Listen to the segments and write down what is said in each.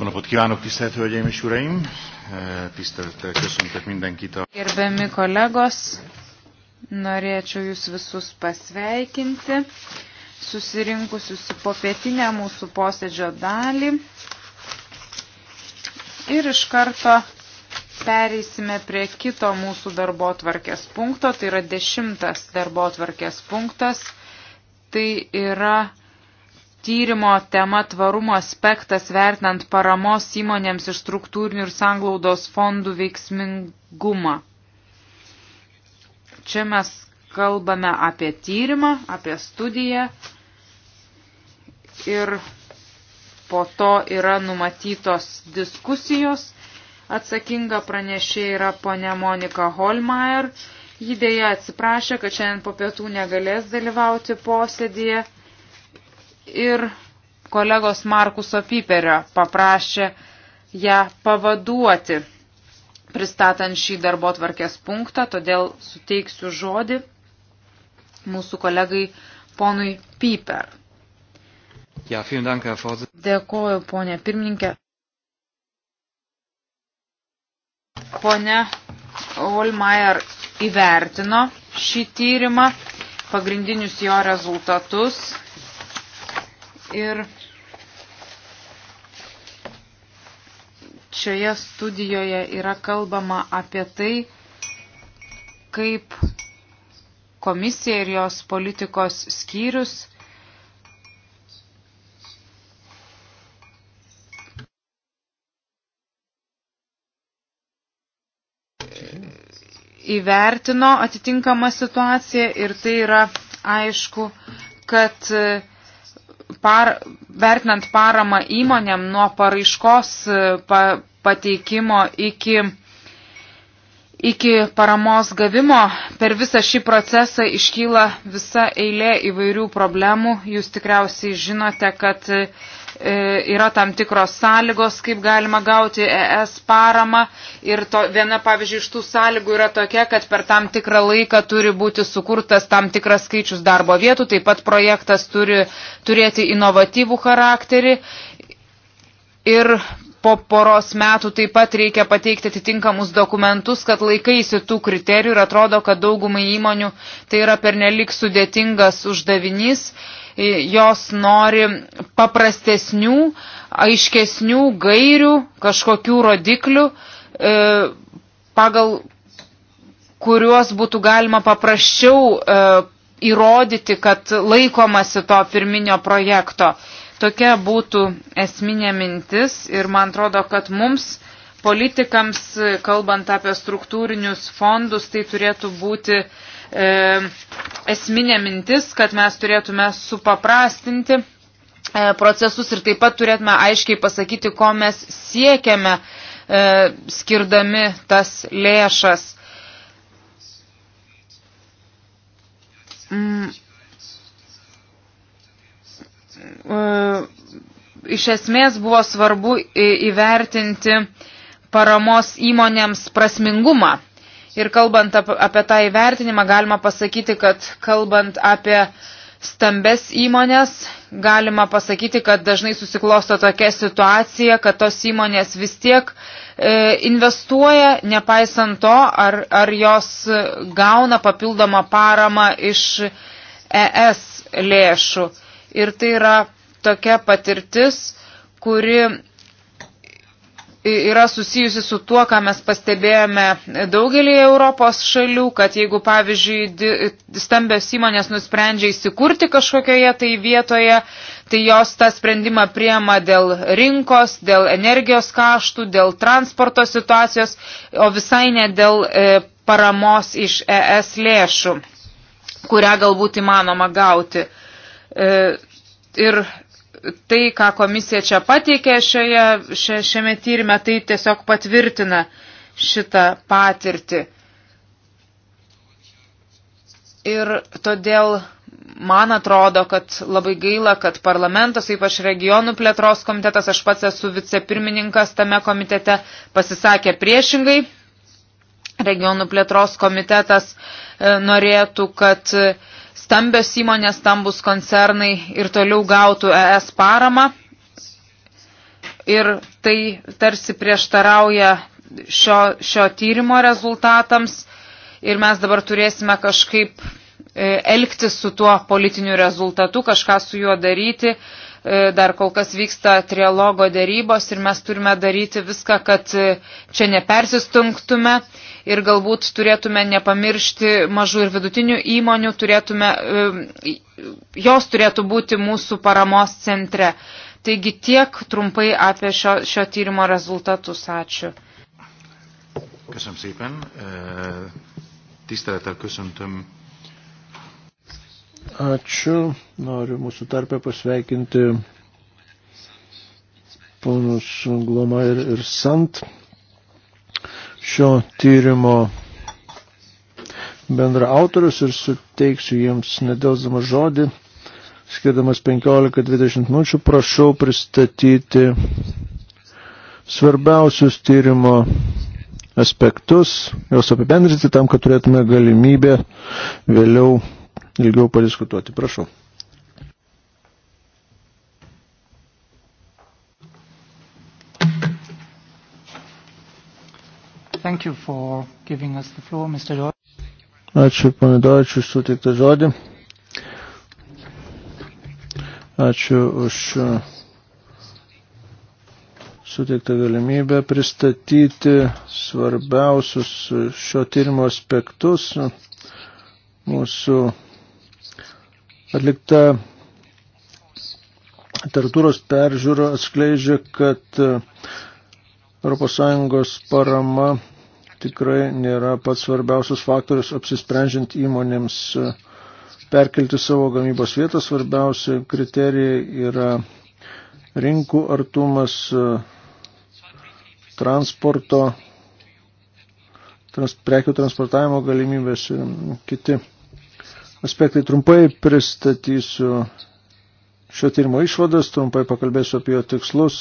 Jó napot kívánok, tisztelt Hölgyeim és Uraim! Eh, tisztelettel köszöntök mindenkit a... Gerbiami kolegos, norėčiau jūs visus pasveikinti, susirinkusius į popietinę mūsų posėdžio dalį. Ir iš karto pereisime prie kito mūsų darbo tvarkės punkto, tai yra dešimtas darbo tvarkės punktas. Tai yra tyrimo tema tvarumo aspektas vertinant paramos įmonėms iš struktūrinių ir sanglaudos fondų veiksmingumą. Čia mes kalbame apie tyrimą, apie studiją ir po to yra numatytos diskusijos. Atsakinga pranešė yra ponė Monika Holmeier. Ji dėja atsiprašė, kad šiandien po pietų negalės dalyvauti posėdėje ir kolegos Markuso Piperio paprašė ją pavaduoti, pristatant šį darbo tvarkės punktą, todėl suteiksiu žodį mūsų kolegai ponui Piper. Ja, dank, Dėkoju, ponė pirmininkė. Pone Olmaier įvertino šį tyrimą, pagrindinius jo rezultatus Ir šioje studijoje yra kalbama apie tai, kaip komisija ir jos politikos skyrius įvertino atitinkamą situaciją ir tai yra aišku, kad par, vertinant paramą įmonėm nuo paraiškos e, pa, pateikimo iki, iki paramos gavimo, per visą šį procesą iškyla visa eilė įvairių problemų. Jūs tikriausiai žinote, kad uh, E, yra tam tikros sąlygos, kaip galima gauti ES paramą. Ir to, viena, pavyzdžiui, iš tų sąlygų yra tokia, kad per tam tikrą laiką turi būti sukurtas tam tikras skaičius darbo vietų, taip pat projektas turi turėti inovatyvų charakterį. Ir po poros metų taip pat reikia pateikti atitinkamus dokumentus, kad laikaisi tų kriterijų ir atrodo, kad daugumai įmonių tai yra pernelik sudėtingas uždavinys. Uh, E, jos nori paprastesnių, aiškesnių gairių, kažkokių rodiklių, e, pagal kuriuos būtų galima paprasčiau e, įrodyti, kad laikomasi to pirminio projekto. Tokia būtų esminė mintis ir man atrodo, kad mums politikams, kalbant apie struktūrinius fondus, tai turėtų būti uh, E, esminė mintis, kad mes turėtume supaprastinti e, procesus ir taip pat turėtume aiškiai pasakyti, ko mes siekiame e, skirdami tas lėšas. Mm. Iš esmės buvo svarbu įvertinti paramos įmonėms prasmingumą Ir kalbant apie tą įvertinimą, galima pasakyti, kad kalbant apie stambes įmonės, galima pasakyti, kad dažnai susiklosto tokia situacija, kad tos įmonės vis tiek e, investuoja, nepaisant to, ar, ar jos gauna papildomą paramą iš ES lėšų. Ir tai yra tokia patirtis, kuri yra susijusi su tuo, ką mes pastebėjome daugelį Europos šalių, kad jeigu, pavyzdžiui, stambios įmonės nusprendžia įsikurti kažkokioje tai vietoje, tai jos tą sprendimą priema dėl rinkos, dėl energijos kaštų, dėl transporto situacijos, o visai ne dėl e, paramos iš ES lėšų, kurią galbūt įmanoma gauti. E, ir tai, ką komisija čia pateikė šioje, šia, šiame tyrime, tai tiesiog patvirtina šitą patirtį. Ir todėl man atrodo, kad labai gaila, kad parlamentas, ypač regionų plėtros komitetas, aš pats esu vicepirmininkas tame komitete, pasisakė priešingai. Regionų plėtros komitetas e, norėtų, kad stambios įmonės, stambus koncernai ir toliau gautų ES paramą. Ir tai tarsi prieštarauja šio, šio tyrimo rezultatams ir mes dabar turėsime kažkaip e, elgtis su tuo politiniu rezultatu, kažką su juo daryti. E, dar kol kas vyksta trialogo dėrybos ir mes turime daryti viską, kad e, čia nepersistunktume ir galbūt turėtume nepamiršti mažų ir vidutinių įmonių, turėtume, e, jos turėtų būti mūsų paramos centre. Taigi tiek trumpai apie šio, šio tyrimo rezultatus. Ačiū. Köszönöm szépen. Tisztelettel köszöntöm Ačiū. Noriu mūsų tarpę pasveikinti ponus Gloma ir, ir Sant. Šio tyrimo bendra autorius ir suteiksiu jiems nedėlzamą žodį. Skirdamas 15-20 minučių prašau pristatyti svarbiausius tyrimo aspektus, juos apibendrinti tam, kad turėtume galimybę vėliau ilgiau padiskutuoti. Prašau. Thank you for giving us the floor, Mr. Deutsch. Ačiū, pane Deutsch, už suteiktą žodį. Ačiū už uh, suteiktą galimybę pristatyti svarbiausius uh, šio tyrimo aspektus uh, mūsų Atlikta literatūros peržiūra atskleidžia, kad ES parama tikrai nėra pats svarbiausias faktorius apsisprendžiant įmonėms e, perkelti savo gamybos vietą. Svarbiausi kriterijai yra rinkų artumas, e, transporto, trans, prekių transportavimo galimybės ir kiti aspektai. Trumpai pristatysiu šio tyrimo išvadas, trumpai pakalbėsiu apie jo tikslus,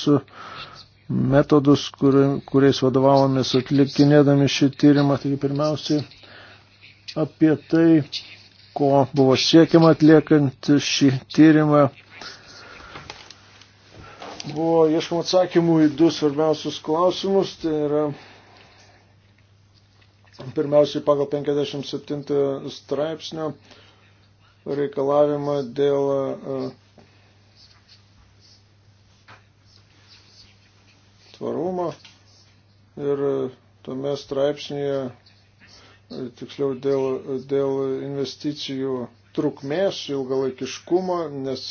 metodus, kur, kuriais vadovavomės atlikinėdami šį tyrimą. Taigi pirmiausiai apie tai, ko buvo siekiama atliekant šį tyrimą. Buvo ieškama atsakymų į du svarbiausius klausimus. Tai yra pirmiausiai pagal 57 straipsnio reikalavimą dėl e, tvarumo ir tame straipsnėje, e, tiksliau dėl, dėl investicijų trukmės, ilgalaikiškumo, nes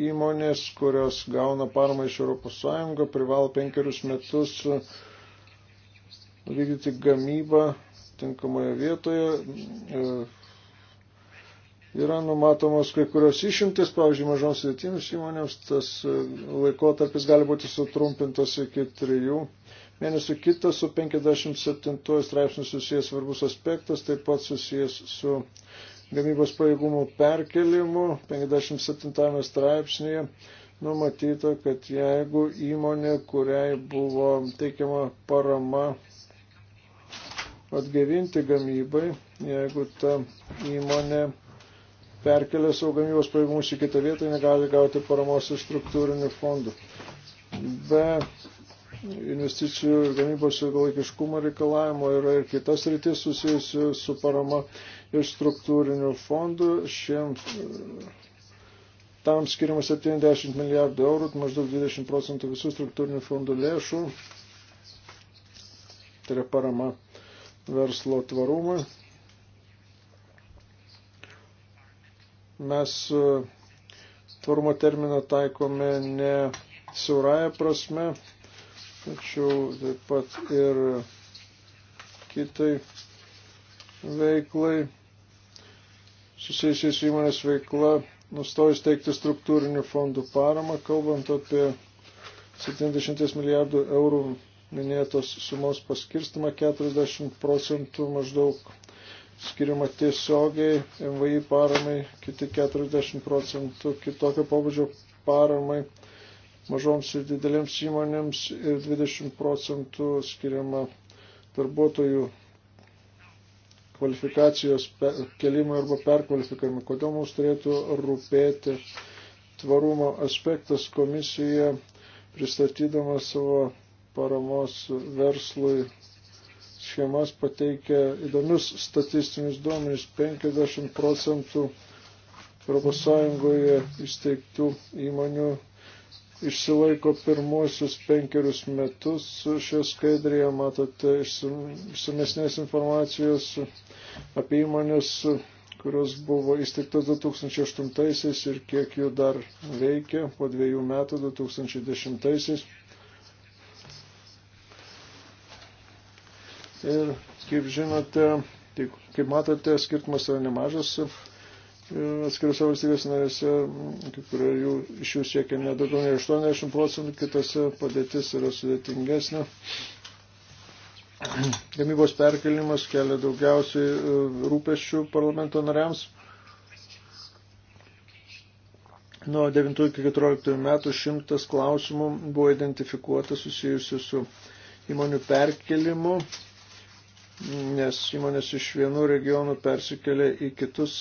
įmonės, kurios gauna paramą iš ES, privalo penkerius metus e, vykdyti gamybą tinkamoje vietoje, yra numatomos kai kurios išimtis, pavyzdžiui, mažoms sudėtinėms įmonėms tas e, laikotarpis gali būti sutrumpintas iki trijų. Mėnesių kitas su 57 straipsniu susijęs svarbus aspektas, taip pat susijęs su gamybos pajėgumų perkelimu 57 straipsnėje numatyta, kad jeigu įmonė, kuriai buvo teikiama parama atgevinti gamybai, jeigu ta įmonė perkelia savo gamybos pajėgumus į kitą vietą, negali gauti paramos iš struktūrinių fondų. Be investicijų ir gamybos ilgalaikiškumo reikalavimo yra ir kitas rytis susijusi su parama iš struktūrinių fondų. Šiem tam skiriama 70 milijardų eurų, maždaug 20 procentų visų struktūrinių fondų lėšų. Tai yra parama verslo tvarumui Mes e, tvarumo terminą taikome ne siaurąją prasme, tačiau taip pat ir kitai veiklai, susijusiai su įmonės veikla, nustojus teikti struktūrinių fondų paramą, kalbant apie 70 milijardų eurų minėtos sumos paskirstimą, 40 procentų maždaug skiriama tiesiogiai MVI paramai, kiti 40 procentų kitokio pobūdžio paramai mažoms ir didelėms įmonėms ir 20 procentų skiriama darbuotojų kvalifikacijos kelimui arba perkvalifikavimui. Kodėl mums turėtų rūpėti tvarumo aspektas komisija pristatydama savo paramos verslui šeimas pateikia įdomius statistinius duomenys. 50 procentų ES įsteigtų įmonių išsilaiko pirmosius penkerius metus. Šioje skaidrėje matote išsamesnės informacijos apie įmonės, kurios buvo įsteigtos 2008 ir kiek jų dar veikia po dviejų metų 2010. -aisiais. Ir kaip žinote, tai, kaip matote, skirtumas yra nemažas. Atskiriuose valstybės narėse, mm, kai kurio jų, iš jų siekia nedaugiau nei 80 procentų, kitose padėtis yra sudėtingesnė. Gamybos perkelimas kelia daugiausiai e, rūpešių parlamento nariams. Nuo 9 iki 14 metų šimtas klausimų buvo identifikuota susijusiu su įmonių perkelimu nes įmonės iš vienų regionų persikelia į kitus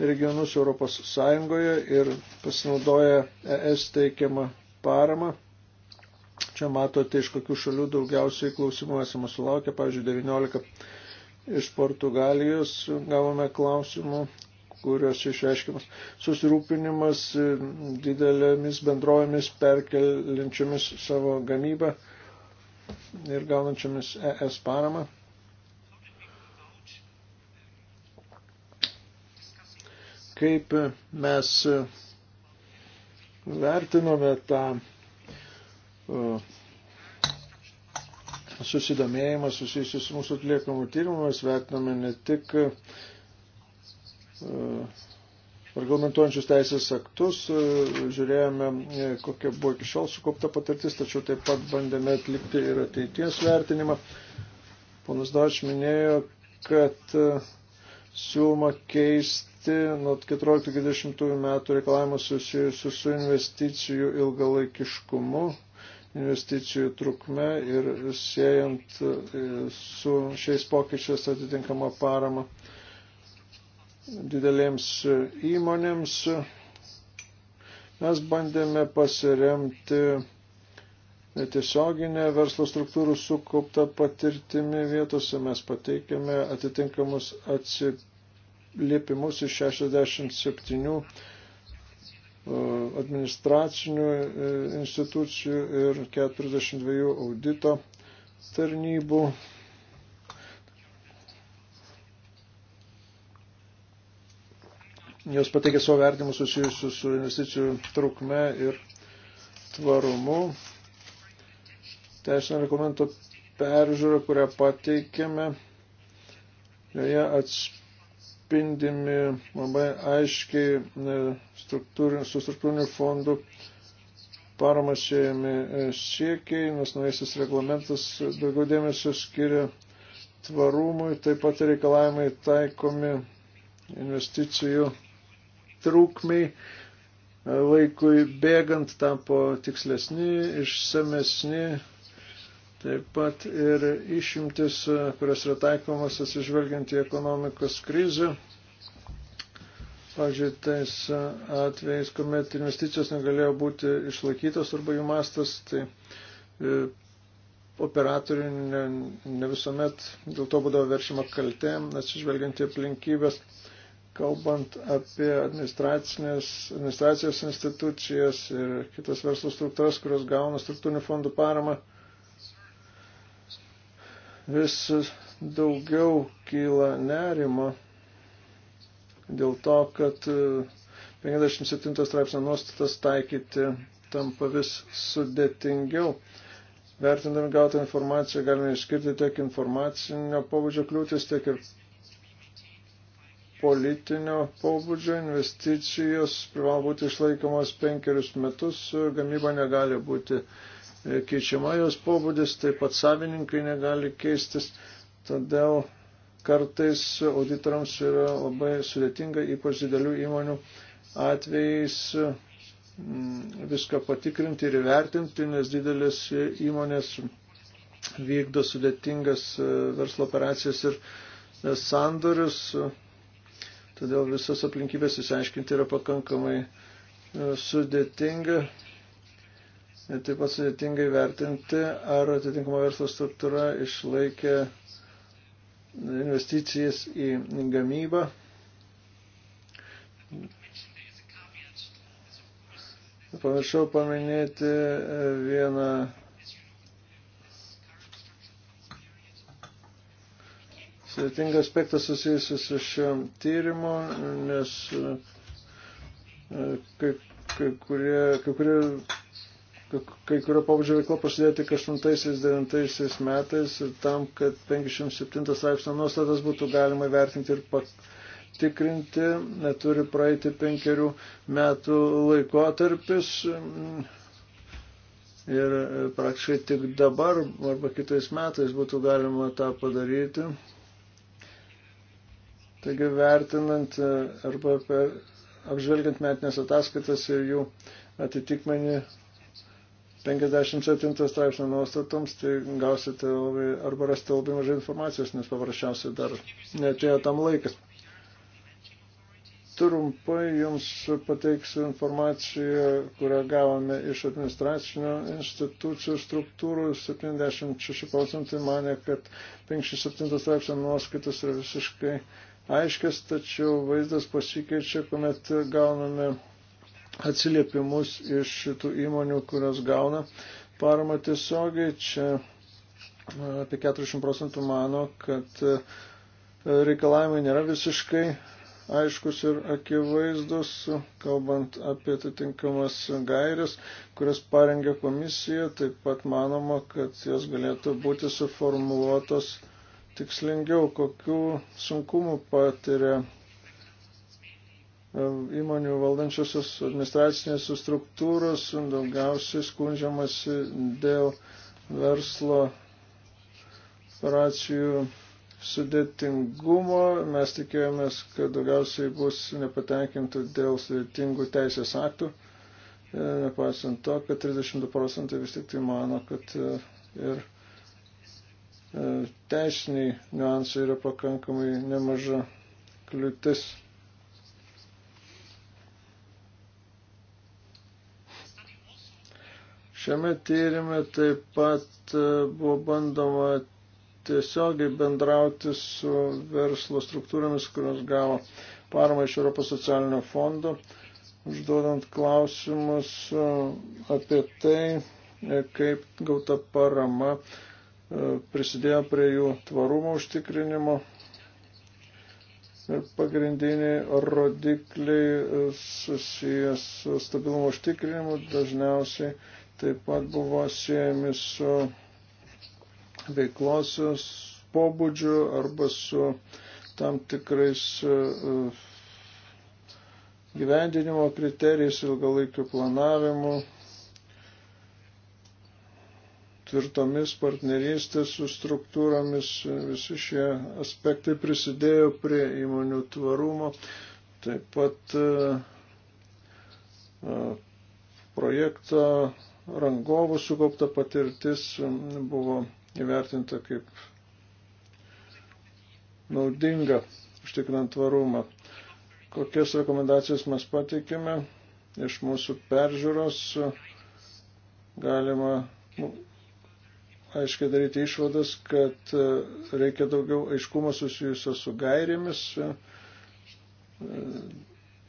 regionus Europos Sąjungoje ir pasinaudoja ES teikiamą paramą. Čia matote, iš kokių šalių daugiausiai klausimų esame sulaukę, pavyzdžiui, 19 iš Portugalijos gavome klausimų, kurios išreiškimas susirūpinimas didelėmis bendrovėmis perkeliančiomis savo gamybą ir gaunančiomis ES paramą. kaip mes vertinome tą susidomėjimą susijusius su mūsų atliekamų tyrimų, mes vertiname ne tik reglamentuojančius teisės aktus, žiūrėjome, kokia buvo iki šiol sukaupta patirtis, tačiau taip pat bandėme atlikti ir ateities vertinimą. Ponas Dač minėjo, kad siūloma keisti nuo 14-20 metų reikalavimus susijusius su investicijų ilgalaikiškumu, investicijų trukme ir siejant e, su šiais pokyčiais atitinkamą paramą didelėms įmonėms. Mes bandėme pasiremti tiesioginė verslo struktūrų sukaupta patirtimi vietose mes pateikėme atitinkamus atsip, liepimus iš 67 e, administracinių e, institucijų ir 42 audito tarnybų. Jos pateikė savo vertimus susijusius su investicijų trukme ir tvarumu. Teisinio dokumento peržiūra, kurią pateikėme, joje atspėjo atspindimi labai aiškiai e, struktūrin, su struktūriniu fondu parama siejami e, siekiai, nes naujasis reglamentas daugiau dėmesio skiria tvarumui, taip pat reikalavimai taikomi investicijų trūkmiai e, laikui bėgant tapo tikslesni, išsamesni, Taip pat ir išimtis, kurios yra taikomas atsižvelgiant į ekonomikos krizę. Pavyzdžiui, tais atvejais, kuomet investicijos negalėjo būti išlaikytos arba jų mastas, tai e, operatoriui ne, ne visuomet dėl to būdavo veršima kaltė, atsižvelgiant į aplinkybės, kalbant apie administracijos institucijas ir kitas verslo struktūras, kurios gauna struktūrinių fondų paramą vis daugiau kyla nerimo dėl to, kad 57 e, straipsnio nuostatas taikyti tampa vis sudėtingiau. Vertindami gautą informaciją galime išskirti tiek informacinio pobūdžio kliūtis, tiek ir politinio pobūdžio investicijos privalo būti išlaikomas penkerius metus, gamyba negali būti uh, keičiama jos pobūdis, taip pat savininkai negali keistis, todėl kartais auditorams yra labai sudėtinga, ypač didelių įmonių atvejais mm, viską patikrinti ir įvertinti, nes didelės įmonės vykdo sudėtingas e, verslo operacijas ir e, sandorius, todėl visas aplinkybės įsiaiškinti yra pakankamai e, sudėtinga. Ir taip pat sudėtingai vertinti, ar atitinkama verslo struktūra išlaikė investicijas į gamybą. Pamiršau paminėti e, vieną sudėtingą aspektą susijusiu su šio tyrimu, nes e, kai, kai, kurie, kai kurie kai kurio pabudžio veikla prasidėjo tik 8-9 metais ir tam, kad 57 straipsnio nuostatas būtų galima vertinti ir patikrinti, neturi praeiti penkerių metų laikotarpis. Ir praktiškai tik dabar arba kitais metais būtų galima tą padaryti. Taigi vertinant arba apžvelgiant metinės ataskaitas ir jų atitikmenį 57 straipsnio nuostatoms, tai gausite labai, arba rasite labai mažai informacijos, nes paprasčiausiai dar netėjo tam laikas. Trumpai jums pateiksiu informaciją, kurią gavome iš administracinio institucijų struktūrų. 76 procentai mane, kad 57 straipsnio nuoskaitas yra visiškai aiškis, tačiau vaizdas pasikeičia, kuomet gauname atsiliepimus iš šitų įmonių, kurios gauna paramą tiesiogiai. Čia apie 40 procentų mano, kad e, reikalavimai nėra visiškai aiškus ir akivaizdus, kalbant apie atitinkamas gairias, kurias parengė komisija, taip pat manoma, kad jos galėtų būti suformuluotos tikslingiau, kokiu sunkumu patiria E, įmonių valdančiosios administracinės struktūros daugiausiai skundžiamasi dėl verslo operacijų sudėtingumo. Mes tikėjomės, kad daugiausiai bus nepatenkintų dėl sudėtingų teisės aktų. E, nepaisant to, kad 32 procentai vis tik tai mano, kad e, ir teisiniai niuansai yra pakankamai nemaža kliūtis Šiame tyrimė taip pat e, buvo bandoma tiesiogiai bendrauti su verslo struktūromis, kurios gavo paramą iš Europos socialinio fondo, užduodant klausimus e, apie tai, e, kaip gauta parama prisidėjo prie jų tvarumo užtikrinimo. Ir pagrindiniai rodikliai susijęs su stabilumo užtikrinimu dažniausiai taip pat buvo siejami su veiklosios pobūdžiu arba su tam tikrais e, e, gyvendinimo kriterijais, ilgalaikiu planavimu, tvirtomis partnerystės su struktūromis. Visi šie aspektai prisidėjo prie įmonių tvarumo. Taip pat e, projekto rangovų sukaupta patirtis um, buvo įvertinta kaip naudinga užtikrinant tvarumą. Kokias rekomendacijas mes pateikėme iš mūsų peržiūros uh, galima aiškiai daryti išvadas, kad uh, reikia daugiau aiškumo susijusio su gairėmis uh,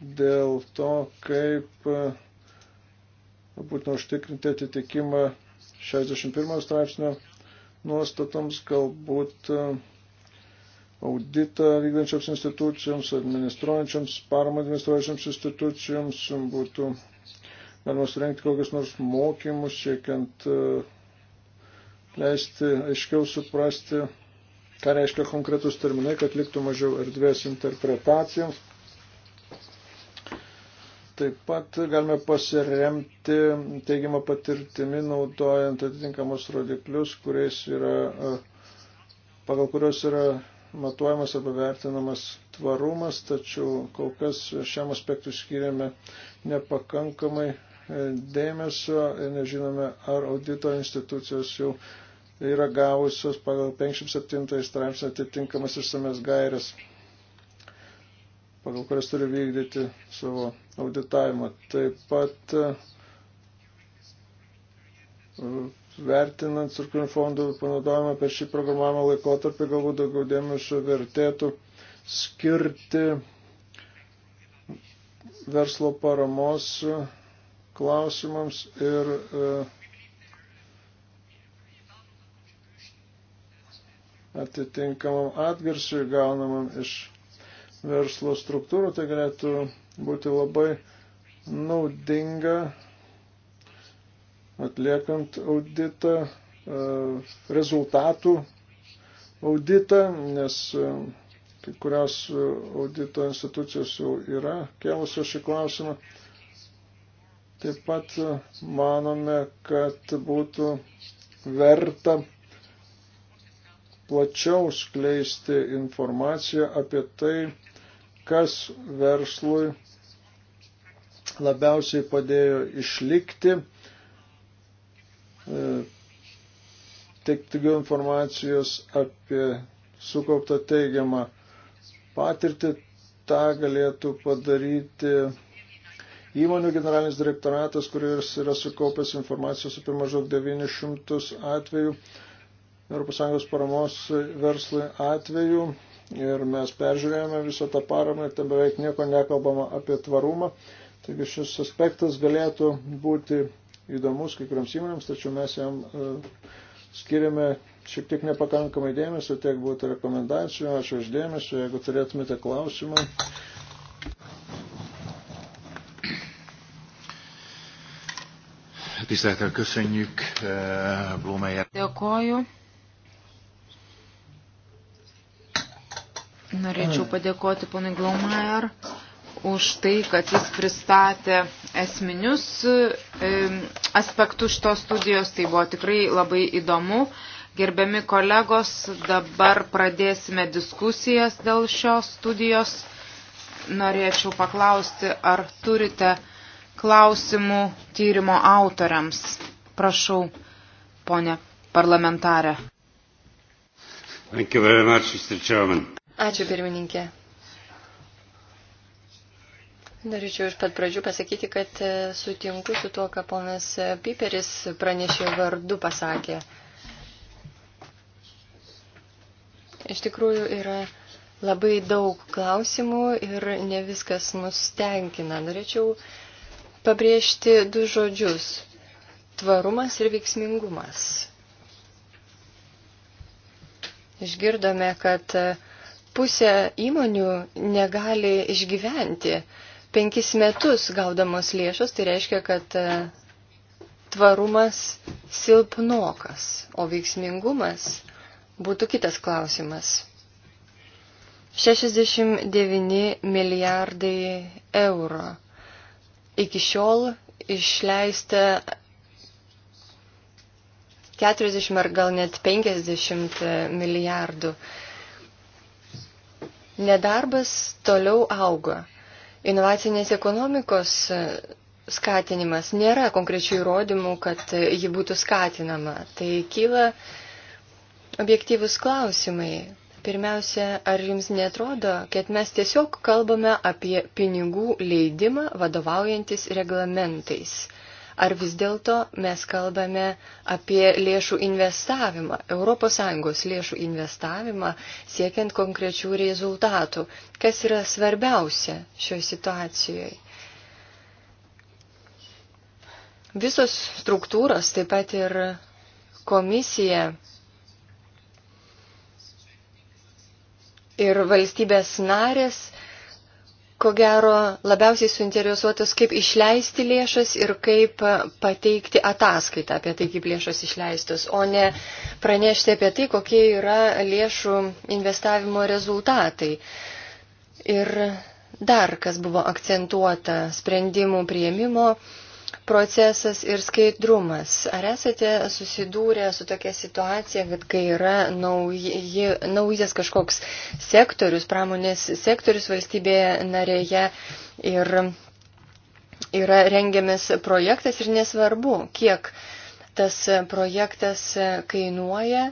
dėl to, kaip būtina užtikrinti atitikimą 61 straipsnio nuostatoms, galbūt e, auditą vykdančioms institucijoms, administruojančioms, paramą administruojančioms institucijoms būtų galima surengti kokius nors mokymus, siekiant e, leisti aiškiau suprasti, ką reiškia konkretus terminai, kad liktų mažiau erdvės interpretacijoms. Taip pat galime pasiremti teigiamą patirtimį, naudojant atitinkamus rodiklius, kuriais yra, e, pagal kurios yra matuojamas arba vertinamas tvarumas, tačiau kol kas šiam aspektui skiriame nepakankamai e, dėmesio ir nežinome, ar audito institucijos jau yra gavusios pagal 57 straipsnį atitinkamas išsames gairias, pagal kurias turi vykdyti savo auditavimo. Taip pat e, vertinant struktūrinių fondų panaudojimą per šį programavimo laikotarpį, galbūt daugiau dėmesio vertėtų skirti verslo paramos klausimams ir e, atitinkamam atgarsiui gaunamam iš verslo struktūrų, tai galėtų būti labai naudinga atliekant auditą, e, rezultatų auditą, nes e, kai kurios audito institucijos jau yra kėlusios šį klausimą. Taip pat manome, kad būtų verta plačiau skleisti informaciją apie tai, kas verslui labiausiai padėjo išlikti. E, Tik daugiau informacijos apie sukauptą teigiamą patirtį, tą galėtų padaryti įmonių generalinis direktoratas, kuris yra sukaupęs informacijos apie maždaug 900 atvejų, ES paramos verslui atvejų. Ir mes peržiūrėjome visą tą paramą ir ten beveik nieko nekalbama apie tvarumą. Taigi šis aspektas galėtų būti įdomus kai kuriams įmonėms, tačiau mes jam e, skiriame šiek tiek nepakankamai dėmesio, tiek būtų rekomendacijų. Ačiū už dėmesį, jeigu turėtumėte klausimą. Tiszteltel köszönjük, e, Blumeyer. Dėkoju. Norėčiau mm. padėkoti ponai Glaumajer už tai, kad jis pristatė esminius e, aspektus šitos studijos. Tai buvo tikrai labai įdomu. Gerbiami kolegos, dabar pradėsime diskusijas dėl šios studijos. Norėčiau paklausti, ar turite klausimų tyrimo autoriams. Prašau, ponė parlamentarė. Ačiū pirmininkė. Norėčiau iš pat pradžių pasakyti, kad e, sutinku su tuo, ką ponas e, Piperis pranešė vardu pasakė. Iš tikrųjų yra labai daug klausimų ir ne viskas mus tenkina. Norėčiau pabrėžti du žodžius - tvarumas ir veiksmingumas. Išgirdome, kad e, pusė įmonių negali išgyventi penkis metus gaudamos lėšos, tai reiškia, kad e, tvarumas silpnokas, o veiksmingumas būtų kitas klausimas. 69 milijardai eurų. Iki šiol išleista 40 ar gal net 50 e, milijardų. Nedarbas toliau auga. Inovacinės ekonomikos e, skatinimas nėra konkrečių įrodymų, kad ji būtų skatinama. Tai kyla objektyvus klausimai. Pirmiausia, ar jums netrodo, kad mes tiesiog kalbame apie pinigų leidimą vadovaujantis reglamentais? ar vis dėlto mes kalbame apie lėšų investavimą, ES lėšų investavimą, siekiant konkrečių rezultatų. Kas yra svarbiausia šioje situacijoje? Visos struktūros, taip pat ir komisija ir valstybės narės ko gero, labiausiai suinteresuotas, kaip išleisti lėšas ir kaip pateikti ataskaitą apie tai, kaip lėšos išleistos, o ne pranešti apie tai, kokie yra lėšų investavimo rezultatai. Ir dar, kas buvo akcentuota sprendimų prieimimo procesas ir skaidrumas. Ar esate susidūrę su tokia situacija, kad kai yra nauji, naujas kažkoks sektorius, pramonės sektorius valstybėje narėje ir yra rengiamas projektas ir nesvarbu, kiek tas projektas kainuoja,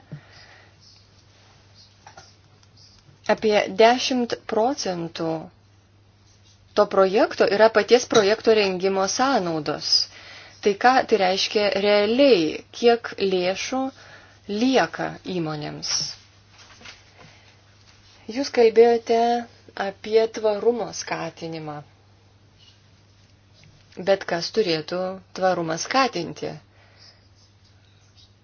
apie 10 procentų to projekto yra paties projekto rengimo sąnaudos. Tai ką tai reiškia realiai, kiek lėšų lieka įmonėms. Jūs kalbėjote apie tvarumo skatinimą. Bet kas turėtų tvarumą skatinti?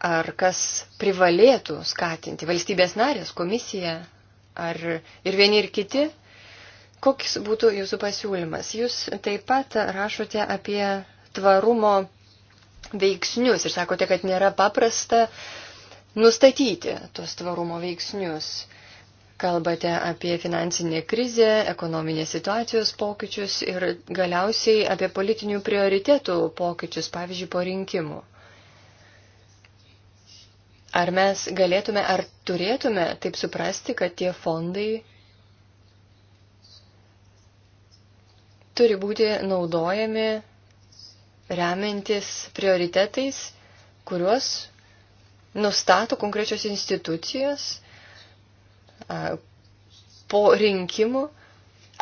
Ar kas privalėtų skatinti? Valstybės narės, komisija, ar ir vieni ir kiti? Koks būtų jūsų pasiūlymas? Jūs taip pat rašote apie tvarumo veiksnius ir sakote, kad nėra paprasta nustatyti tuos tvarumo veiksnius. Kalbate apie finansinę krizę, ekonominės situacijos pokyčius ir galiausiai apie politinių prioritėtų pokyčius, pavyzdžiui, po rinkimų. Ar mes galėtume, ar turėtume taip suprasti, kad tie fondai turi būti naudojami remiantis prioritetais, kuriuos nustato konkrečios institucijos po rinkimų.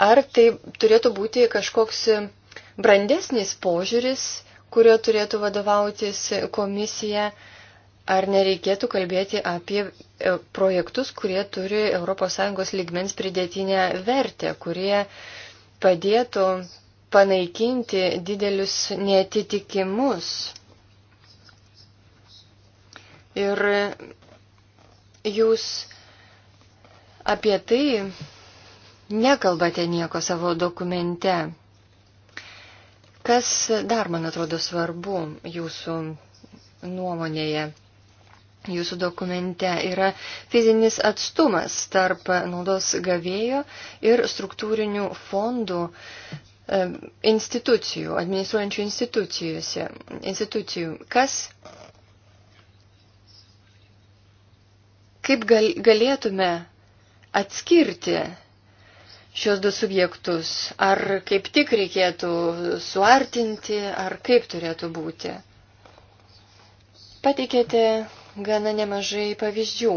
Ar tai turėtų būti kažkoks brandesnis požiūris, kurio turėtų vadovautis komisija, ar nereikėtų kalbėti apie e, projektus, kurie turi ES lygmens pridėtinę vertę, kurie uh, padėtų panaikinti didelius netitikimus. Ir jūs apie tai nekalbate nieko savo dokumente. Kas dar, man atrodo, svarbu jūsų nuomonėje? jūsų dokumente yra fizinis atstumas tarp naudos gavėjo ir struktūrinių fondų e, institucijų, administruojančių institucijose, institucijų. Kas, kaip gal, galėtume atskirti šios du subjektus? Ar kaip tik reikėtų suartinti, ar kaip turėtų būti? Pateikėte gana nemažai pavyzdžių.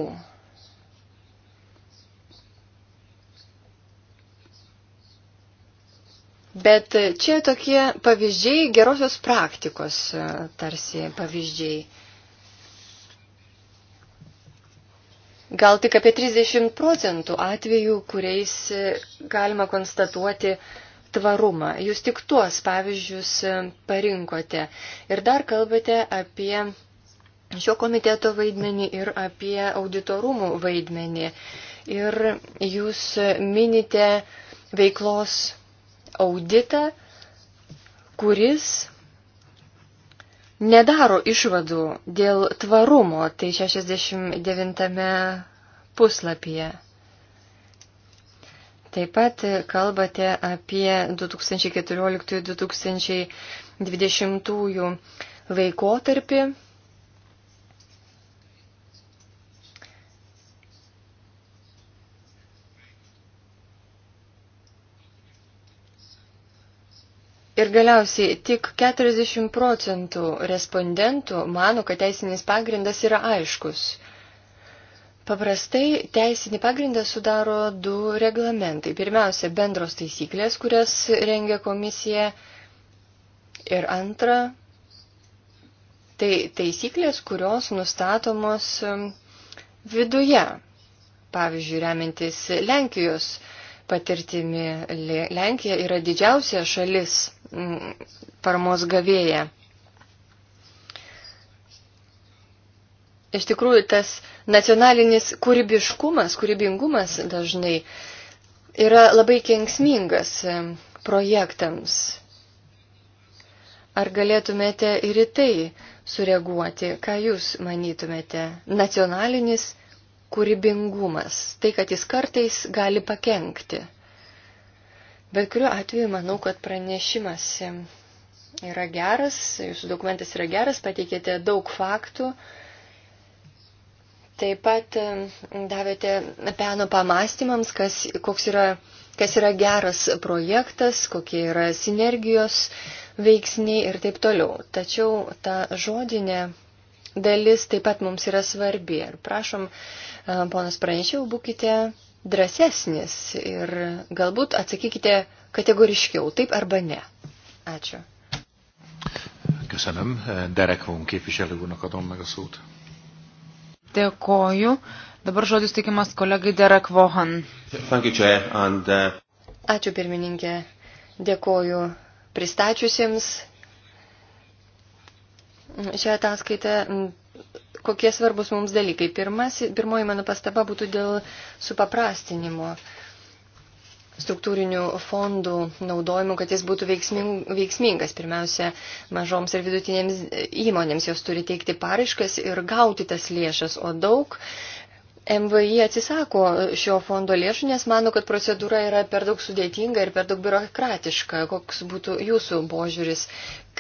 Bet čia tokie pavyzdžiai gerosios praktikos, tarsi pavyzdžiai. Gal tik apie 30 procentų atvejų, kuriais galima konstatuoti tvarumą. Jūs tik tuos pavyzdžius parinkote. Ir dar kalbate apie šio komiteto vaidmenį ir apie auditorumų vaidmenį. Ir jūs minite veiklos auditą, kuris nedaro išvadų dėl tvarumo, tai 69 puslapyje. Taip pat kalbate apie 2014-2020 laikotarpį Ir galiausiai tik 40 procentų respondentų mano, kad teisinis pagrindas yra aiškus. Paprastai teisinį pagrindą sudaro du reglamentai. Pirmiausia, bendros taisyklės, kurias rengia komisija. Ir antra, tai taisyklės, kurios nustatomos um, viduje. Pavyzdžiui, remintis Lenkijos patirtimi, Lenkija yra didžiausia šalis paramos gavėją. Iš tikrųjų, tas nacionalinis kūrybiškumas, kūrybingumas dažnai yra labai kenksmingas projektams. Ar galėtumėte ir į tai sureaguoti, ką jūs manytumėte? Nacionalinis kūrybingumas, tai, kad jis kartais gali pakengti. Bet kuriuo atveju manau, kad pranešimas yra geras, jūsų dokumentas yra geras, pateikėte daug faktų. Taip pat davėte peno pamastymams, kas, koks yra, kas yra geras projektas, kokie yra sinergijos veiksniai ir taip toliau. Tačiau ta žodinė dalis taip pat mums yra svarbi. Ir prašom, ponas pranešiau, būkite drąsesnis ir galbūt atsakykite kategoriškiau, taip arba ne. Ačiū. Köszönöm. Derek von képviselő úrnak adom meg a szót. Dėkoju. Dabar žodis teikiamas kolegai Derek Vohan. Uh, Ačiū pirmininkė. Dėkoju pristačiusiems šią ataskaitę kokie svarbus mums dalykai. Pirmas, pirmoji mano pastaba būtų dėl supaprastinimo struktūrinių fondų naudojimu, kad jis būtų veiksmingas. Pirmiausia, mažoms ir vidutinėms įmonėms jos turi teikti paraiškas ir gauti tas lėšas, o daug MVI atsisako šio fondo lėšų, nes mano, kad procedūra yra per daug sudėtinga ir per daug biurokratiška. Koks būtų jūsų požiūris,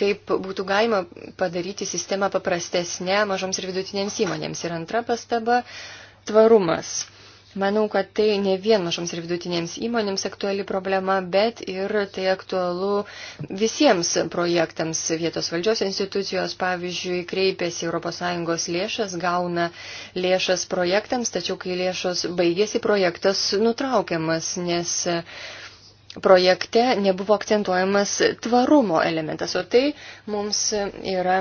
kaip būtų galima padaryti sistemą paprastesnė mažoms ir vidutinėms įmonėms? Ir antra pastaba - tvarumas. Manau, kad tai ne vien mažoms ir vidutinėms įmonėms aktuali problema, bet ir tai aktualu visiems projektams. Vietos valdžios institucijos, pavyzdžiui, kreipiasi ES lėšas, gauna lėšas projektams, tačiau kai lėšos baigėsi, projektas nutraukiamas, nes projekte nebuvo akcentuojamas tvarumo elementas, o tai mums yra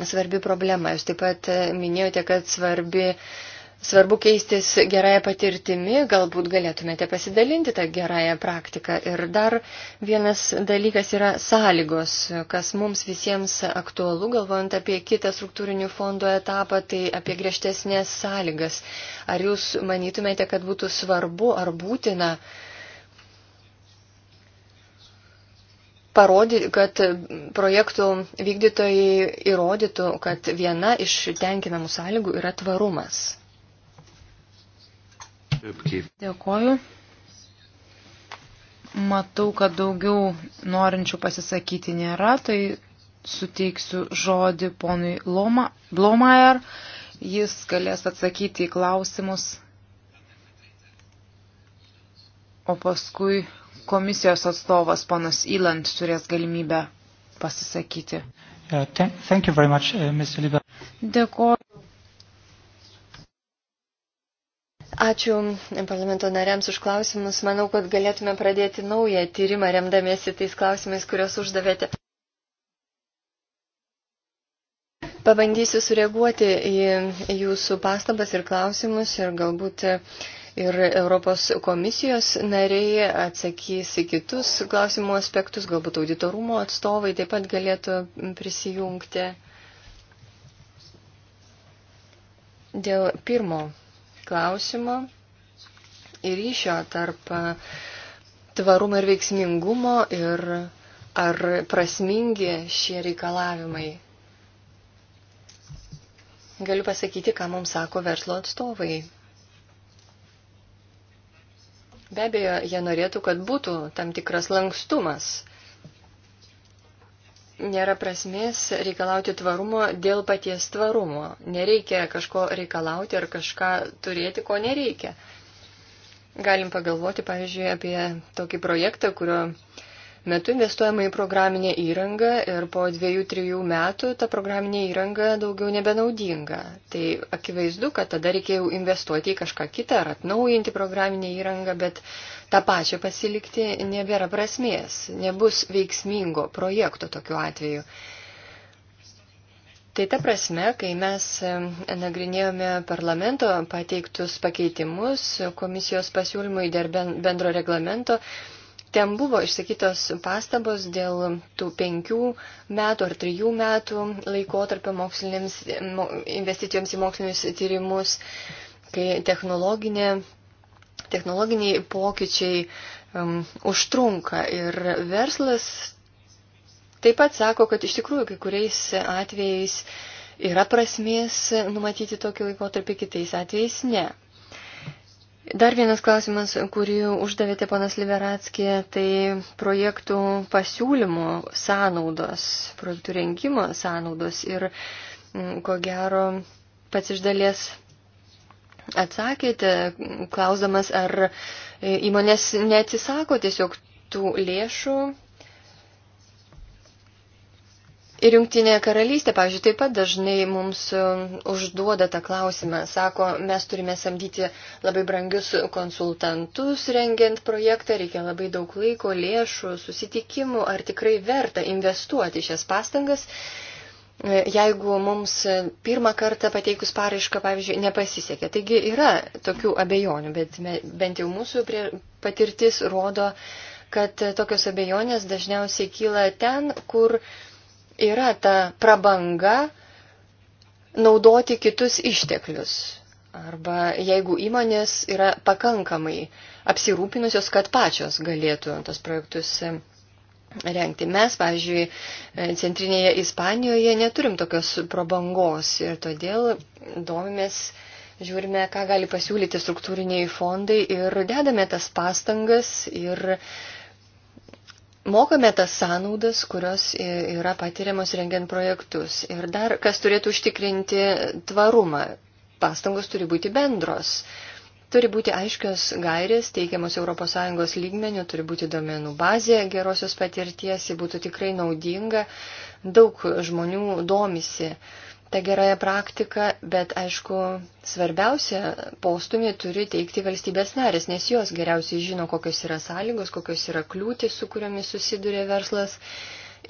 svarbi problema. Jūs taip pat minėjote, kad svarbi Svarbu keistis gerąją patirtimį, galbūt galėtumėte pasidalinti tą gerąją praktiką. Ir dar vienas dalykas yra sąlygos, kas mums visiems aktualu, galvojant apie kitą struktūrinių fondų etapą, tai apie griežtesnės sąlygas. Ar jūs manytumėte, kad būtų svarbu ar būtina parodyti, kad projektų vykdytojai įrodytų, kad viena iš tenkinamų sąlygų yra tvarumas. Dėkoju. Matau, kad daugiau norinčių pasisakyti nėra, tai suteiksiu žodį ponui Loma, Blomajer. Jis galės atsakyti į klausimus, o paskui komisijos atstovas ponas Iland turės galimybę pasisakyti. Uh, uh, Dėkoju, Ačiū parlamento nariams už klausimus. Manau, kad galėtume pradėti naują tyrimą remdamėsi tais klausimais, kuriuos uždavėte. Pabandysiu sureaguoti į jūsų pastabas ir klausimus ir galbūt ir Europos komisijos nariai atsakys į kitus klausimų aspektus, galbūt auditorumo atstovai taip pat galėtų prisijungti. Dėl pirmo klausimo ir ryšio tarp e, tvarumo ir veiksmingumo ir ar prasmingi šie reikalavimai. Galiu pasakyti, ką mums sako verslo atstovai. Be abejo, jie norėtų, kad būtų tam tikras lankstumas nėra prasmės reikalauti tvarumo dėl paties tvarumo. Nereikia kažko reikalauti ar kažką turėti, ko nereikia. Galim pagalvoti, pavyzdžiui, apie tokį projektą, kurio metu investuojama į programinę įrangą ir po dviejų, trijų metų ta programinė įranga daugiau nebenaudinga. Tai akivaizdu, kad tada reikėjo investuoti į kažką kitą ar atnaujinti programinę įrangą, bet tą pačią pasilikti nebėra prasmės, nebus veiksmingo projekto tokiu atveju. Tai ta prasme, kai mes e, nagrinėjome parlamento pateiktus pakeitimus komisijos pasiūlymui dėl bendro reglamento, Ten buvo išsakytos pastabos dėl tų penkių metų ar trijų metų laikotarpio investicijoms į mokslinius tyrimus, kai technologiniai pokyčiai um, užtrunka ir verslas taip pat sako, kad iš tikrųjų kai kuriais atvejais yra prasmės numatyti tokį laikotarpį, kitais atvejais ne. Dar vienas klausimas, kurį uždavėte panas Liberatskė, tai projektų pasiūlymo sąnaudos, projektų rengimo sąnaudos ir mm, ko gero pats iš dalies atsakėte, klausdamas, ar e, įmonės neatsisako tiesiog tų lėšų Ir Junktinė karalystė, pavyzdžiui, taip pat dažnai mums e, užduoda tą klausimą. Sako, mes turime samdyti labai brangius konsultantus rengiant projektą, reikia labai daug laiko, lėšų, susitikimų, ar tikrai verta investuoti šias pastangas. E, jeigu mums pirmą kartą pateikus paraišką, pavyzdžiui, nepasisekė. Taigi yra tokių abejonių, bet bent jau mūsų patirtis rodo, kad tokios abejonės dažniausiai kyla ten, kur uh, yra ta prabanga naudoti kitus išteklius. Arba jeigu įmonės yra pakankamai apsirūpinusios, kad pačios galėtų tos projektus e, rengti. Mes, pavyzdžiui, e, centrinėje Ispanijoje neturim tokios prabangos ir todėl domimės, žiūrime, ką gali pasiūlyti struktūriniai fondai ir dedame tas pastangas ir uh, mokame tas sąnaudas, kurios yra patiriamos rengiant projektus. Ir dar kas turėtų užtikrinti tvarumą. Pastangos turi būti bendros. Turi būti aiškios gairės, teikiamos ES lygmenių, turi būti domenų bazė gerosios patirties, ji būtų tikrai naudinga, daug žmonių domisi uh, tą gerąją praktiką, bet aišku, svarbiausia postumį turi teikti valstybės narės, nes jos geriausiai žino, kokios yra sąlygos, kokios yra kliūtis, su kuriomis susiduria verslas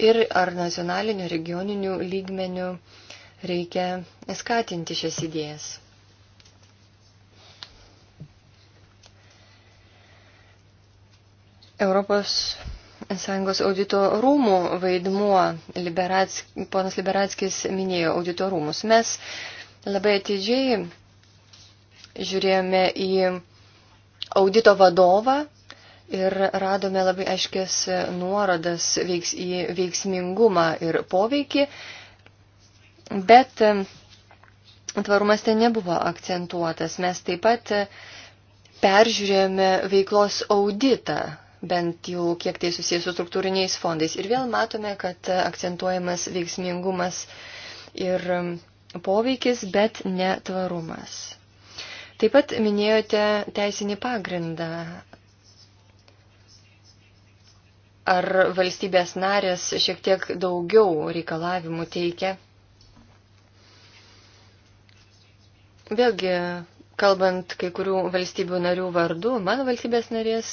ir ar nacionaliniu, regioniniu lygmeniu reikia skatinti šias idėjas. Europos Sąjungos audito rūmų vaidmuo, Liberats, ponas Liberatskis minėjo audito rūmus. Mes labai atidžiai žiūrėjome į audito vadovą ir radome labai aiškės nuorodas veiks, į veiksmingumą ir poveikį, bet tvarumas ten nebuvo akcentuotas. Mes taip pat peržiūrėjome veiklos auditą bent jau kiek tai susijęs su struktūriniais fondais. Ir vėl matome, kad akcentuojamas veiksmingumas ir um, poveikis, bet ne tvarumas. Taip pat minėjote teisinį pagrindą. Ar valstybės narės šiek tiek daugiau reikalavimų teikia? Vėlgi, kalbant kai kurių valstybių narių vardu, mano valstybės narės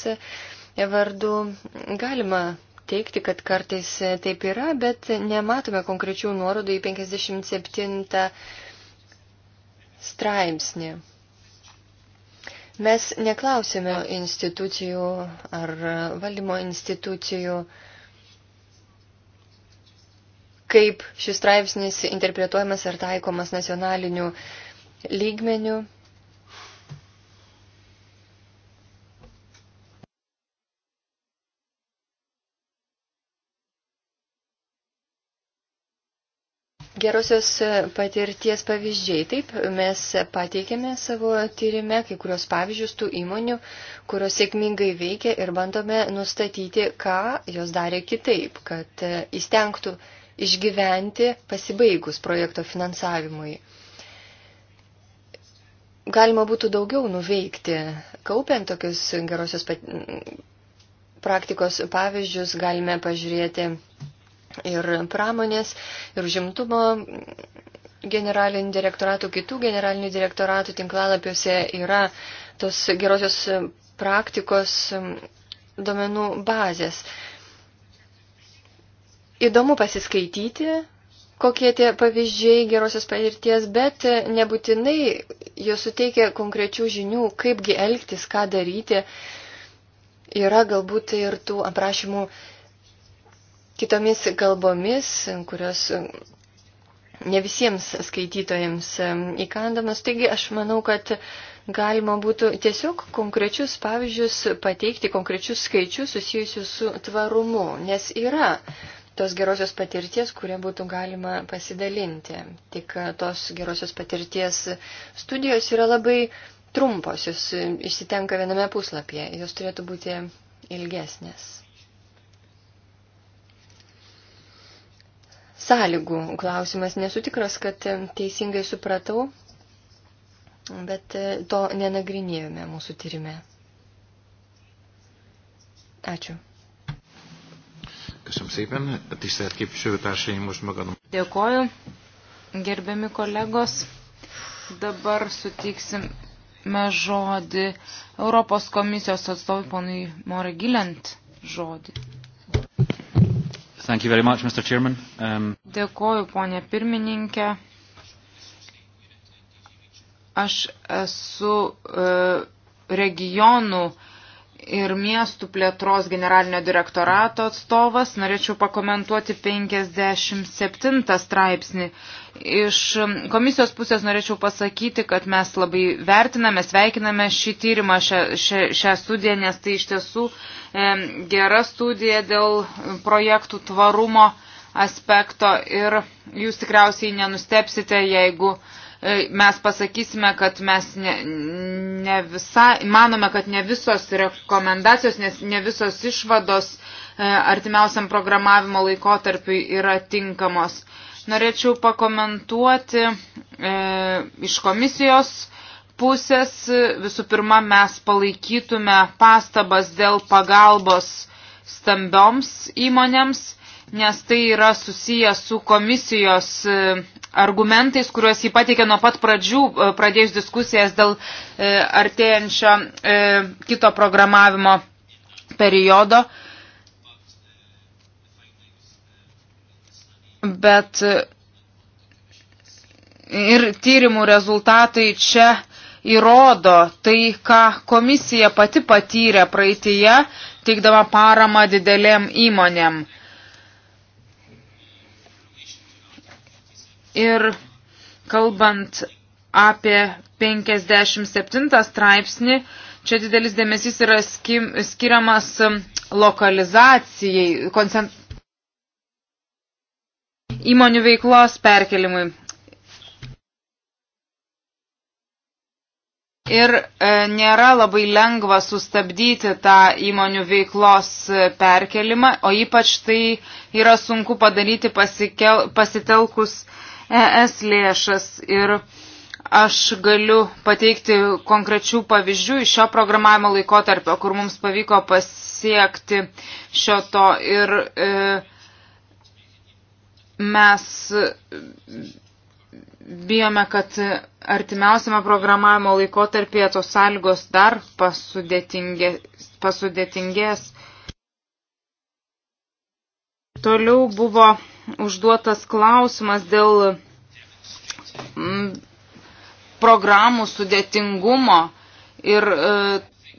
vardu galima teikti, kad kartais taip yra, bet nematome konkrečių nuorodų į 57 straipsnį. Mes neklausėme institucijų ar valdymo institucijų, kaip šis straipsnis interpretuojamas ar taikomas nacionaliniu lygmeniu. gerosios patirties pavyzdžiai. Taip, mes pateikėme savo tyrimę kai kurios pavyzdžius tų įmonių, kurios sėkmingai veikia ir bandome nustatyti, ką jos darė kitaip, kad įstengtų išgyventi pasibaigus projekto finansavimui. Galima būtų daugiau nuveikti, kaupiant tokius gerosios praktikos pavyzdžius, galime pažiūrėti ir pramonės, ir žimtumo generalinių direktoratų, kitų generalinių direktoratų tinklalapiuose yra tos gerosios praktikos domenų bazės. Įdomu pasiskaityti, kokie tie pavyzdžiai gerosios patirties, bet nebūtinai jos suteikia konkrečių žinių, kaipgi elgtis, ką daryti. Yra galbūt ir tų aprašymų kitomis kalbomis, kurios ne visiems skaitytojams įkandamos. Taigi aš manau, kad galima būtų tiesiog konkrečius pavyzdžius pateikti, konkrečius skaičius susijusius su tvarumu, nes yra tos gerosios patirties, kurie būtų galima pasidalinti. Tik tos gerosios patirties studijos yra labai trumpos, jos išsitenka viename puslapyje, jos turėtų būti ilgesnės. sąlygų klausimas. Nesu tikras, kad teisingai supratau, bet e, to nenagrinėjome mūsų tyrime. Ačiū. Köszönöm szépen. Tisztelt képviselőtársaim, most megadom. Dėkoju, gerbiami kolegos. Dabar sutiksime žodį Europos komisijos atstovui ponui Moregilent žodį. Thank you very much, Mr. Chairman. Um... Dėkoju, ponė pirmininkė. Aš esu uh, regionų uh, ir miestų plėtros generalinio direktorato atstovas. Norėčiau pakomentuoti 57 straipsnį. Iš komisijos pusės norėčiau pasakyti, kad mes labai vertiname, sveikiname šį tyrimą, šią, šią, šią studiją, nes tai iš tiesų e, gera studija dėl projektų tvarumo aspekto ir jūs tikriausiai nenustepsite, jeigu e, E, mes pasakysime, kad mes ne, ne visa, manome, kad ne visos rekomendacijos, nes ne visos išvados e, artimiausiam programavimo laikotarpiui yra tinkamos. Norėčiau pakomentuoti e, iš komisijos pusės. Visų pirma, mes palaikytume pastabas dėl pagalbos stambioms įmonėms nes tai yra susiję su komisijos e, argumentais, kuriuos jį pateikė nuo pat pradžių, e, pradėjus diskusijas dėl e, artėjančio kito programavimo periodo. Bet ir tyrimų rezultatai čia įrodo tai, ką komisija pati patyrė praeitėje, teikdama paramą didelėm įmonėm. Ir kalbant apie 57 straipsnį, čia didelis dėmesys yra skim, skiriamas lokalizacijai, koncent... įmonių veiklos perkelimui. Ir e, nėra labai lengva sustabdyti tą įmonių veiklos e, perkelimą, o ypač tai yra sunku padaryti pasikel, pasitelkus e, ES lėšas ir aš galiu pateikti konkrečių pavyzdžių iš šio programavimo laikotarpio, kur mums pavyko pasiekti šio to ir e, mes bijome, kad artimiausiame programavimo laikotarpyje tos sąlygos dar pasudėtingės. pasudėtingės. Toliau buvo užduotas klausimas dėl mm, programų sudėtingumo ir, e,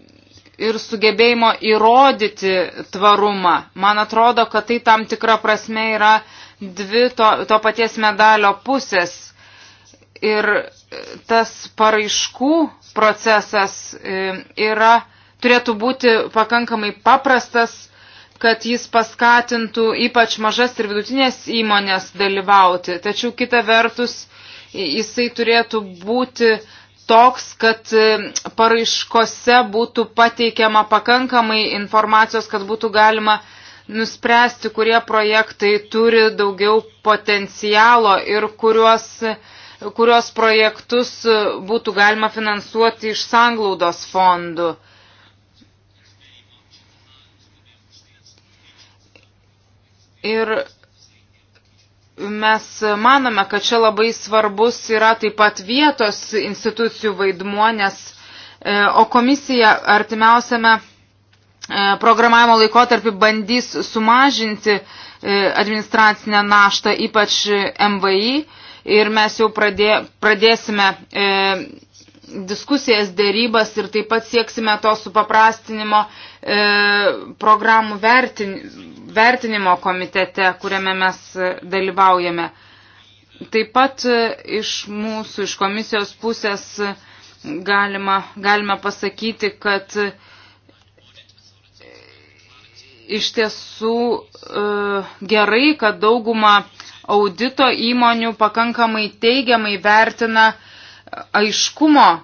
ir sugebėjimo įrodyti tvarumą. Man atrodo, kad tai tam tikra prasme yra dvi to, to paties medalio pusės. Ir e, tas paraiškų procesas e, yra, turėtų būti pakankamai paprastas kad jis paskatintų ypač mažas ir vidutinės įmonės dalyvauti. Tačiau kita vertus, jisai turėtų būti toks, kad e, paraiškose būtų pateikiama pakankamai informacijos, kad būtų galima nuspręsti, kurie projektai turi daugiau potencialo ir kuriuos, kuriuos projektus e, būtų galima finansuoti iš sanglaudos fondų. Ir mes manome, kad čia labai svarbus yra taip pat vietos institucijų vaidmuo, nes e, o komisija artimiausiame e, programavimo laikotarpį bandys sumažinti e, administracinę naštą, ypač MVI. Ir mes jau pradė, pradėsime diskusijas, dėrybas ir taip pat sieksime to supaprastinimo e, programų vertin, vertinimo komitete, kuriame mes dalyvaujame. Taip pat e, iš mūsų, iš komisijos pusės galima, galime pasakyti, kad e, iš tiesų e, gerai, kad dauguma audito įmonių pakankamai teigiamai vertina e, aiškumo,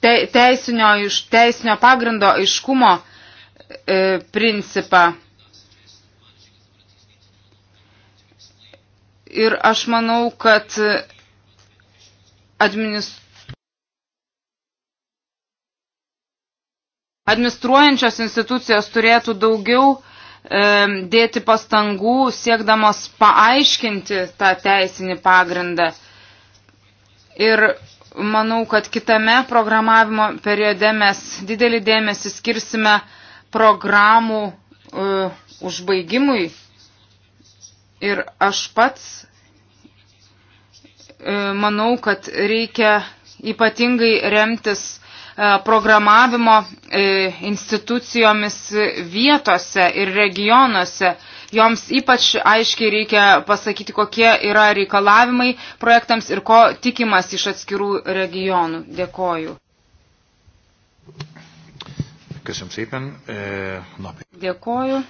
te, teisinio, iš, teisinio pagrindo aiškumo e, principą. Ir aš manau, kad administruojimas administruojančios institucijos turėtų daugiau e, dėti pastangų, siekdamos paaiškinti tą teisinį pagrindą. Ir manau, kad kitame programavimo periode mes didelį dėmesį skirsime programų uh, užbaigimui. Ir aš pats uh, manau, kad reikia ypatingai remtis e, programavimo institucijomis vietose ir regionuose. Joms ypač aiškiai reikia pasakyti, kokie yra reikalavimai projektams ir ko tikimas iš atskirų regionų. Dėkoju. Köszönöm szépen. E, Napi. Dėkoju.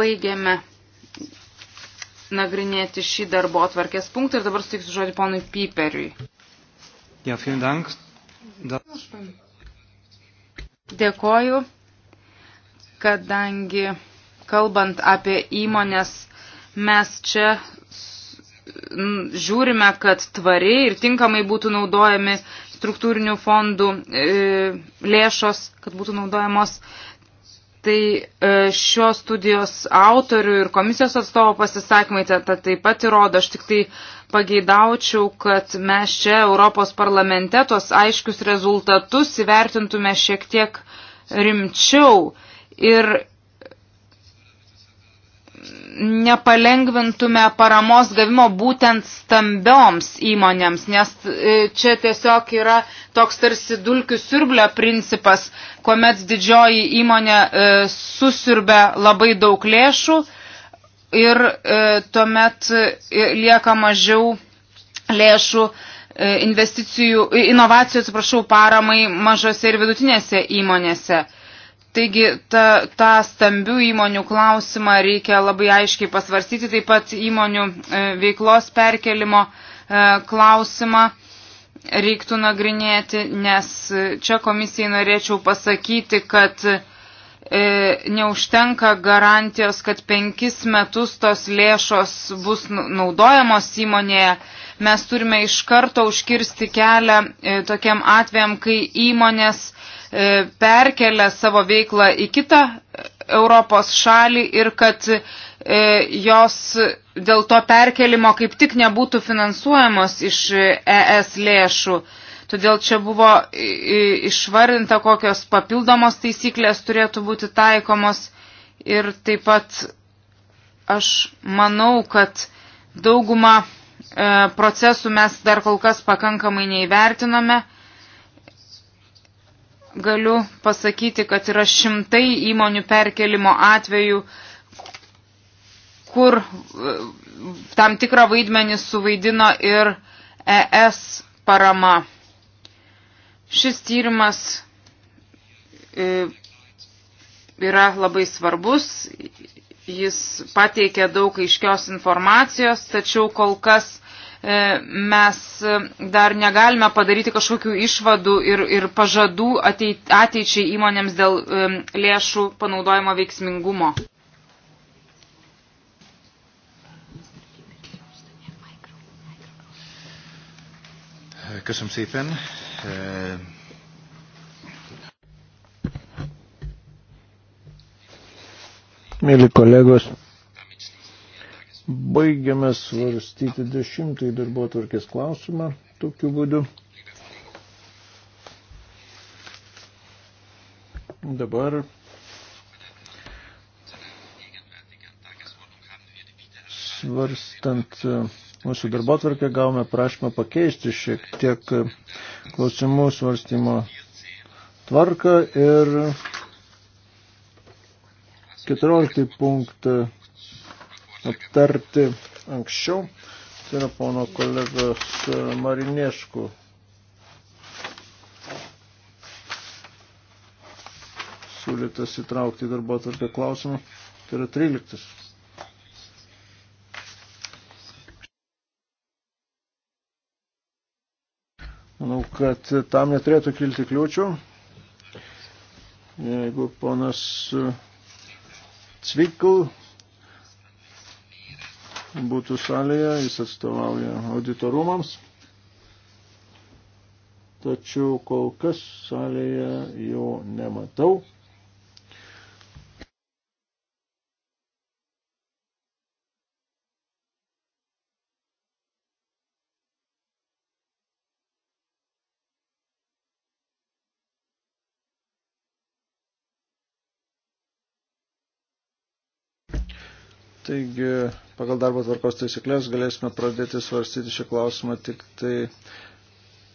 Baigiame nagrinėti šį darbo atvarkės punktą ir dabar suteiksiu žodį ponui Piperiui. Ja, vielen Dank. Da... Dėkoju kadangi kalbant apie įmonės, mes čia žiūrime, kad tvariai ir tinkamai būtų naudojami struktūrinių fondų e, lėšos, kad būtų naudojamos. Tai e, šios studijos autorių ir komisijos atstovo pasisakymai ta, ta, taip pat įrodo, aš tik tai pageidaučiau, kad mes čia Europos parlamente tos aiškius rezultatus įvertintume šiek tiek rimčiau ir nepalengvintume paramos gavimo būtent stambioms įmonėms, nes e, čia tiesiog yra toks tarsi dulkių siurblio principas, kuomet didžioji įmonė e, susirbia labai daug lėšų ir e, tuomet e, lieka mažiau lėšų e, investicijų, inovacijų, atsiprašau, paramai mažose ir vidutinėse įmonėse. E, Taigi ta, tą stambių įmonių klausimą reikia labai aiškiai pasvarstyti, taip pat įmonių e, veiklos perkelimo e, klausimą reiktų nagrinėti, nes e, čia komisijai norėčiau pasakyti, kad neužtenka garantijos, kad penkis metus tos lėšos bus naudojamos įmonėje. Mes turime iš karto užkirsti kelią tokiam atvejam, kai įmonės E, perkelia savo veiklą į kitą Europos šalį ir kad e, jos dėl to perkelimo kaip tik nebūtų finansuojamos iš ES e lėšų. Todėl čia buvo išvardinta, kokios papildomos taisyklės turėtų būti taikomos. Ir taip pat aš manau, kad daugumą procesų mes dar kol kas pakankamai neįvertiname galiu pasakyti, kad yra šimtai įmonių perkelimo atvejų, kur e, tam tikrą vaidmenį suvaidino ir ES parama. Šis tyrimas e, yra labai svarbus, jis pateikia daug aiškios informacijos, tačiau kol kas E, mes dar negalime padaryti kažkokių išvadų ir, ir pažadų ateit, ateičiai įmonėms dėl lėšų panaudojimo veiksmingumo. Köszönöm szépen. E, Mėly kolegos, Baigiame svarstyti dešimtąjį darbo tvarkės klausimą tokiu būdu. Dabar svarstant mūsų darbo tvarkę gavome prašymą pakeisti šiek tiek klausimų svarstymo tvarką ir 14 punktą aptarti anksčiau. Tai yra pono kolegos Marinėškų siūlytas įtraukti į darbo atvarkę klausimą. Tai yra 13. Manau, kad tam neturėtų kilti kliūčių. Jeigu ponas Cvikl būtų šalyje, jis atstovauja auditorumams. Tačiau kol kas salėje jo nematau. Taigi, pagal darbo tvarkos taisyklės galėsime pradėti svarstyti šį klausimą tik tai,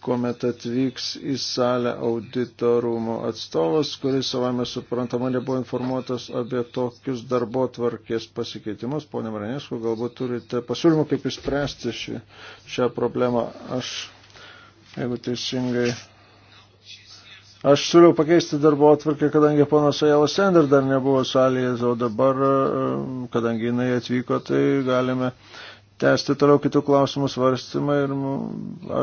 kuomet atvyks į salę auditorumo atstovas, kuris savame suprantama nebuvo informuotas apie tokius darbo tvarkės pasikeitimus. Pone Maranėsku, galbūt turite pasiūlymų, kaip išspręsti šį, šią problemą. Aš, jeigu teisingai Aš siūliau pakeisti darbo atvarkę, kadangi ponas Ajelas Sender dar nebuvo salėje, o dabar, kadangi jinai atvyko, tai galime tęsti toliau kitų klausimų svarstymą ir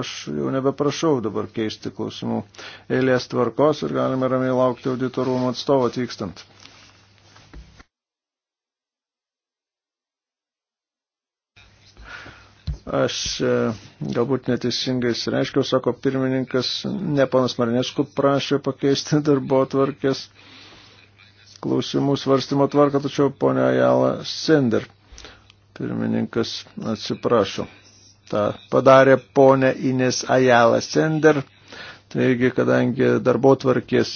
aš jau nebeprašau dabar keisti klausimų eilės tvarkos ir galime ramiai laukti auditorumo atstovo atvykstant. Aš e, galbūt neteisingai įsireiškiau, sako pirmininkas, ne panas Marinesku prašė pakeisti darbo tvarkės klausimų svarstymo tvarką, tačiau ponia Jala Sender. Pirmininkas atsiprašo. Ta padarė ponia Ines Ajala Sender. Taigi, kadangi darbo tvarkės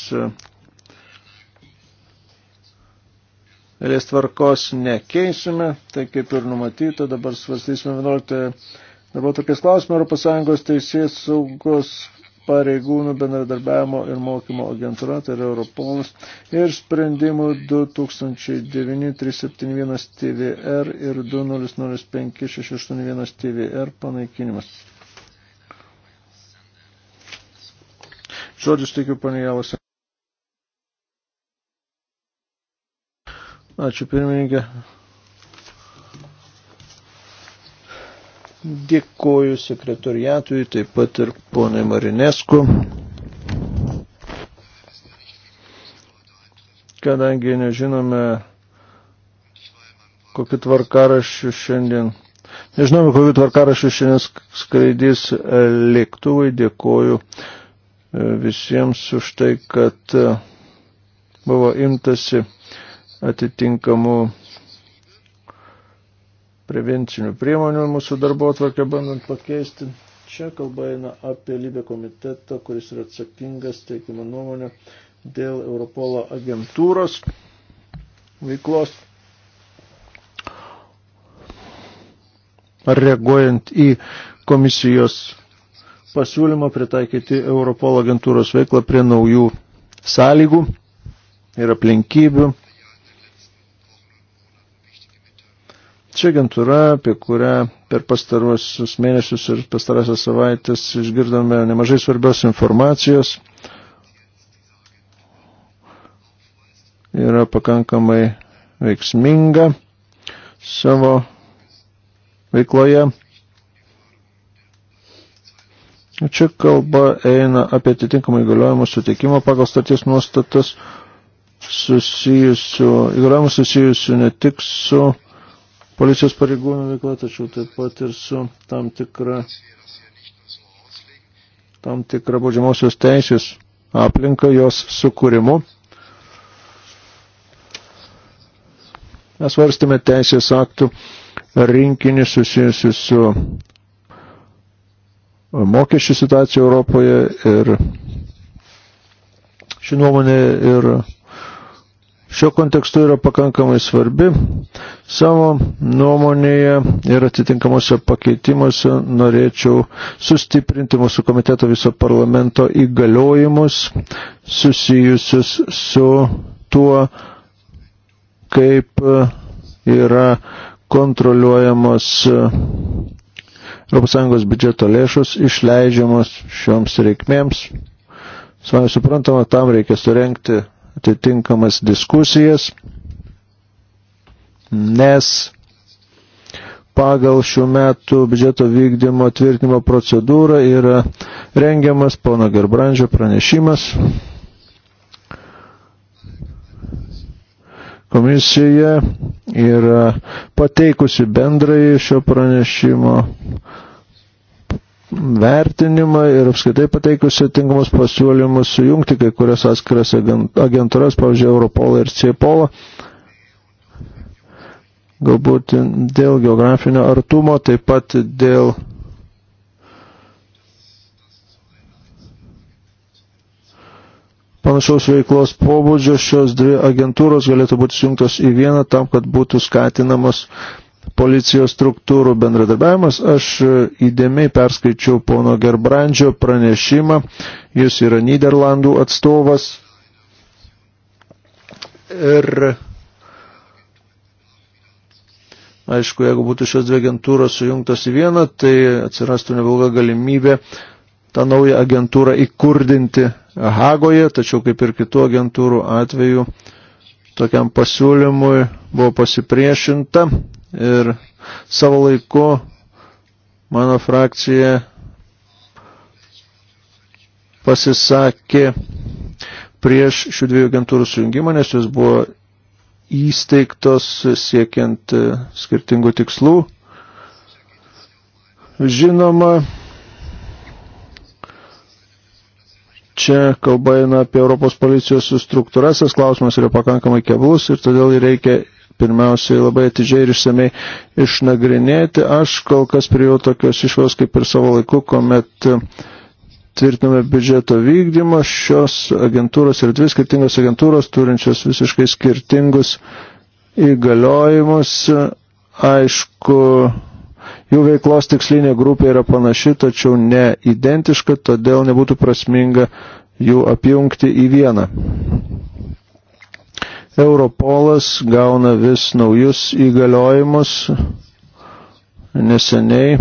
Eilės tvarkos nekeisime, tai kaip ir numatyta, dabar svarstysime 11. Dabar tokias klausimą ES teisės saugos pareigūnų bendradarbiavimo ir mokymo agentūra, tai yra Europolas, ir sprendimų 2009-371 TVR ir 2005681 TVR panaikinimas. Žodžius tikiu panėjavose. Ačiū pirmininkė. Dėkoju sekretoriatui, taip pat ir ponai Marinesku. Kadangi nežinome, kokį tvarkaraščių šiandien. Nežinome, kokį tvarkaraščių šiandien skraidys lėktuvai. Dėkoju e, visiems už tai, kad e, buvo imtasi atitinkamų prevencinių priemonių mūsų darbo atvarkę bandant pakeisti. Čia kalba eina apie Libę komitetą, kuris yra atsakingas, teikimo nuomonė, dėl Europolo agentūros veiklos. Ar reaguojant į komisijos pasiūlymą pritaikyti Europolo agentūros veiklą prie naujų sąlygų ir aplinkybių Čia agentūra, apie kurią per pastaruosius mėnesius ir pastarąsias savaitės išgirdome nemažai svarbios informacijos, yra pakankamai veiksminga savo veikloje. Čia kalba eina apie atitinkamą įgaliojimų suteikimą pagal staties nuostatas susijusių, įgaliojimų susijusių ne tik su policijos pareigūnų veikla, tačiau taip pat ir su tam tikra, tam tikra baudžiamosios teisės aplinka jos sukūrimu. Mes varstėme teisės aktų rinkinį susijusiu su mokesčių situacija Europoje ir ši nuomonė ir šio kontekstu yra pakankamai svarbi. Savo nuomonėje ir atitinkamuose pakeitimuose norėčiau sustiprinti mūsų komiteto viso parlamento įgaliojimus susijusius su tuo, kaip yra kontroliuojamos ES biudžeto lėšos išleidžiamos šioms reikmėms. Savai suprantama, tam reikia surenkti atitinkamas diskusijas, nes pagal šių metų biudžeto vykdymo tvirtinimo procedūrą yra rengiamas pono Gerbrandžio pranešimas. Komisija yra pateikusi bendrai šio pranešimo vertinimą ir apskaitai pateikusi tinkamus pasiūlymus sujungti kai kurias atskiras agentūras, pavyzdžiui, Europolą ir Cepolą. Galbūt dėl geografinio artumo, taip pat dėl Panašaus veiklos pobūdžio šios dvi agentūros galėtų būti sujungtos į vieną tam, kad būtų skatinamas policijos struktūrų bendradarbiavimas. Aš e, įdėmiai perskaičiau pono Gerbrandžio pranešimą. Jis yra Niderlandų atstovas. Ir aišku, jeigu būtų šios dvi agentūros sujungtos į vieną, tai atsirastų nebloga galimybė tą naują agentūrą įkurdinti Hagoje, tačiau kaip ir kitų agentūrų atveju tokiam pasiūlymui buvo pasipriešinta, ir savo laiku mano frakcija pasisakė prieš šių dviejų agentūrų sujungimą, nes jos buvo įsteigtos siekiant e, skirtingų tikslų. Žinoma, čia kalba eina apie Europos policijos struktūras, tas klausimas yra pakankamai keblus ir todėl reikia pirmiausiai labai atidžiai ir išsamei išnagrinėti. Aš kol kas prijau tokios išvos kaip ir savo laiku, kuomet tvirtiname biudžeto vykdymą. Šios agentūros yra dvi skirtingos agentūros, turinčios visiškai skirtingus įgaliojimus. Aišku, Jų veiklos tikslinė grupė yra panaši, tačiau ne identiška, todėl nebūtų prasminga jų apjungti į vieną. Europolas gauna vis naujus įgaliojimus. Neseniai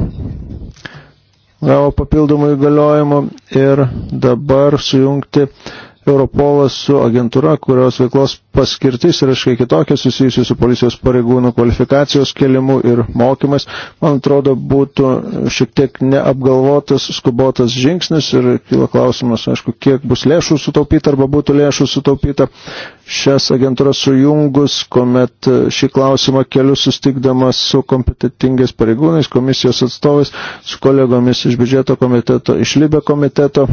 gavo papildomų įgaliojimų ir dabar sujungti Europolas su agentūra, kurios veiklos paskirtis yra škai kitokia susijusi su policijos pareigūnų kvalifikacijos kelimu ir mokymais, man atrodo, būtų šiek tiek neapgalvotas, skubotas žingsnis ir kyla klausimas, aišku, kiek bus lėšų sutaupyta arba būtų lėšų sutaupyta šias agentūras sujungus, kuomet šį klausimą keliu sustikdamas su kompetitingais pareigūnais, komisijos atstovais, su kolegomis iš biudžeto komiteto, iš Libė komiteto.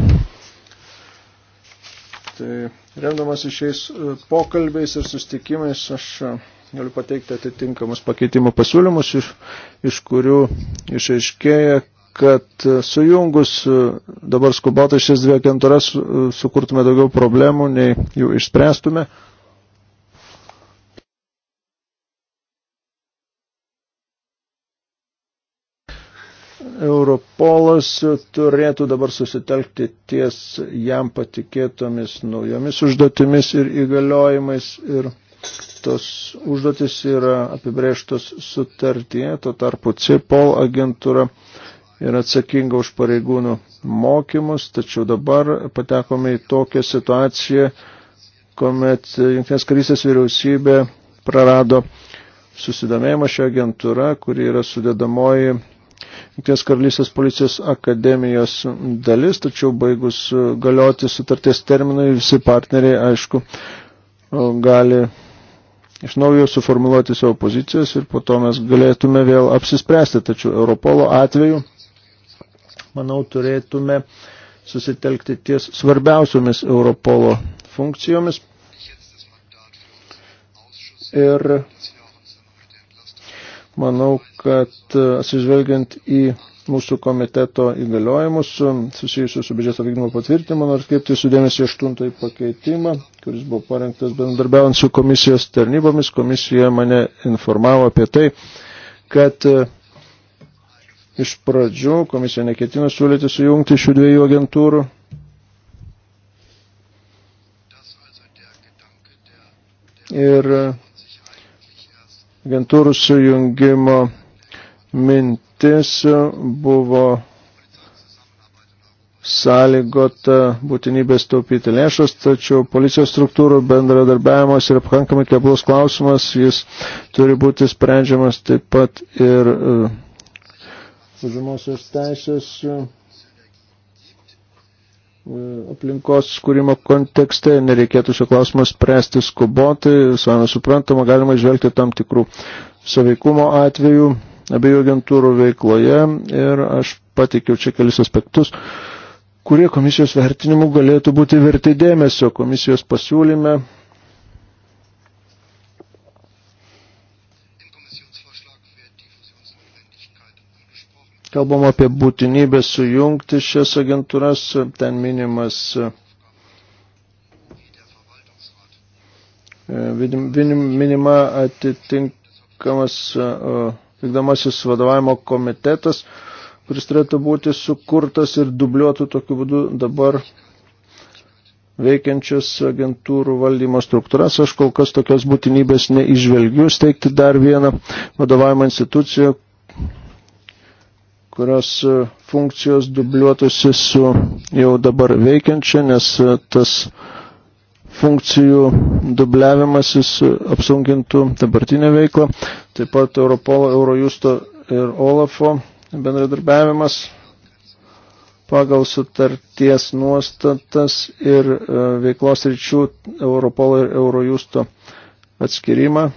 Tai remdamas šiais e, pokalbiais ir sustikimais aš e, galiu pateikti atitinkamus pakeitimo pasiūlymus, iš, iš kurių išaiškėja, kad e, sujungus dabar skubotai šias dvi agentūras sukurtume daugiau problemų, nei jų išspręstume. Europolas turėtų dabar susitelkti ties jam patikėtomis naujomis užduotimis ir įgaliojimais ir tos užduotis yra apibrėžtos sutartyje, tuo tarpu CIPOL agentūra yra atsakinga už pareigūnų mokymus, tačiau dabar patekome į tokią situaciją, kuomet Junktinės karysės vyriausybė prarado susidomėjimą šią agentūrą, kuri yra sudėdamoji Jungtinės karalystės policijos akademijos dalis, tačiau baigus galioti sutarties terminui, visi partneriai, aišku, gali iš naujo suformuluoti savo pozicijas ir po to mes galėtume vėl apsispręsti. Tačiau Europolo atveju, manau, turėtume susitelkti ties svarbiausiomis Europolo funkcijomis. Ir Manau, kad e, atsižvelgiant į mūsų komiteto įgaliojimus e, susijusius su biudžeto vykdymo patvirtinimu, nors kaip tai sudėmėsi aštuntąjį pakeitimą, kuris buvo parengtas bendarbiaujant su komisijos tarnybomis. Komisija mane informavo apie tai, kad e, iš pradžių komisija neketina siūlyti sujungti šių dviejų agentūrų. Ir agentūrų sujungimo mintis buvo sąlygota būtinybės taupyti lėšas, tačiau policijos struktūrų bendradarbiavimas yra pakankamai keblus klausimas, jis turi būti sprendžiamas taip pat ir e, žemosios teisės E, aplinkos skūrimo kontekste nereikėtų šio klausimo spręsti skubotai, savame suprantama, galima žvelgti tam tikrų saveikumo atvejų abiejų agentūrų veikloje ir aš pateikiau čia kelis aspektus, kurie komisijos vertinimu galėtų būti verti dėmesio. Komisijos pasiūlyme Kalbam apie būtinybę sujungti šias agentūras, ten minimas e, minima atitinkamas e, vykdamasis vadovavimo komitetas, kuris turėtų būti sukurtas ir dubliuotų tokiu būdu dabar veikiančias agentūrų valdymo struktūras. Aš kol kas tokios būtinybės neižvelgiu steigti dar vieną vadovavimo instituciją, kurios e, funkcijos dubliuotųsi su jau dabar veikiančia, nes e, tas funkcijų dubliavimasis apsunkintų dabartinę veiklą. Taip pat Europolo, Eurojusto ir Olafo bendradarbiavimas pagal sutarties nuostatas ir e, veiklos ryčių Europolo ir Eurojusto atskirimą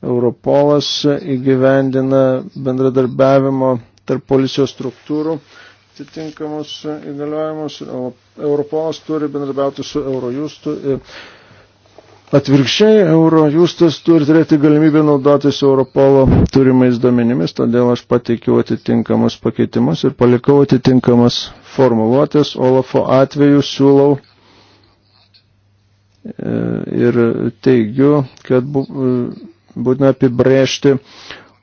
Europolas įgyvendina bendradarbiavimo tarp policijos struktūrų atitinkamus įgaliojimus. Europolas turi bendradarbiauti su Eurojustu. Atvirkščiai, Eurojustas turi turėti galimybę naudotis Europolo turimais duomenimis, todėl aš pateikiau atitinkamus pakeitimus ir palikau atitinkamas formuluotės. Olafo atveju siūlau e, ir teigiu, kad bu, būtina apibrėžti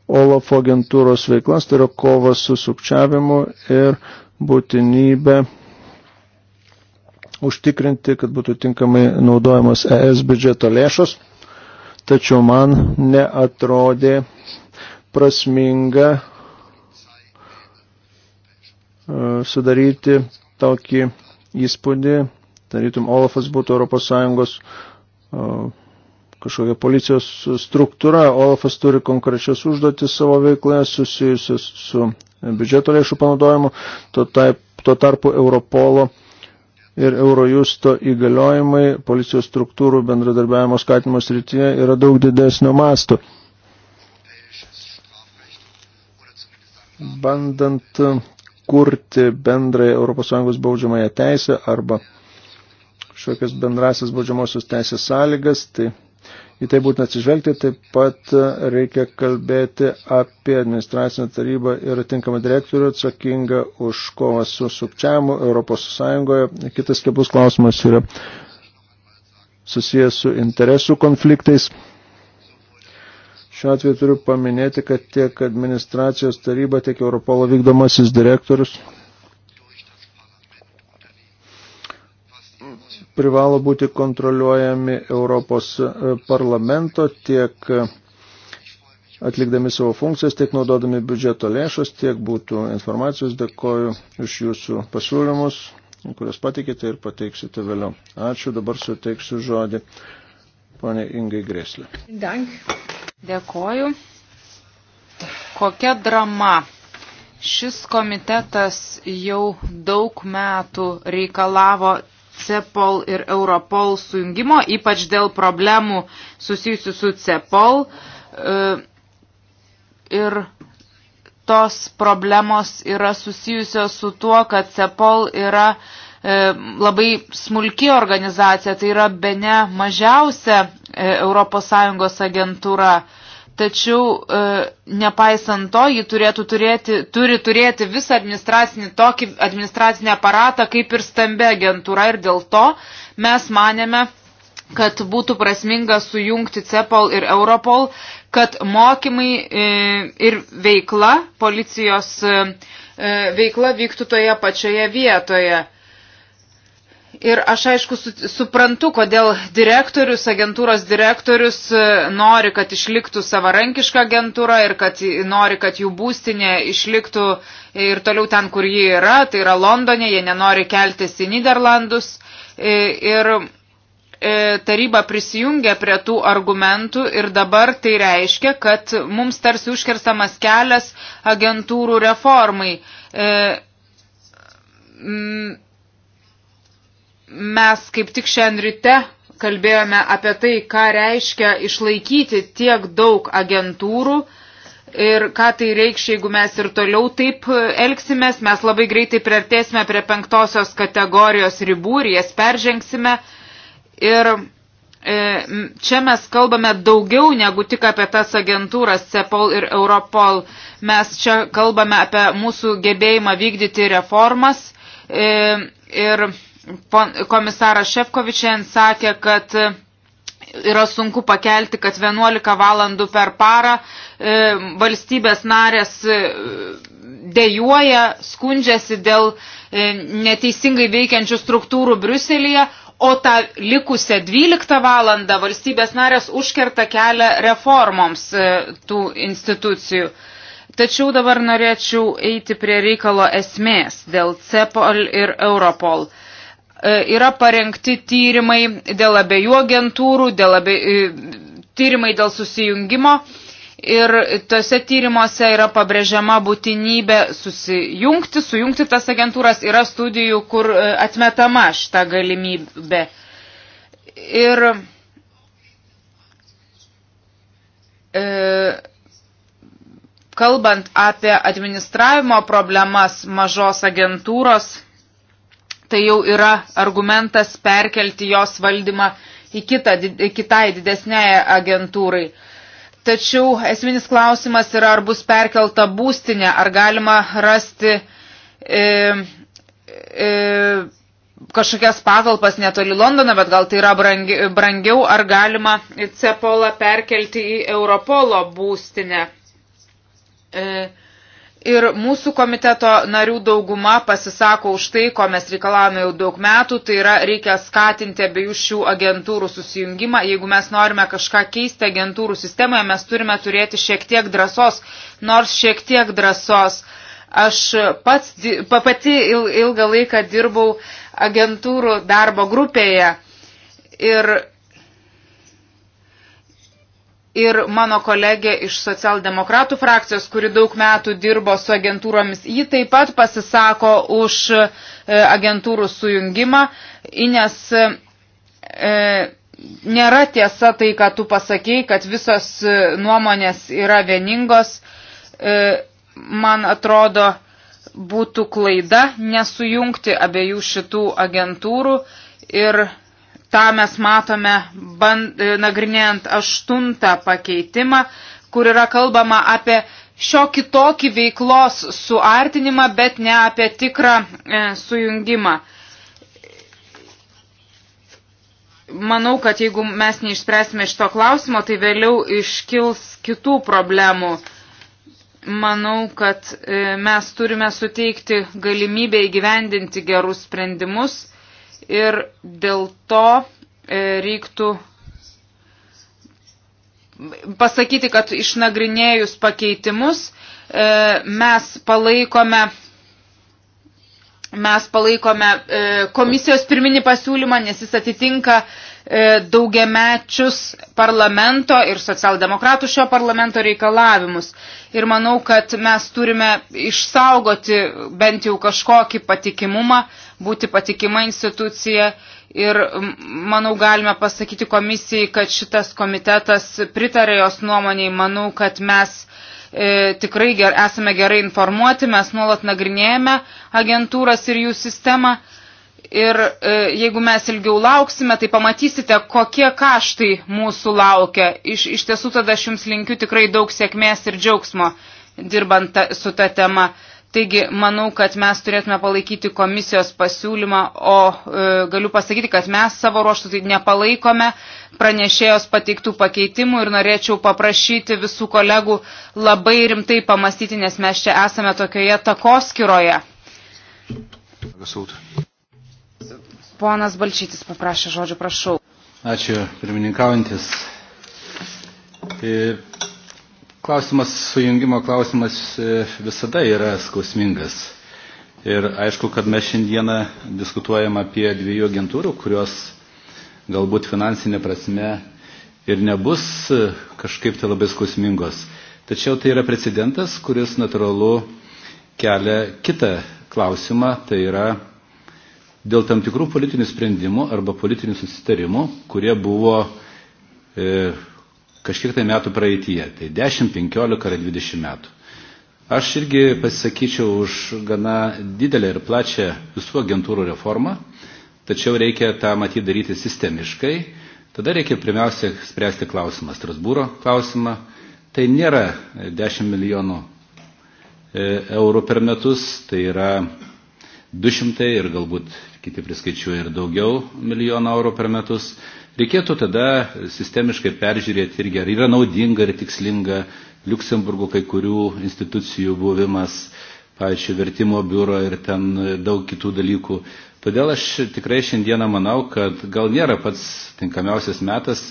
Olafo agentūros veiklas, tai yra kova su sukčiavimu ir būtinybė užtikrinti, kad būtų tinkamai naudojamos ES biudžeto lėšos. Tačiau man neatrodė prasminga e, sudaryti tokį įspūdį, tarytum Olafas būtų ES kažkokia policijos struktūra. Olafas turi konkrečias užduotis savo veikloje susijusias su biudžeto lėšų panaudojimu, tuo, taip, tuo tarpu Europolo ir Eurojusto įgaliojimai policijos struktūrų bendradarbiavimo skatinimo srityje yra daug didesnio masto. Bandant kurti bendrąją ES baudžiamąją teisę arba šiokias bendrasias baudžiamosios teisės sąlygas, tai Į tai būtina atsižvelgti, taip pat e, reikia kalbėti apie administracinę tarybą ir tinkamą direktorių atsakingą už kovą su sukčiavimu Europos Sąjungoje. Kitas kebus klausimas yra susijęs su interesų konfliktais. Šiuo atveju turiu paminėti, kad tiek administracijos taryba, tiek Europolo vykdomasis direktorius privalo būti kontroliuojami Europos e, parlamento tiek e, atlikdami savo funkcijas, tiek naudodami biudžeto lėšas, tiek būtų informacijos. Dėkoju iš jūsų pasiūlymus, kurias patikite ir pateiksite vėliau. Ačiū, dabar suteiksiu žodį ponė Ingai Greslė. Dank. Dėkoju. Kokia drama. Šis komitetas jau daug metų reikalavo CEPOL ir Europol sujungimo, ypač dėl problemų susijusių su CEPOL. E, ir tos problemos yra susijusios su tuo, kad CEPOL yra e, labai smulki organizacija, tai yra bene mažiausia ES agentūra tačiau e, nepaisant to, ji turėtų turėti, turi turėti visą administracinį, tokį administracinį aparatą, kaip ir stambi agentūra ir dėl to mes manėme, kad būtų prasminga sujungti CEPOL ir Europol, kad mokymai e, ir veikla, policijos e, e veikla vyktų toje pačioje vietoje. Ir aš aišku suprantu, kodėl direktorius, agentūros direktorius e, nori, kad išliktų savarankiška agentūra ir kad nori, kad jų būstinė išliktų ir toliau ten, kur ji yra, tai yra Londonė, jie nenori keltis į Niderlandus. E, ir e, taryba prisijungia prie tų argumentų ir dabar tai reiškia, kad mums tarsi užkirstamas kelias agentūrų reformai. E, mm, mes kaip tik šiandien ryte kalbėjome apie tai, ką reiškia išlaikyti tiek daug agentūrų ir ką tai reikš, jeigu mes ir toliau taip elgsimės. Mes labai greitai priartėsime prie penktosios kategorijos ribų ir jas peržengsime. Ir e, čia mes kalbame daugiau negu tik apie tas agentūras CEPOL ir Europol. Mes čia kalbame apie mūsų gebėjimą vykdyti reformas. E, ir Komisaras Šefkovičian sakė, kad e, yra sunku pakelti, kad 11 valandų per parą e, valstybės narės e, dėjuoja, skundžiasi dėl neteisingai veikiančių struktūrų Briuselėje, o tą likusią 12 valandą valstybės narės užkerta kelią reformoms tų institucijų. Tačiau dabar norėčiau eiti prie reikalo esmės dėl CEPOL ir Europol. E, E, yra parengti tyrimai dėl abiejų agentūrų, dėl abie, e, tyrimai dėl susijungimo ir tose tyrimuose yra pabrėžiama būtinybė susijungti, sujungti tas agentūras, yra studijų, kur e, atmetama šitą galimybę. Ir e, kalbant apie administravimo problemas mažos agentūros, tai jau yra argumentas perkelti jos valdymą į kitą, kitai didesnėje agentūrai. Tačiau esminis klausimas yra, ar bus perkelta būstinė, ar galima rasti e, e, kažkokias patalpas netoli Londono, bet gal tai yra brangi, brangiau, ar galima Cepolą perkelti į Europolo būstinę. E, ir mūsų komiteto narių dauguma pasisako už tai, ko mes reikalavome jau daug metų, tai yra reikia skatinti abiejų šių agentūrų susijungimą. Jeigu mes norime kažką keisti agentūrų sistemoje, mes turime turėti šiek tiek drąsos, nors šiek tiek drąsos. Aš pats, pati ilgą laiką dirbau agentūrų darbo grupėje ir ir mano kolegė iš socialdemokratų frakcijos, kuri daug metų dirbo su agentūromis, ji taip pat pasisako už e, agentūrų sujungimą, nes e, e, nėra tiesa tai, ką tu pasakėjai, kad visos e, nuomonės yra vieningos. E, man atrodo, būtų klaida nesujungti abiejų šitų agentūrų ir Ta mes matome, band, e, nagrinėjant aštuntą pakeitimą, kur yra kalbama apie šiokį tokį veiklos suartinimą, bet ne apie tikrą e, sujungimą. Manau, kad jeigu mes neišspręsime šito klausimo, tai vėliau iškils kitų problemų. Manau, kad e, mes turime suteikti galimybę įgyvendinti gerus sprendimus ir dėl to e, reiktų pasakyti, kad išnagrinėjus pakeitimus e, mes palaikome, mes palaikome e, komisijos pirminį pasiūlymą, nes jis atitinka daugiamečius parlamento ir socialdemokratų šio parlamento reikalavimus. Ir manau, kad mes turime išsaugoti bent jau kažkokį patikimumą, būti patikima institucija ir manau galime pasakyti komisijai, kad šitas komitetas pritarė jos nuomoniai. Manau, kad mes e, tikrai ger, esame gerai informuoti, mes nuolat nagrinėjame agentūras ir jų sistemą. Ir e, jeigu mes ilgiau lauksime, tai pamatysite, kokie kaštai mūsų laukia. Iš, iš tiesų tada aš jums linkiu tikrai daug sėkmės ir džiaugsmo dirbant ta, su ta tema. Taigi, manau, kad mes turėtume palaikyti komisijos pasiūlymą, o e, galiu pasakyti, kad mes savo ruoštų tai nepalaikome pranešėjos pateiktų pakeitimų ir norėčiau paprašyti visų kolegų labai rimtai pamastyti, nes mes čia esame tokioje takoskiroje. Ponas Balčytis paprašė žodžio, prašau. Ačiū, pirmininkaujantis. E, Klausimas, sujungimo klausimas e, visada yra skausmingas. Ir aišku, kad mes šiandieną diskutuojam apie dviejų agentūrų, kurios galbūt finansinė prasme ir nebus e, kažkaip tai labai skausmingos. Tačiau tai yra precedentas, kuris natūralu kelia kitą klausimą, tai yra dėl tam tikrų politinių sprendimų arba politinių susitarimų, kurie buvo e, kažkiek tai metų praeitie, tai 10, 15 ar 20 metų. Aš irgi pasisakyčiau už gana didelę ir plačią visų agentūrų reformą, tačiau reikia tą matyti daryti sistemiškai. Tada reikia pirmiausia spręsti klausimą, Strasbūro klausimą. Tai nėra 10 milijonų e, eurų per metus, tai yra 200 ir galbūt kiti priskaičiuoja ir daugiau milijonų eurų per metus. Reikėtų tada sistemiškai peržiūrėti irgi, ar yra naudinga ir tikslinga Luksemburgo kai kurių institucijų buvimas, pavyzdžiui, vertimo biuro ir ten daug kitų dalykų. Todėl aš tikrai šiandieną manau, kad gal nėra pats tinkamiausias metas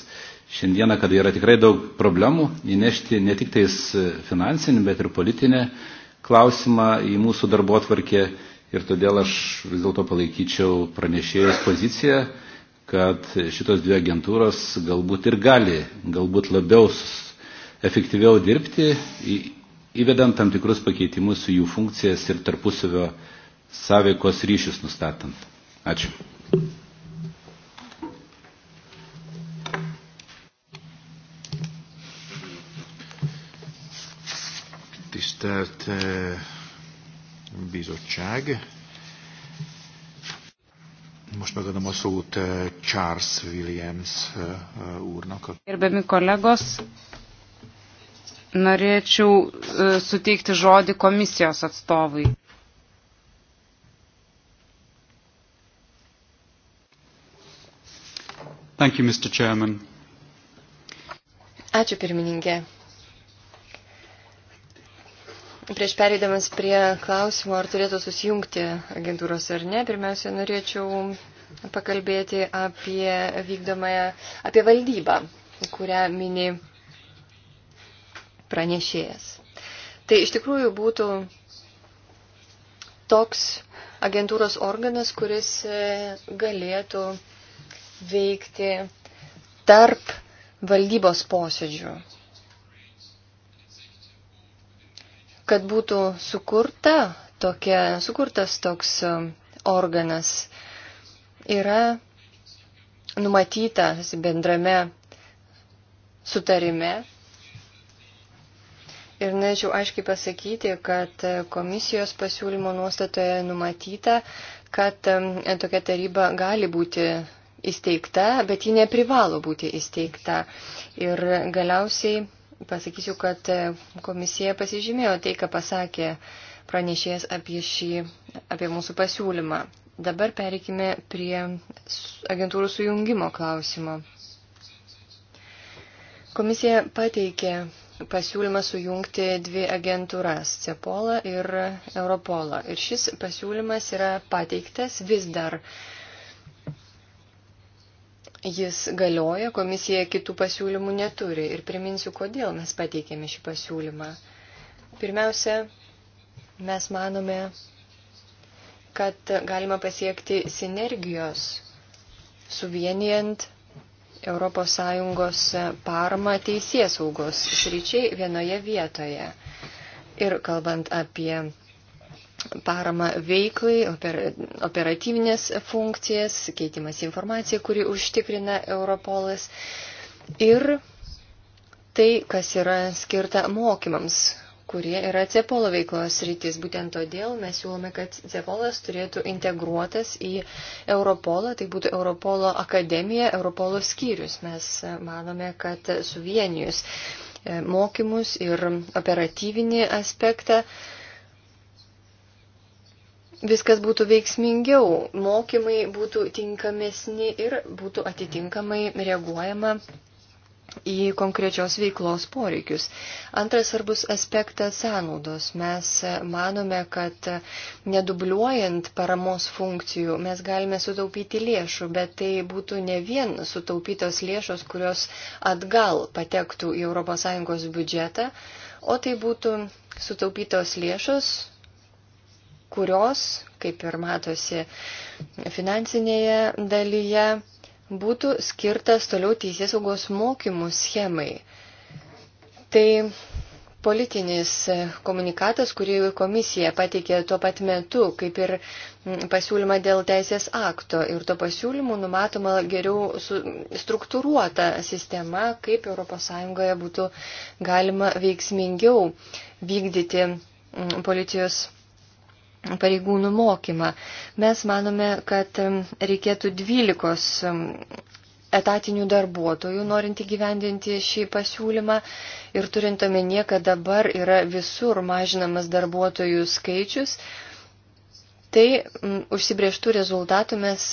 šiandieną, kada yra tikrai daug problemų, įnešti ne tik tais finansinį, bet ir politinį klausimą į mūsų darbo atvarkę. Ir todėl aš vis dėlto palaikyčiau pranešėjus poziciją kad šitos dvi agentūros galbūt ir gali, galbūt labiau efektyviau dirbti, įvedant tam tikrus pakeitimus su jų funkcijas ir tarpusavio sąveikos ryšius nustatant. Ačiū. Tisztelt eh, bizottság, Most megadom a szót eh, Charles Williams eh, eh, úrnak. Gerbiami kolegos, norėčiau suteikti žodį komisijos atstovui. Thank you, Mr. Chairman. Ačiū pirmininkė. Prieš pereidamas prie klausimo, ar turėtų susijungti agentūros ar ne, pirmiausia, norėčiau pakalbėti apie vykdomąją, apie valdybą, kurią mini pranešėjas. Tai iš tikrųjų būtų toks agentūros organas, kuris e, galėtų veikti tarp valdybos posėdžių kad būtų sukurta tokia, sukurtas toks um, organas, yra numatytas bendrame sutarime. Ir norėčiau aiškiai pasakyti, kad komisijos pasiūlymo nuostatoje numatyta, kad um, tokia taryba gali būti įsteigta, bet ji neprivalo būti įsteigta. Ir galiausiai pasakysiu, kad e, komisija pasižymėjo tai, ką pasakė pranešėjas apie šį, apie mūsų pasiūlymą. Dabar pereikime prie agentūrų sujungimo klausimo. Komisija pateikė pasiūlymą sujungti dvi agentūras - Cepolą ir Europolą. Ir šis pasiūlymas yra pateiktas vis dar uh, jis galioja, komisija kitų pasiūlymų neturi. Ir priminsiu, kodėl mes pateikėme šį pasiūlymą. Pirmiausia, mes manome, kad galima pasiekti sinergijos, suvienijant ES parmą teisėsaugos sričiai vienoje vietoje. Ir kalbant apie parama veiklai, oper, operatyvinės funkcijas, keitimas informacija, kuri užtikrina Europolas ir tai, kas yra skirta mokymams, kurie yra Cepolo veiklos rytis. Būtent todėl mes siūlome, kad Cepolas turėtų integruotas į Europolą, tai būtų Europolo akademija, Europolo skyrius. Mes manome, kad suvienijus e, mokymus ir operatyvinį aspektą viskas būtų veiksmingiau, mokymai būtų tinkamesni ir būtų atitinkamai reaguojama į konkrečios veiklos poreikius. Antras svarbus aspektas - sąnaudos. Mes manome, kad nedubliuojant paramos funkcijų mes galime sutaupyti lėšų, bet tai būtų ne vien sutaupytos lėšos, kurios atgal patektų į ES biudžetą, o tai būtų sutaupytos lėšos, kurios, kaip ir matosi finansinėje dalyje, būtų skirtas toliau teisėsaugos mokymų schemai. Tai politinis komunikatas, kurį komisija pateikė tuo pat metu, kaip ir pasiūlymą dėl teisės akto. Ir to pasiūlymų numatoma geriau struktūruota sistema, kaip ES būtų galima veiksmingiau vykdyti policijos pareigūnų mokymą. Mes manome, kad reikėtų 12 etatinių darbuotojų, norint įgyvendinti šį pasiūlymą ir turint omenyje, kad dabar yra visur mažinamas darbuotojų skaičius, Tai m, užsibrieštų rezultatų mes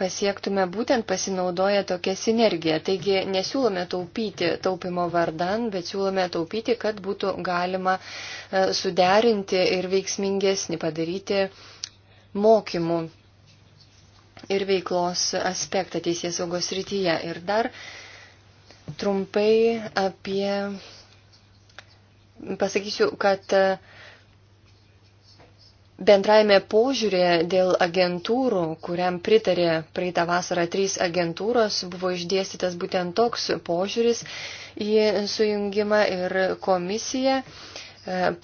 pasiektume būtent pasinaudoję tokią sinergiją. Taigi nesiūlome taupyti taupimo vardan, bet siūlome taupyti, kad būtų galima e, suderinti ir veiksmingesnį padaryti mokymų ir veiklos aspektą teisės saugos rytyje. Ir dar trumpai apie. Pasakysiu, kad uh, bendraime požiūrėje dėl agentūrų, kuriam pritarė praeitą vasarą trys agentūros, buvo išdėstytas būtent toks požiūris į sujungimą ir komisiją e,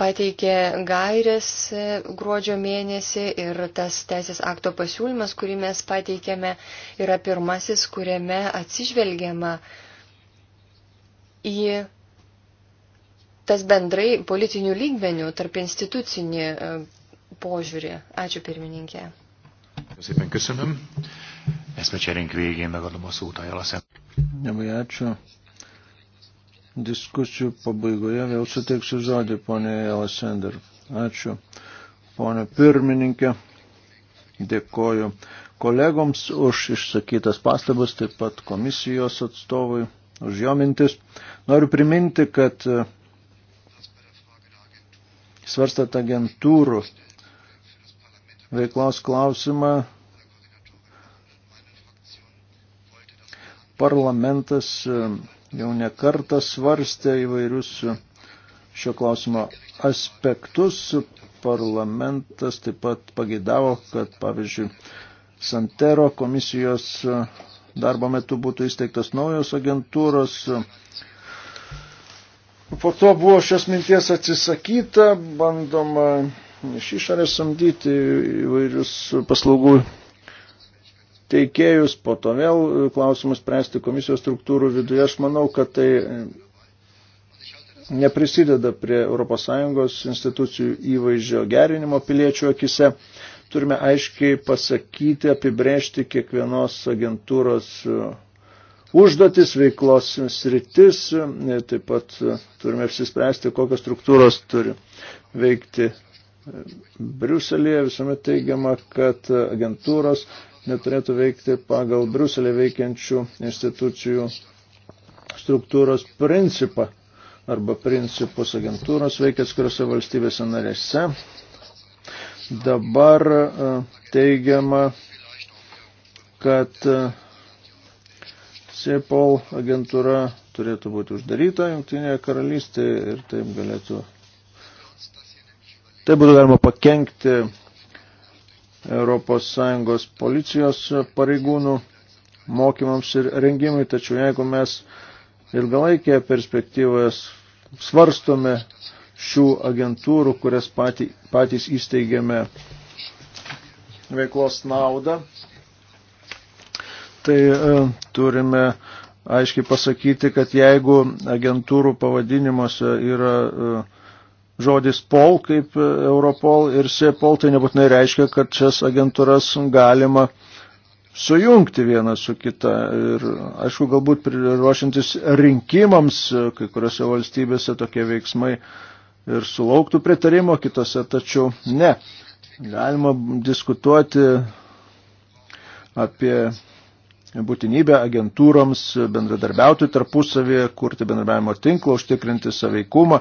pateikė gairės e, gruodžio mėnesį ir tas teisės akto pasiūlymas, kurį mes pateikėme, yra pirmasis, kuriame atsižvelgiama į tas bendrai politinių lygmenių tarp institucinį e, požiūrį. Ačiū pirmininkė. Szépen köszönöm. Eszmecserénk végén megadom a szót a jelaszem. Labai ačiū. Diskusijų pabaigoje vėl suteiksiu žodį, ponė Jelasender. Ačiū, ponė pirmininkė. Dėkoju kolegoms už išsakytas pastabas, taip pat komisijos atstovui už jo mintis. Noriu priminti, kad svarstat agentūrų veiklos klausimą. Parlamentas e, jau nekartą svarstė įvairius e, šio klausimo aspektus. Parlamentas taip pat pagėdavo, kad pavyzdžiui, Santero komisijos e, darbo metu būtų įsteigtos naujos agentūros. Po to buvo šios minties atsisakyta, bandoma iš išorės samdyti įvairius paslaugų teikėjus, po to vėl klausimus spręsti komisijos struktūrų viduje. Aš manau, kad tai neprisideda prie ES institucijų įvaizdžio gerinimo piliečių akise. Turime aiškiai pasakyti, apibrėžti kiekvienos agentūros užduotis, veiklos sritis, taip pat turime apsispręsti, kokios struktūros turi veikti Briuselėje visuomet teigiama, kad agentūros neturėtų veikti pagal Briuselėje veikiančių institucijų struktūros principą arba principus agentūros veikia atskirose valstybėse narėse. Dabar e, teigiama, kad CEPOL e, agentūra turėtų būti uždaryta Junktinėje karalystėje ir taip galėtų Tai būtų galima pakengti ES policijos pareigūnų mokymams ir rengimui, tačiau jeigu mes ilgalaikėje perspektyvoje svarstome šių agentūrų, kurias patys, patys įsteigėme veiklos naudą, tai e, turime aiškiai pasakyti, kad jeigu agentūrų pavadinimuose yra e, žodis POL kaip e, Europol ir SEPOL, tai nebūtinai reiškia, kad šias agentūras galima sujungti vieną su kita. Ir aišku, galbūt ruošiantis rinkimams, e, kai kuriuose valstybėse tokie veiksmai ir sulauktų pritarimo, kitose tačiau ne. Galima diskutuoti apie būtinybę agentūroms bendradarbiauti tarpusavėje, kurti bendradarbiavimo tinklą, užtikrinti saveikumą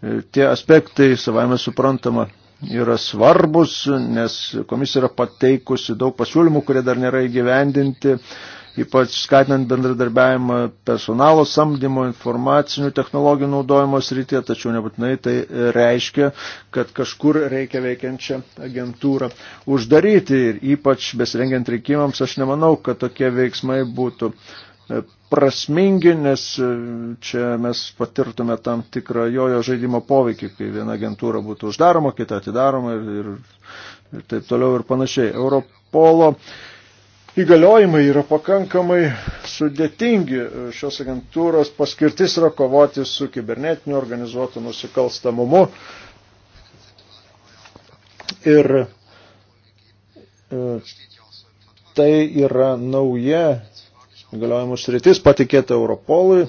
E, tie aspektai, savame suprantama, yra svarbus, nes komisija yra pateikusi daug pasiūlymų, kurie dar nėra įgyvendinti, ypač skatinant bendradarbiavimą personalo samdymo, informacinių technologijų naudojimo srityje, tačiau nebūtinai tai reiškia, kad kažkur reikia veikiančią agentūrą uždaryti ir ypač besirengiant reikimams, aš nemanau, kad tokie veiksmai būtų uh, prasmingi, nes e, čia mes patirtume tam tikrą jojo žaidimo poveikį, kai viena agentūra būtų uždaroma, kita atidaroma ir, ir, ir taip toliau ir panašiai. Europolo įgaliojimai yra pakankamai sudėtingi. Šios agentūros paskirtis yra kovoti su kibernetiniu organizuotu nusikalstamumu. Ir e, tai yra nauja galiojimų sritis patikėta Europolui,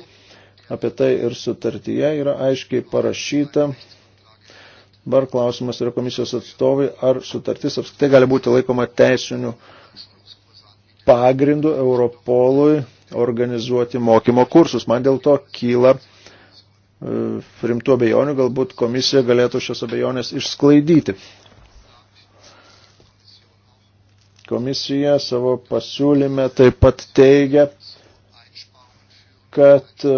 apie tai ir sutartyje yra aiškiai parašyta. Bar klausimas yra komisijos atstovai, ar sutartis apskritai gali būti laikoma teisiniu pagrindu Europolui organizuoti mokymo kursus. Man dėl to kyla e, rimtų abejonių, galbūt komisija galėtų šios abejonės išsklaidyti. Komisija savo pasiūlyme taip pat teigia, kad e,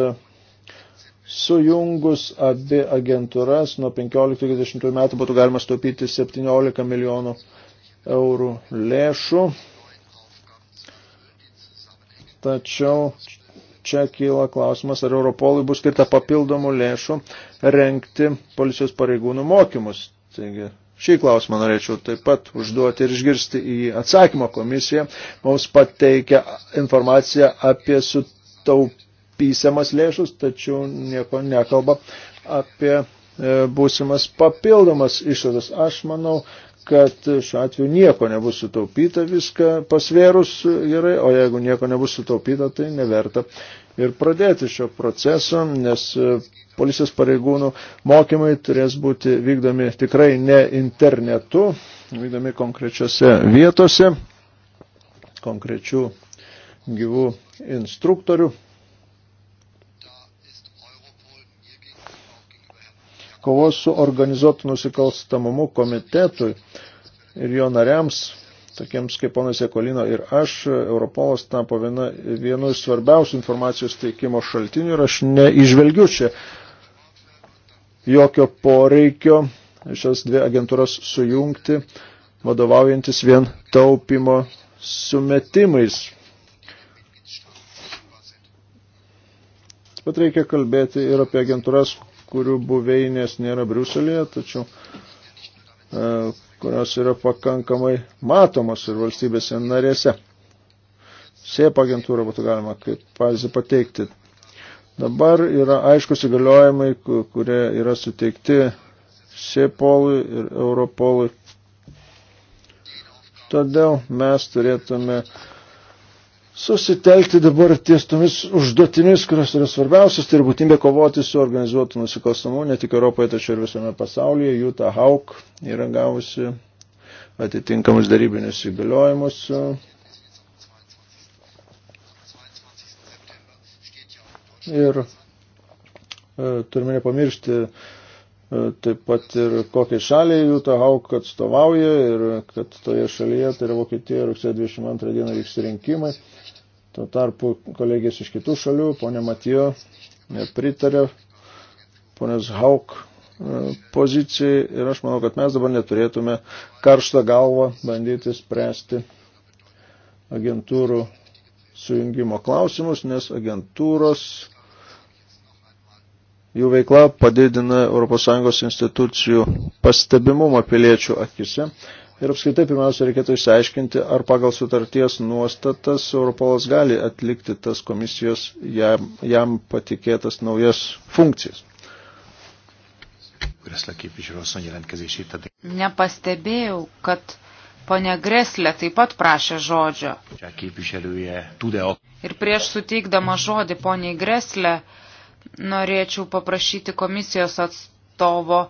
sujungus abi agentūras nuo 15-20 metų būtų galima stopyti 17 milijonų eurų lėšų. Tačiau čia kyla klausimas, ar Europolui bus skirta papildomų lėšų renkti policijos pareigūnų mokymus. Taigi Šį klausimą norėčiau taip pat užduoti ir išgirsti į atsakymą komisiją. Mums pateikia informaciją apie sutaupysiamas lėšus, tačiau nieko nekalba apie e, būsimas papildomas išlaidas. Aš manau, kad šiuo atveju nieko nebus sutaupyta, viską pasvėrus gerai, o jeigu nieko nebus sutaupyta, tai neverta ir pradėti šio proceso, nes e, policijos pareigūnų mokymai turės būti vykdomi tikrai ne internetu, vykdomi konkrečiose vietose, konkrečių gyvų instruktorių. Kovos su organizuotų nusikalstamumu komitetui ir jo nariams tokiems kaip ponas Ekolino ir aš, Europolas tapo viena, vienu iš svarbiausių informacijos teikimo šaltinių ir aš neižvelgiu čia jokio poreikio šias dvi agentūras sujungti, vadovaujantis vien taupimo sumetimais. Pat reikia kalbėti ir apie agentūras, kurių buveinės nėra Briuselėje, tačiau e, kurios yra pakankamai matomos ir valstybėse narėse. Sėpa agentūra būtų galima kaip pavyzdį pateikti. Dabar yra aiškus įgaliojimai, kurie yra suteikti Sėpolui ir Europolui. Todėl mes turėtume uh, susitelkti dabar ties tomis užduotimis, kurios yra svarbiausios, tai ir būtinybė kovoti su organizuotu nusikalstamu, ne tik Europoje, tačiau ir visame pasaulyje. Jūta Hauk yra gavusi atitinkamus darybinius įgaliojimus. Ir e, turime nepamiršti e, taip pat ir kokiai šaliai Jūta Hauk atstovauja ir kad toje šalyje, tai yra Vokietija, rugsėjo 22 dieną vyks rinkimai. E, Tuo tarpu kolegės iš kitų šalių, ponė Matijo, nepritarė ponės Hauk e, pozicijai ir aš manau, kad mes dabar neturėtume karštą galvą bandyti spręsti agentūrų sujungimo klausimus, nes agentūros jų veikla padidina ES institucijų pastebimumą piliečių akise. Ir apskritai pirmiausia reikėtų išsiaiškinti, ar pagal sutarties nuostatas Europolas gali atlikti tas komisijos jam, jam patikėtas naujas funkcijas. Nepastebėjau, kad Pone Greslė taip pat prašė žodžio. Ir prieš suteikdama žodį poniai Greslė, norėčiau paprašyti komisijos atstovo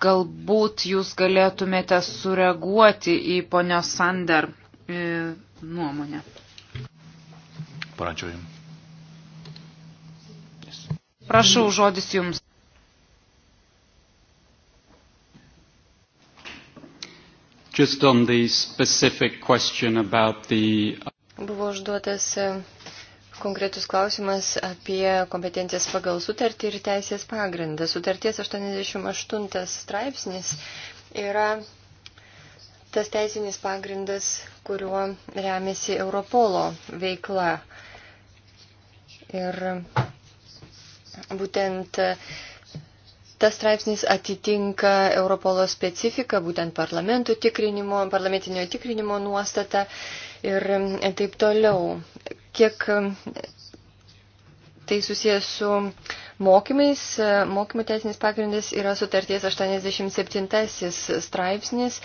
Galbūt jūs galėtumėte sureaguoti į ponios Sander e, nuomonę. Paračiau jums. Prašau, žodis jums. Just on the specific question about the... Buvo užduotas e, Konkretus klausimas apie kompetencijas pagal sutartį ir teisės pagrindą. Sutarties 88 straipsnis yra tas teisinis pagrindas, kuriuo remiasi Europolo veikla. Ir būtent tas straipsnis atitinka Europolo specifiką, būtent parlamentinio tikrinimo nuostatą ir taip toliau kiek e, tai susijęs su mokymais. E, Mokymų teisinis pagrindas yra sutarties 87 straipsnis.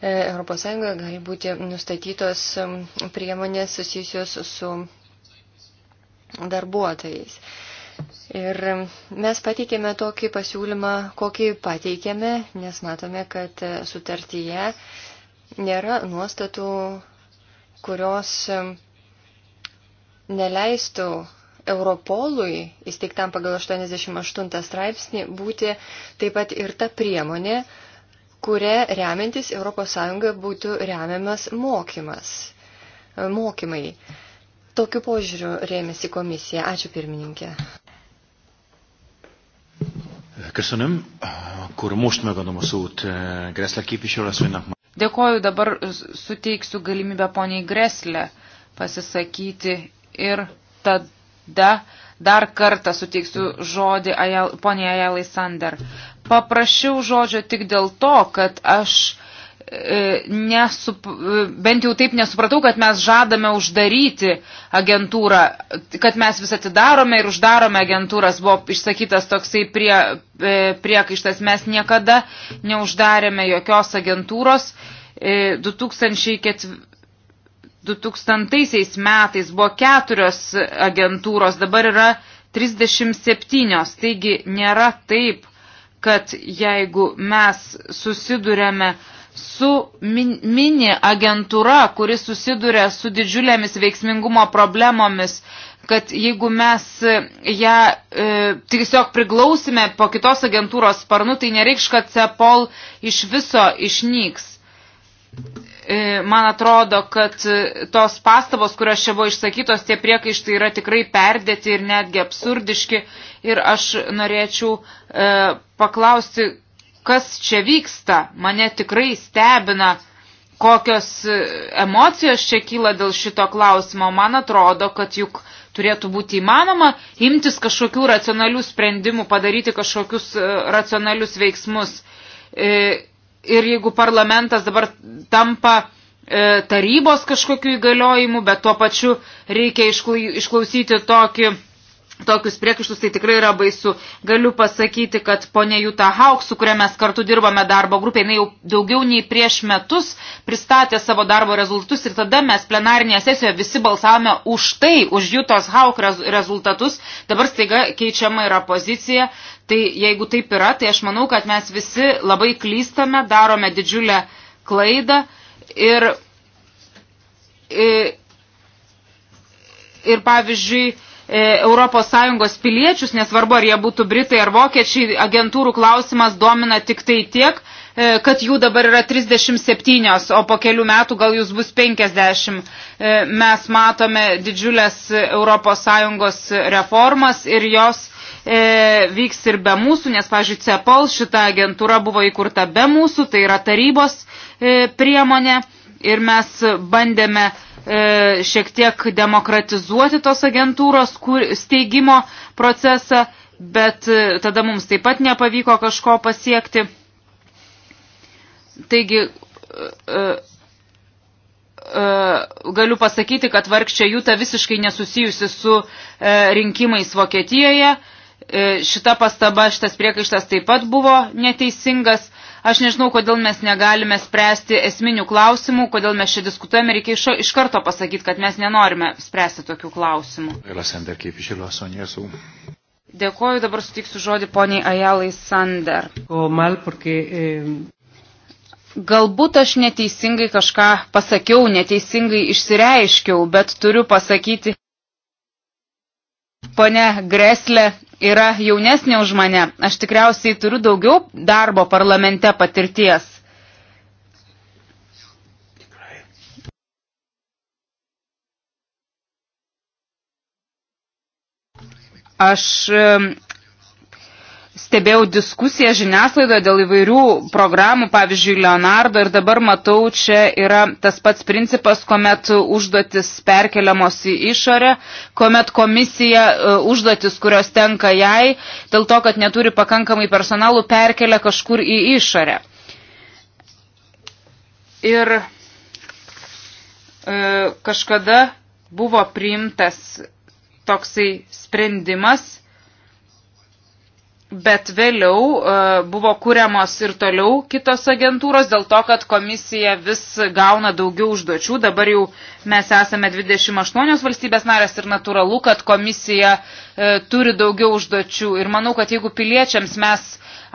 ES gali būti nustatytos e, priemonės susijusios su darbuotojais. Ir mes pateikėme tokį pasiūlymą, kokį pateikėme, nes matome, kad sutartyje nėra nuostatų, kurios neleistų Europolui, įsteigtam pagal 88 straipsnį, būti taip pat ir ta priemonė, kuria remiantis ES būtų remiamas mokymas, mokymai. Tokiu požiūriu rėmėsi komisija. Ačiū pirmininkė. Köszönöm. Akkor most megadom a szót eh, Gressle képviselőasszonynak. Dėkoju, dabar suteiksiu galimybę poniai Gressle pasisakyti ir tada dar kartą suteiksiu žodį Ajal, poniai Ajalai Sander. Paprašiau žodžio tik dėl to, kad aš e, Nesup, e, bent jau taip nesupratau, kad mes žadame uždaryti agentūrą, kad mes vis atidarome ir uždarome agentūras. Buvo išsakytas toksai prie, e, priekaištas, mes niekada neuždarėme jokios agentūros. E, 2004 2000 metais buvo keturios agentūros, dabar yra 37. Taigi nėra taip, kad jeigu mes susidurėme su mini agentūra, kuris susiduria su didžiulėmis veiksmingumo problemomis, kad jeigu mes ją e, tiesiog priglausime po kitos agentūros sparnų, tai nereikš, kad CEPOL iš viso išnyks. E, man atrodo, kad tos pastabos, kurios čia buvo išsakytos, tie priekaištai yra tikrai perdėti ir netgi absurdiški. Ir aš norėčiau e, paklausti, kas čia vyksta. Mane tikrai stebina, kokios e, emocijos čia kyla dėl šito klausimo. Man atrodo, kad juk turėtų būti įmanoma imtis kažkokių racionalių sprendimų, padaryti kažkokius e, racionalius veiksmus. E, ir jeigu parlamentas dabar tampa e, tarybos kažkokiu įgaliojimu, bet tuo pačiu reikia išklausyti tokį tokius priekaištus, tai tikrai yra baisu. Galiu pasakyti, kad ponė Juta Hauk, su kuria mes kartu dirbame darbo grupė, jinai jau daugiau nei prieš metus pristatė savo darbo rezultatus ir tada mes plenarinėje sesijoje visi balsavome už tai, už Jutos Hauk rezultatus. Dabar staiga keičiama yra pozicija. Tai jeigu taip yra, tai aš manau, kad mes visi labai klystame, darome didžiulę klaidą ir, ir, ir pavyzdžiui, ES piliečius, nesvarbu ar jie būtų britai ar vokiečiai, agentūrų klausimas domina tik tai tiek, e, kad jų dabar yra 37, o po kelių metų gal jūs bus 50. E, mes matome didžiulės ES reformas ir jos e, vyks ir be mūsų, nes, pavyzdžiui, CEPOL šita agentūra buvo įkurta be mūsų, tai yra tarybos e, priemonė ir mes bandėme e, šiek tiek demokratizuoti tos agentūros kur, steigimo procesą, bet e, tada mums taip pat nepavyko kažko pasiekti. Taigi, e, e, e galiu pasakyti, kad vargščia Jūta visiškai nesusijusi su e, rinkimais Vokietijoje. E, šita pastaba, šitas priekaištas taip pat buvo neteisingas. Aš nežinau, kodėl mes negalime spręsti esminių klausimų, kodėl mes čia diskutuojame, reikia iš, iš karto pasakyti, kad mes nenorime spręsti tokių klausimų. Dėkoju, dabar sutiksiu žodį poniai Ajalai Sander. Eh, Galbūt aš neteisingai kažką pasakiau, neteisingai išsireiškiau, bet turiu pasakyti. Pone Greslė yra jaunesnė už mane. Aš tikriausiai turiu daugiau darbo parlamente patirties. Aš stebėjau diskusiją žiniasklaidoje dėl įvairių programų, pavyzdžiui, Leonardo, ir dabar matau, čia yra tas pats principas, kuomet užduotis perkeliamos į išorę, kuomet komisija e, užduotis, kurios tenka jai, dėl to, kad neturi pakankamai personalų, perkelia kažkur į išorę. Ir e, kažkada buvo priimtas toksai sprendimas, Bet vėliau e, buvo kuriamos ir toliau kitos agentūros dėl to, kad komisija vis gauna daugiau užduočių. Dabar jau mes esame 28 valstybės narės ir natūralu, kad komisija E, turi daugiau užduočių. Ir manau, kad jeigu piliečiams mes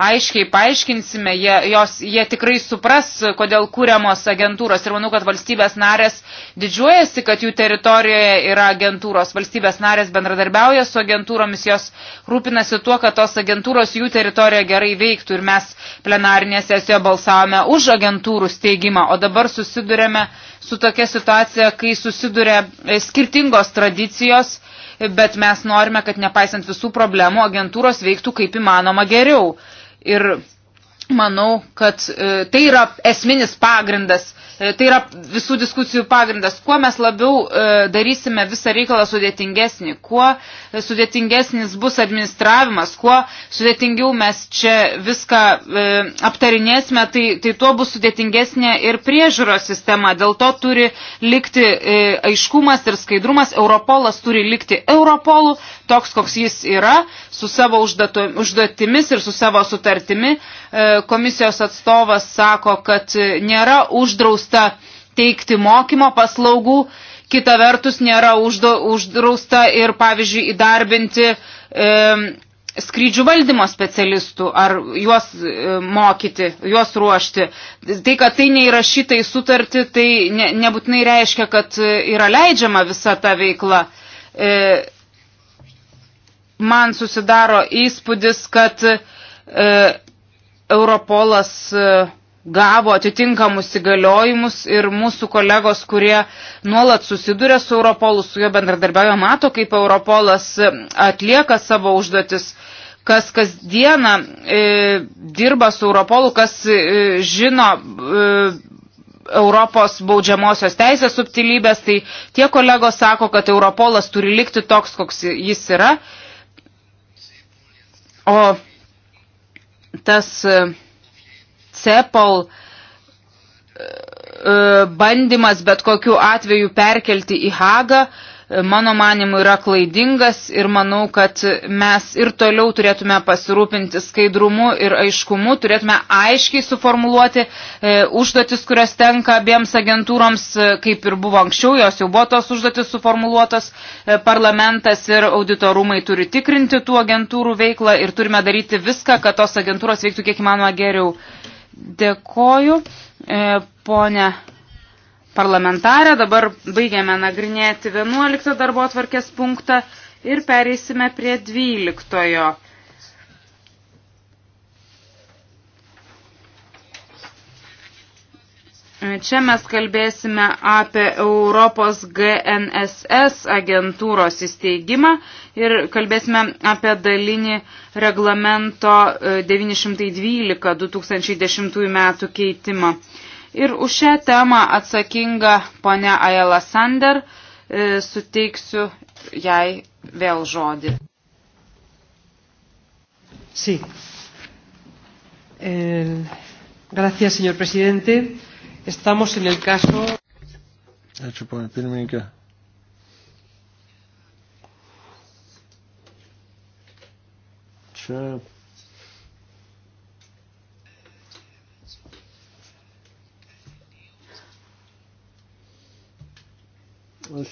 aiškiai paaiškinsime, jie, jos, jie tikrai supras, kodėl kūriamos agentūros. Ir manau, kad valstybės narės didžiuojasi, kad jų teritorijoje yra agentūros. Valstybės narės bendradarbiauja su agentūromis, jos rūpinasi tuo, kad tos agentūros jų teritorijoje gerai veiktų. Ir mes plenarinėje sesijoje balsavome už agentūrų steigimą, o dabar susidurėme su tokia situacija, kai susiduria e, skirtingos tradicijos bet mes norime, kad nepaisant visų problemų, agentūros veiktų kaip įmanoma geriau. Ir manau, kad e, tai yra esminis pagrindas E, tai yra visų diskusijų pagrindas. Kuo mes labiau e, darysime visą reikalą sudėtingesnį, kuo sudėtingesnis bus administravimas, kuo sudėtingiau mes čia viską e, aptarinėsime, tai, tai tuo bus sudėtingesnė ir priežiūros sistema. Dėl to turi likti aiškumas ir skaidrumas. Europolas turi likti Europolų, toks koks jis yra, su savo užduotimis ir su savo sutartimi. Komisijos atstovas sako, kad nėra uždraus uždrausta teikti mokymo paslaugų, kita vertus nėra užda, uždrausta ir, pavyzdžiui, įdarbinti e, skrydžių valdymo specialistų ar juos e, mokyti, juos ruošti. Tai, kad tai neįrašyta į sutartį, tai ne, nebūtinai reiškia, kad e, yra leidžiama visa ta veikla. E, man susidaro įspūdis, kad e, Europolas e, gavo atitinkamus įgaliojimus ir mūsų kolegos, kurie nuolat susiduria su Europolu, su jo bendradarbiavimo, mato, kaip Europolas e, atlieka savo užduotis, kas kasdieną e, dirba su Europolu, kas e, žino e, Europos baudžiamosios teisės subtilybės, tai tie kolegos sako, kad Europolas turi likti toks, koks jis yra. O tas. E, CEPOL e, bandymas bet kokiu atveju perkelti į Hagą, e, mano manimu, yra klaidingas ir manau, kad mes ir toliau turėtume pasirūpinti skaidrumu ir aiškumu, turėtume aiškiai suformuluoti e, užduotis, kurios tenka abiems agentūroms, kaip ir buvo anksčiau, jos jau buvo tos užduotis suformuluotos, parlamentas ir auditorumai turi tikrinti tų agentūrų veiklą ir turime daryti viską, kad tos agentūros veiktų kiek įmanoma geriau. Dėkoju, e, ponė parlamentarė. Dabar baigiame nagrinėti 11 darbo atvarkės punktą ir pereisime prie 12. Čia mes kalbėsime apie Europos GNSS agentūros įsteigimą ir kalbėsime apie dalinį reglamento 912-2010 e, metų keitimą. Ir už šią temą atsakinga ponia Ajela Sander, e, suteiksiu jai vėl žodį. Sí. El... Eh, gracias, señor presidente. Estamos en el caso. Ačiū, ponė pirmininkė. Čia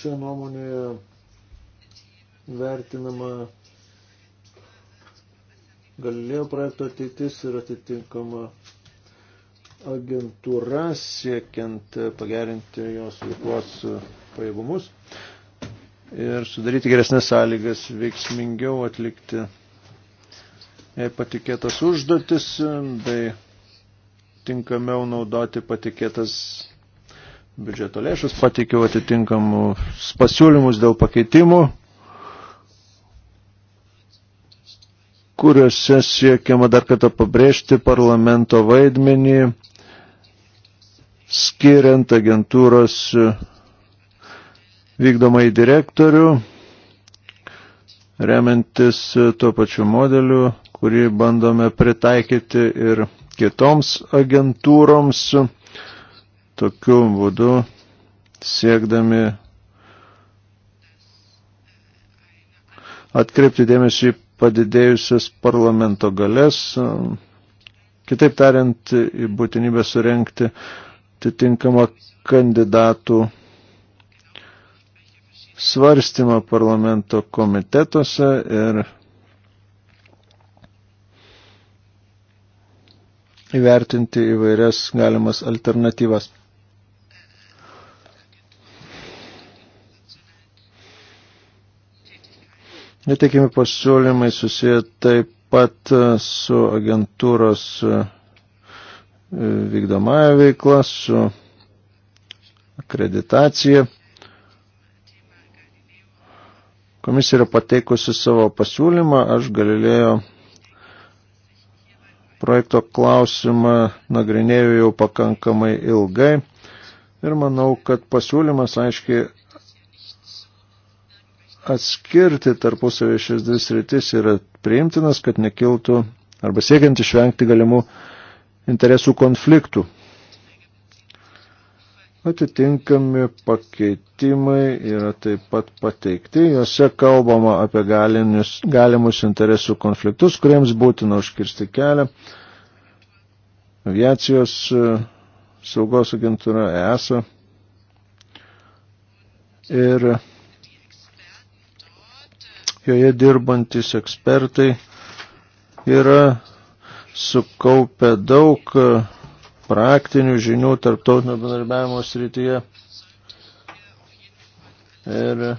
šioje nuomonėje vertinama Galilėjo projekto ateitis ir atitinkama agentūra siekiant pagerinti jos veiklos pajėgumus ir sudaryti geresnės sąlygas veiksmingiau atlikti jai patikėtas užduotis bei tinkamiau naudoti patikėtas biudžeto lėšas, pateikiau atitinkamus pasiūlymus dėl pakeitimų, kuriuose siekiama dar kartą pabrėžti parlamento vaidmenį skiriant agentūros e, vykdomai direktorių, remiantis e, tuo pačiu modeliu, kurį bandome pritaikyti ir kitoms agentūroms, tokiu būdu siekdami atkreipti dėmesį padidėjusias parlamento galės, kitaip tariant, būtinybę surenkti atitinkamą kandidatų svarstymą parlamento komitetuose ir įvertinti įvairias galimas alternatyvas. Netikimi pasiūlymai susiję taip pat su agentūros vykdomąją veiklą, su akreditacija. Komisija yra pateikusi savo pasiūlymą, aš galilėjo projekto klausimą nagrinėjau jau pakankamai ilgai ir manau, kad pasiūlymas aiškiai atskirti tarpusavį šis dvi sritis yra priimtinas, kad nekiltų arba siekiant išvengti galimų interesų konfliktų. Atitinkami pakeitimai yra taip pat pateikti. Juose kalbama apie galinius, galimus interesų konfliktus, kuriems būtina užkirsti kelią. Aviacijos e, saugos agentūra ESA ir joje dirbantis ekspertai yra sukaupę daug e, praktinių žinių tarptautinio bendarbiavimo srityje. Ir e,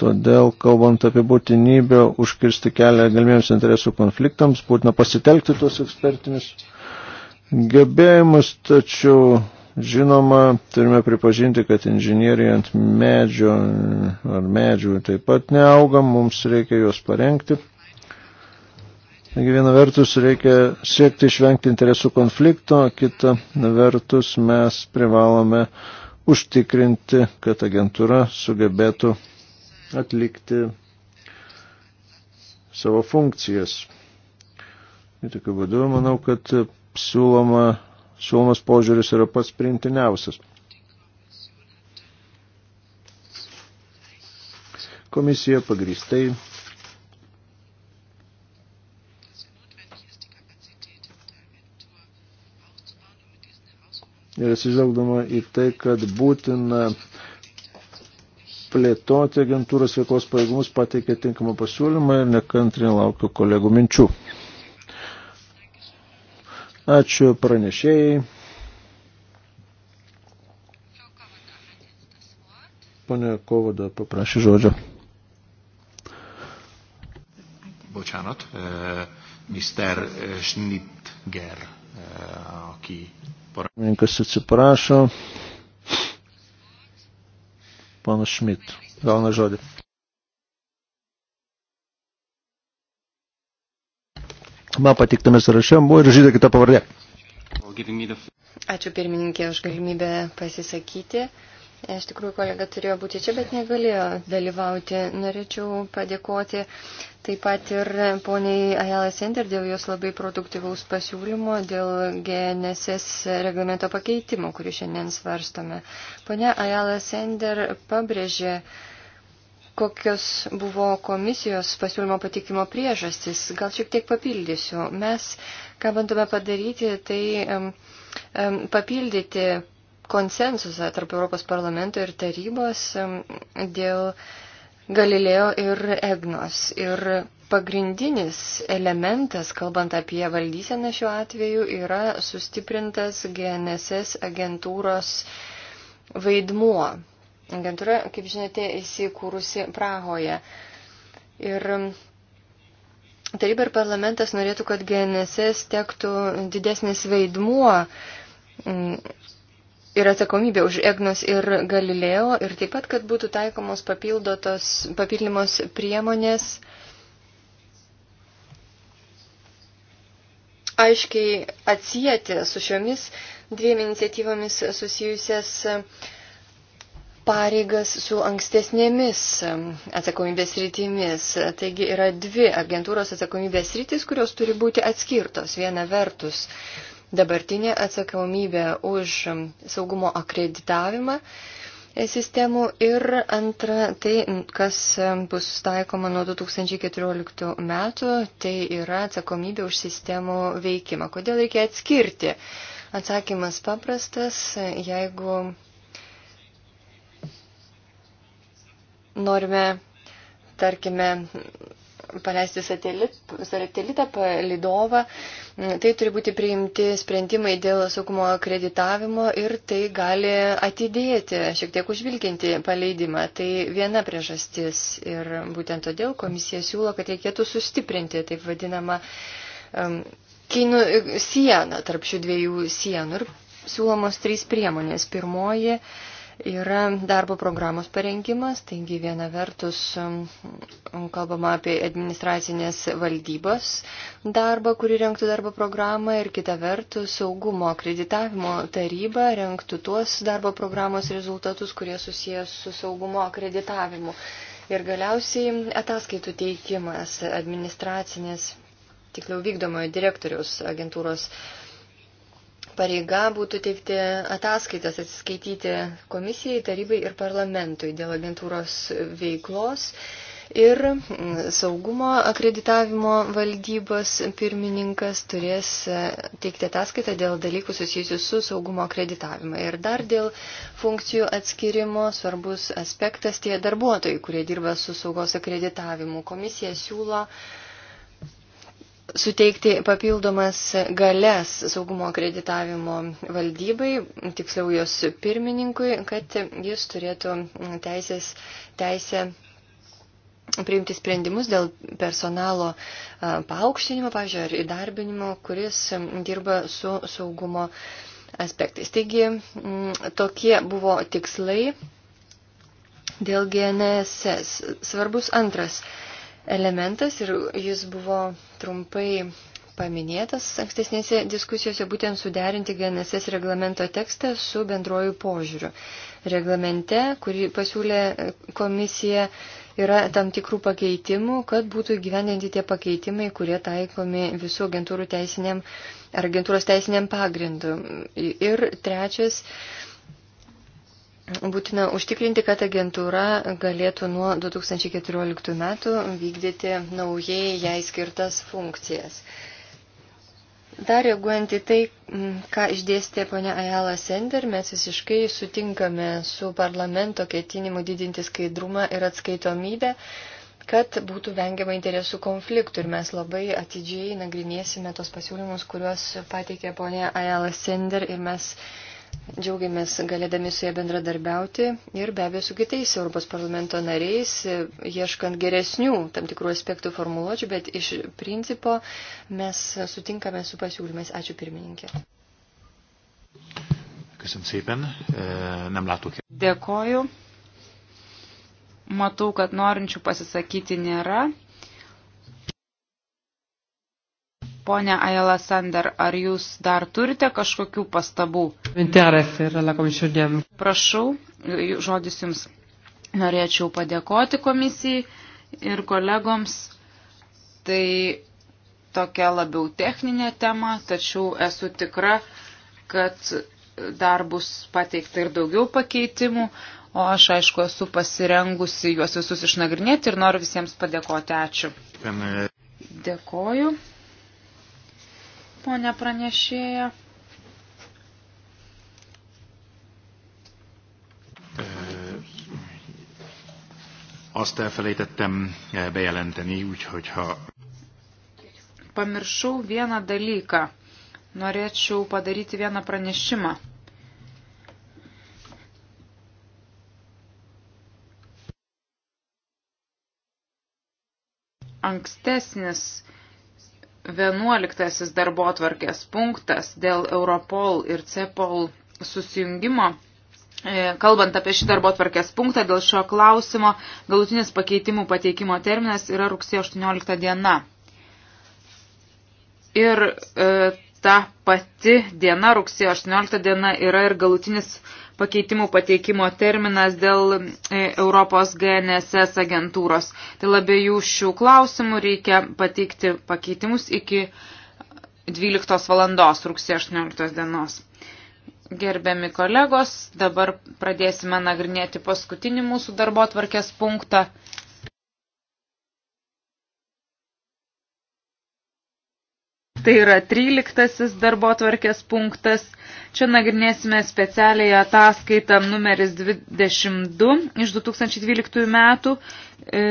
Todėl, kalbant apie būtinybę užkirsti kelią galimiems interesų konfliktams, būtina pasitelkti tuos ekspertinius gebėjimus, tačiau Žinoma, turime pripažinti, kad inžinieriai ant medžio ar medžių taip pat neauga, mums reikia juos parengti. Taigi viena vertus reikia siekti išvengti interesų konflikto, kita vertus mes privalome užtikrinti, kad agentūra sugebėtų atlikti savo funkcijas. Ir tokiu būdu manau, kad siūloma siūlomas požiūris yra pats priimtiniausias. Komisija pagristai ir atsižvelgdama į tai, kad būtina plėtoti agentūros veiklos pajėgumus, pateikė tinkamą pasiūlymą ir nekantrinį laukiu kolegų minčių. Ačiū pranešėjai. Pane Kovoda paprašė žodžio. Bocsánat, eh, Mr. Eh, Schnitger, eh, aki Pirmininkas atsiprašo. Panas Šmit, gauna žodį. Hma patiktame sąraše buvo ir žydė kita pavardė. Ačiū pirmininkė už galimybę pasisakyti. Iš tikrųjų, kolega turėjo būti čia, bet negalėjo dalyvauti. Norėčiau padėkoti taip pat ir poniai Ajala Center dėl jos labai produktyvaus pasiūlymo, dėl GNSS reglamento pakeitimo, kurį šiandien svarstome. Pone Ajala Center pabrėžė, kokios buvo komisijos pasiūlymo patikimo priežastis. Gal šiek tiek papildysiu. Mes, ką bandome padaryti, tai um, um, papildyti konsensusą tarp Europos parlamento ir tarybos um, dėl Galilėjo ir Egnos. Ir pagrindinis elementas, kalbant apie valdyseną šiuo atveju, yra sustiprintas GNSS agentūros vaidmuo. Agentūra, kaip žinote, įsikūrusi Prahoje. Ir taryba ir parlamentas norėtų, kad GNSS tektų didesnis vaidmuo mm, ir atsakomybė už Egnos ir Galileo ir taip pat, kad būtų taikomos papildomos priemonės aiškiai atsijėti su šiomis dviem iniciatyvomis susijusias pareigas su ankstesnėmis atsakomybės rytimis. Taigi yra dvi agentūros atsakomybės rytis, kurios turi būti atskirtos. Viena vertus dabartinė atsakomybė už saugumo akreditavimą e, sistemų ir antra tai, kas bus taikoma nuo 2014 metų, tai yra atsakomybė už sistemų veikimą. Kodėl reikia atskirti? Atsakymas paprastas, jeigu norime, tarkime, paleisti satelit, satelitą, palidovą, tai turi būti priimti sprendimai dėl saugumo akreditavimo ir tai gali atidėti, šiek tiek užvilkinti paleidimą. Tai viena priežastis ir būtent todėl komisija siūlo, kad reikėtų sustiprinti taip vadinamą um, kinų e, sieną tarp šių dviejų sienų ir siūlomos trys priemonės. Pirmoji yra darbo programos parengimas, taigi viena vertus um, kalbama apie administracinės valdybos darbą, kuri renktų darbo programą ir kita vertus saugumo akreditavimo taryba renktų tuos darbo programos rezultatus, kurie susijęs su saugumo akreditavimu. Ir galiausiai ataskaitų teikimas administracinės, tikliau vykdomojo direktoriaus agentūros pareiga būtų teikti ataskaitas, atsiskaityti komisijai, tarybai ir parlamentui dėl agentūros veiklos. Ir mm, saugumo akreditavimo valdybos pirmininkas turės e, teikti ataskaitą dėl dalykų susijusių su saugumo akreditavimu. Ir dar dėl funkcijų atskirimo svarbus aspektas tie darbuotojai, kurie dirba su saugos akreditavimu. Komisija siūlo uh, suteikti papildomas galės saugumo akreditavimo valdybai, tiksliau jos pirmininkui, kad jis turėtų teisės, teisę priimti sprendimus dėl personalo paaukštinimo, pavyzdžiui, ar įdarbinimo, kuris dirba su saugumo aspektais. Taigi, mm, tokie buvo tikslai dėl GNSS. Svarbus antras elementas ir jis buvo trumpai paminėtas ankstesnėse diskusijose būtent suderinti GNSS reglamento tekstą su bendruoju požiūriu. Reglamente, kurį pasiūlė komisija, yra tam tikrų pakeitimų, kad būtų gyvendinti tie pakeitimai, kurie taikomi visų agentūrų teisiniam ar agentūros teisiniam pagrindu. Ir trečias Būtina užtikrinti, kad agentūra galėtų nuo 2014 metų vykdyti naujai jai skirtas funkcijas. Dar reaguojant į tai, ką išdėstė ponia Ajala Sender, mes visiškai sutinkame su parlamento ketinimu didinti skaidrumą ir atskaitomybę, kad būtų vengiama interesų konfliktų. Ir mes labai atidžiai nagrinėsime tos pasiūlymus, kuriuos pateikė ponia Ajala Sender ir mes Džiaugiamės galėdami su jie bendradarbiauti ir be abejo su kitais Europos parlamento nariais, ieškant geresnių tam tikrų aspektų formuluočių, bet iš principo mes sutinkame su pasiūlymais. Ačiū pirmininkė. E, Dėkoju. Matau, kad norinčių pasisakyti nėra. Pone Aela Sander, ar jūs dar turite kažkokių pastabų? Prašau, žodis jums. Norėčiau padėkoti komisijai ir kolegoms. Tai tokia labiau techninė tema, tačiau esu tikra, kad dar bus pateikta ir daugiau pakeitimų, o aš aišku esu pasirengusi juos visus išnagrinėti ir noriu visiems padėkoti. Ačiū. Dėkoju ponė pranešėja. Azt elfelejtettem bejelenteni, úgyhogy ha... Pamiršau vieną dalyką. Norėčiau padaryti vieną pranešimą. Ankstesnis 11 darbo tvarkės punktas dėl Europol ir CEPOL susijungimo. E, kalbant apie šį darbo tvarkės punktą, dėl šio klausimo galutinis pakeitimų pateikimo terminas yra rugsėjo 18 diena. Ir e, ta pati diena, rugsėjo 18 diena, yra ir galutinis pakeitimų pateikimo terminas dėl e, Europos GNSS agentūros. Dėl abiejų šių klausimų reikia pateikti pakeitimus iki 12 valandos rugsėjo 18 dienos. Gerbiami kolegos, dabar pradėsime nagrinėti paskutinį mūsų darbo tvarkės punktą. Tai yra 13 darbo tvarkės punktas. Čia nagrinėsime specialiai ataskaitą numeris 22 iš 2012 metų. E,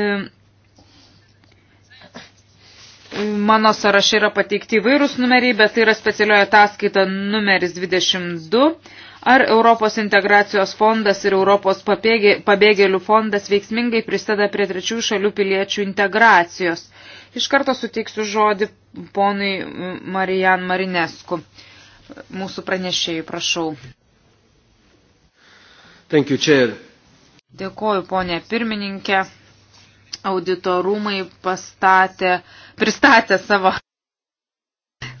mano sąrašai yra pateikti įvairūs numeriai, bet tai yra specialioji ataskaita numeris 22. Ar Europos integracijos fondas ir Europos pabėgėlių fondas veiksmingai pristeda prie trečių šalių piliečių integracijos? Iš karto suteiksiu žodį ponui Marijan Marinesku. Mūsų pranešėjai, prašau. Thank you, chair. Dėkoju, ponė pirmininkė. Auditorumai pastatė, pristatė savo,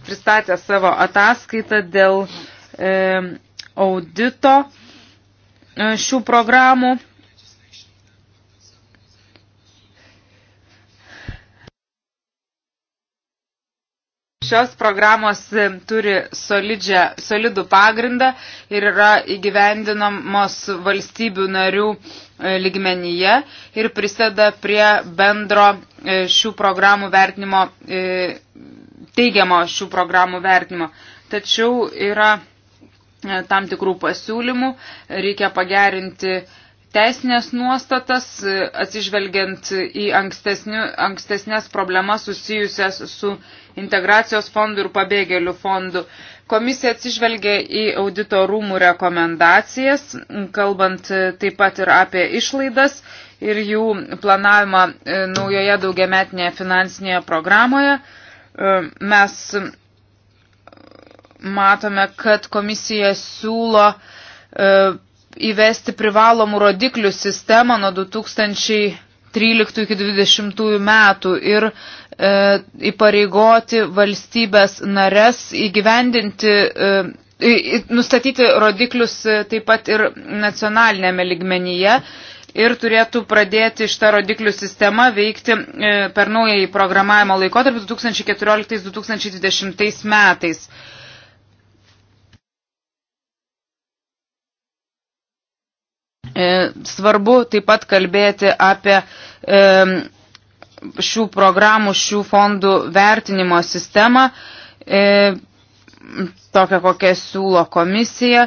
pristatė savo ataskaitą dėl e, audito e, šių programų. Šios programos e, turi solidžią, solidų pagrindą ir yra įgyvendinamos valstybių narių e, lygmenyje ir prisėda prie bendro e, šių programų vertinimo, teigiamo šių programų vertinimo. Tačiau yra tam tikrų pasiūlymų, reikia pagerinti teisinės nuostatas, e, atsižvelgiant į ankstesnės problemas susijusias su integracijos fondu ir pabėgėlių fondu. Komisija atsižvelgia į audito rūmų rekomendacijas, kalbant e, taip pat ir apie išlaidas ir jų planavimą e, naujoje daugiametinėje finansinėje programoje. Mes matome, kad komisija siūlo įvesti privalomų rodiklių sistemą nuo 2013 iki 2020 metų ir e, įpareigoti valstybės nares įgyvendinti, e, nustatyti rodiklius e, taip pat ir nacionalinėme ligmenyje ir turėtų pradėti šitą rodiklių sistemą veikti e, per naująjį programavimo laikotarpį 2014-2020 metais. E, svarbu taip pat kalbėti apie e, šių programų, šių fondų vertinimo sistemą, e, tokią kokią siūlo komisija.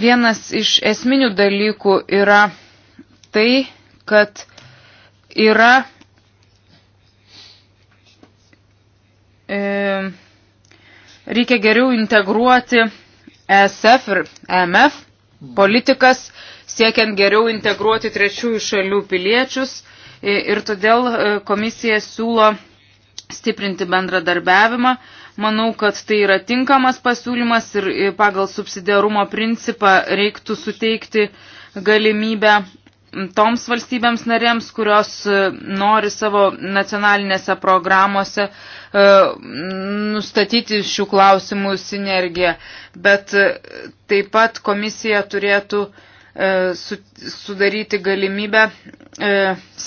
Vienas iš esminių dalykų yra tai, kad yra reikia geriau integruoti ESF ir EMF politikas siekiant geriau integruoti trečiųjų šalių piliečius ir todėl e, komisija siūlo stiprinti bendradarbiavimą. Manau, kad tai yra tinkamas pasiūlymas ir pagal subsidiarumo principą reiktų suteikti galimybę toms valstybėms narėms, kurios e, nori savo nacionalinėse programuose e, nustatyti šių klausimų sinergiją. Bet taip pat komisija turėtų uh, E, sudaryti galimybę e,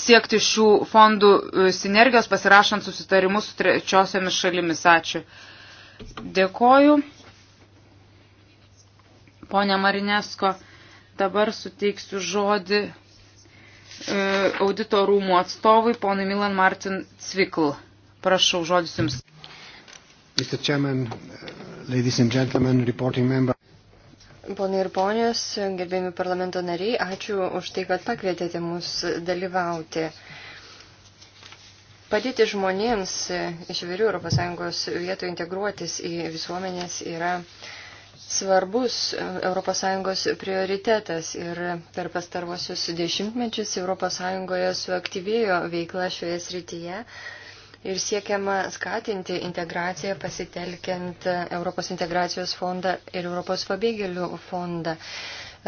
siekti šių fondų e, sinergijos, pasirašant susitarimus su trečiosiamis šalimis. Ačiū. Dėkoju. Pone Marinesko, dabar suteiksiu žodį audito rūmų atstovui, ponui Milan Martin Cvikl. Prašau, žodis jums. Mr. Chairman, ladies and gentlemen, reporting member. Ponai ir ponios, gerbėmi parlamento nariai, ačiū už tai, kad pakvietėte mus dalyvauti. Padėti žmonėms iš įvairių ES vietų integruotis į visuomenės yra svarbus ES prioritetas ir per pastaruosius dešimtmečius ES suaktyvėjo veikla šioje srityje, ir siekiama skatinti integraciją pasitelkiant Europos integracijos fondą ir Europos pabėgėlių fondą.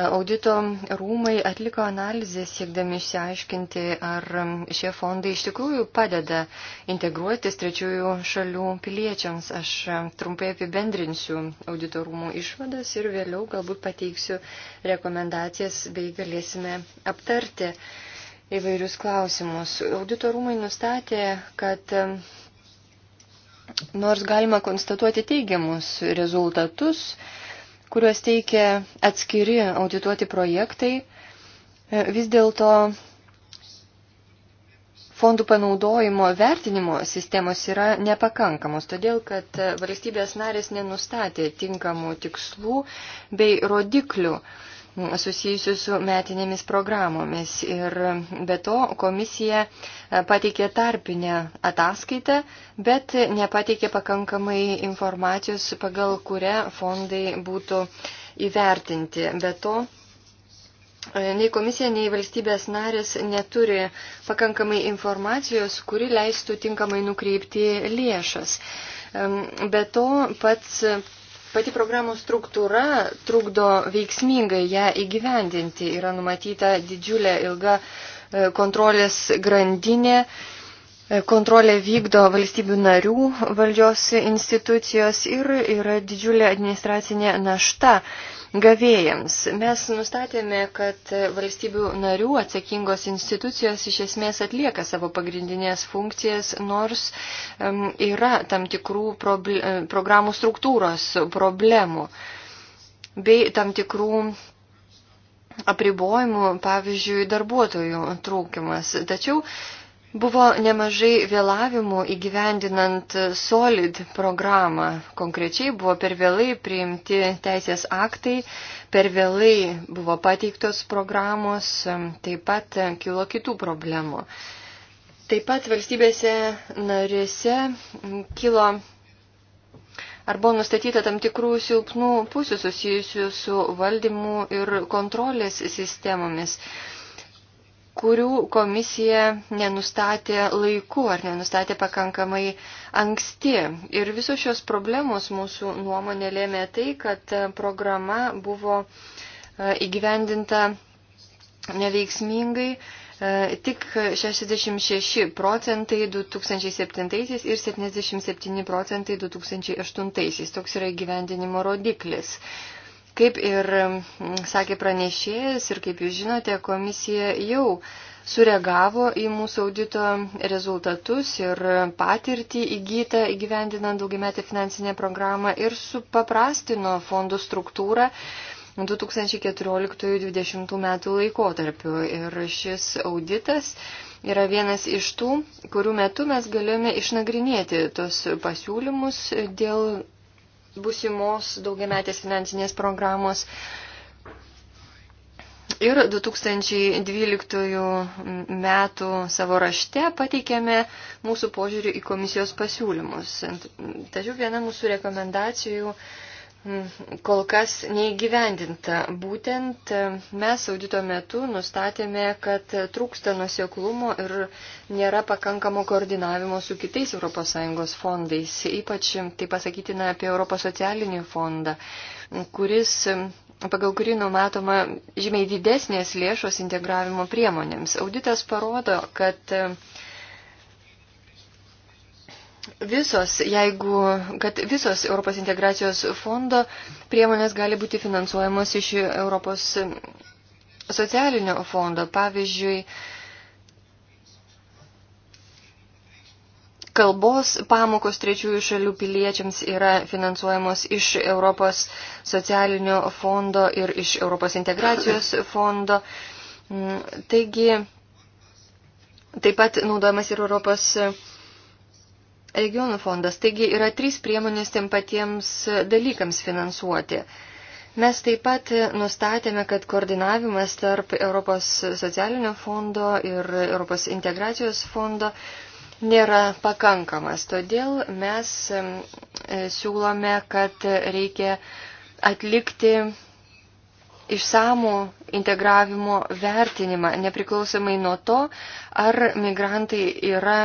Audito rūmai atliko analizę siekdami išsiaiškinti, ar šie fondai iš tikrųjų padeda integruotis trečiųjų šalių piliečiams. Aš trumpai apibendrinsiu audito rūmų išvadas ir vėliau galbūt pateiksiu rekomendacijas bei galėsime aptarti įvairius klausimus. Auditorumai nustatė, kad nors galima konstatuoti teigiamus rezultatus, kuriuos teikia atskiri audituoti projektai, e, vis dėlto fondų panaudojimo vertinimo sistemos yra nepakankamos, todėl kad e, valstybės narės nenustatė tinkamų tikslų bei rodiklių susijusių su metinėmis programomis. Ir be to komisija e, pateikė tarpinę ataskaitą, bet nepateikė pakankamai informacijos, pagal kurią fondai būtų įvertinti. Be to, e, nei komisija, nei valstybės narės neturi pakankamai informacijos, kuri leistų tinkamai nukreipti lėšas. Be to, pats Pati programų struktūra trukdo veiksmingai ją įgyvendinti. Yra numatyta didžiulė ilga e, kontrolės grandinė Kontrolė vykdo valstybių narių valdžios institucijos ir yra didžiulė administracinė našta gavėjams. Mes nustatėme, kad valstybių narių atsakingos institucijos iš esmės atlieka savo pagrindinės funkcijas, nors um, yra tam tikrų problem, programų struktūros problemų bei tam tikrų apribojimų, pavyzdžiui, darbuotojų trūkimas. Tačiau Buvo nemažai vėlavimų įgyvendinant SOLID programą. Konkrečiai buvo per vėlai priimti teisės aktai, per vėlai buvo pateiktos programos, taip pat kilo kitų problemų. Taip pat valstybėse narėse kilo ar buvo nustatyta tam tikrų silpnų pusių susijusių su valdymu ir kontrolės sistemomis kurių komisija nenustatė laiku ar nenustatė pakankamai anksti. Ir visos šios problemos mūsų nuomonė lėmė tai, kad programa buvo e, įgyvendinta neveiksmingai. E, tik 66 procentai 2007 ir 77 procentai 2008. Toks yra įgyvendinimo rodiklis. Kaip ir sakė pranešėjas ir kaip jūs žinote, komisija jau sureagavo į mūsų audito rezultatus ir patirtį įgytą įgyvendinant daugiametę finansinę programą ir supaprastino fondų struktūrą 2014-2020 metų laikotarpiu. Ir šis auditas yra vienas iš tų, kurių metu mes galėjome išnagrinėti tos pasiūlymus dėl busimos daugiametės finansinės programos ir 2012 metų savo rašte pateikėme mūsų požiūrį į komisijos pasiūlymus. Tačiau viena mūsų rekomendacijų kol kas neįgyvendinta. Būtent e, mes audito metu nustatėme, kad trūksta nuseklumo ir nėra pakankamo koordinavimo su kitais ES fondais, ypač tai pasakytina apie ES fondą, kuris e, pagal kurį numatoma žymiai didesnės lėšos integravimo priemonėms. Auditas parodo, kad e, visos, jeigu, kad visos Europos integracijos fondo priemonės gali būti finansuojamos iš Europos socialinio fondo. Pavyzdžiui, kalbos pamokos trečiųjų šalių piliečiams yra finansuojamos iš Europos socialinio fondo ir iš Europos integracijos fondo. Mm, taigi, taip pat naudojamas ir Europos regionų fondas. Taigi yra trys priemonės tiem patiems dalykams finansuoti. Mes taip pat nustatėme, kad koordinavimas tarp Europos socialinio fondo ir Europos integracijos fondo nėra pakankamas. Todėl mes siūlome, kad reikia atlikti išsamų integravimo vertinimą, nepriklausomai nuo to, ar migrantai yra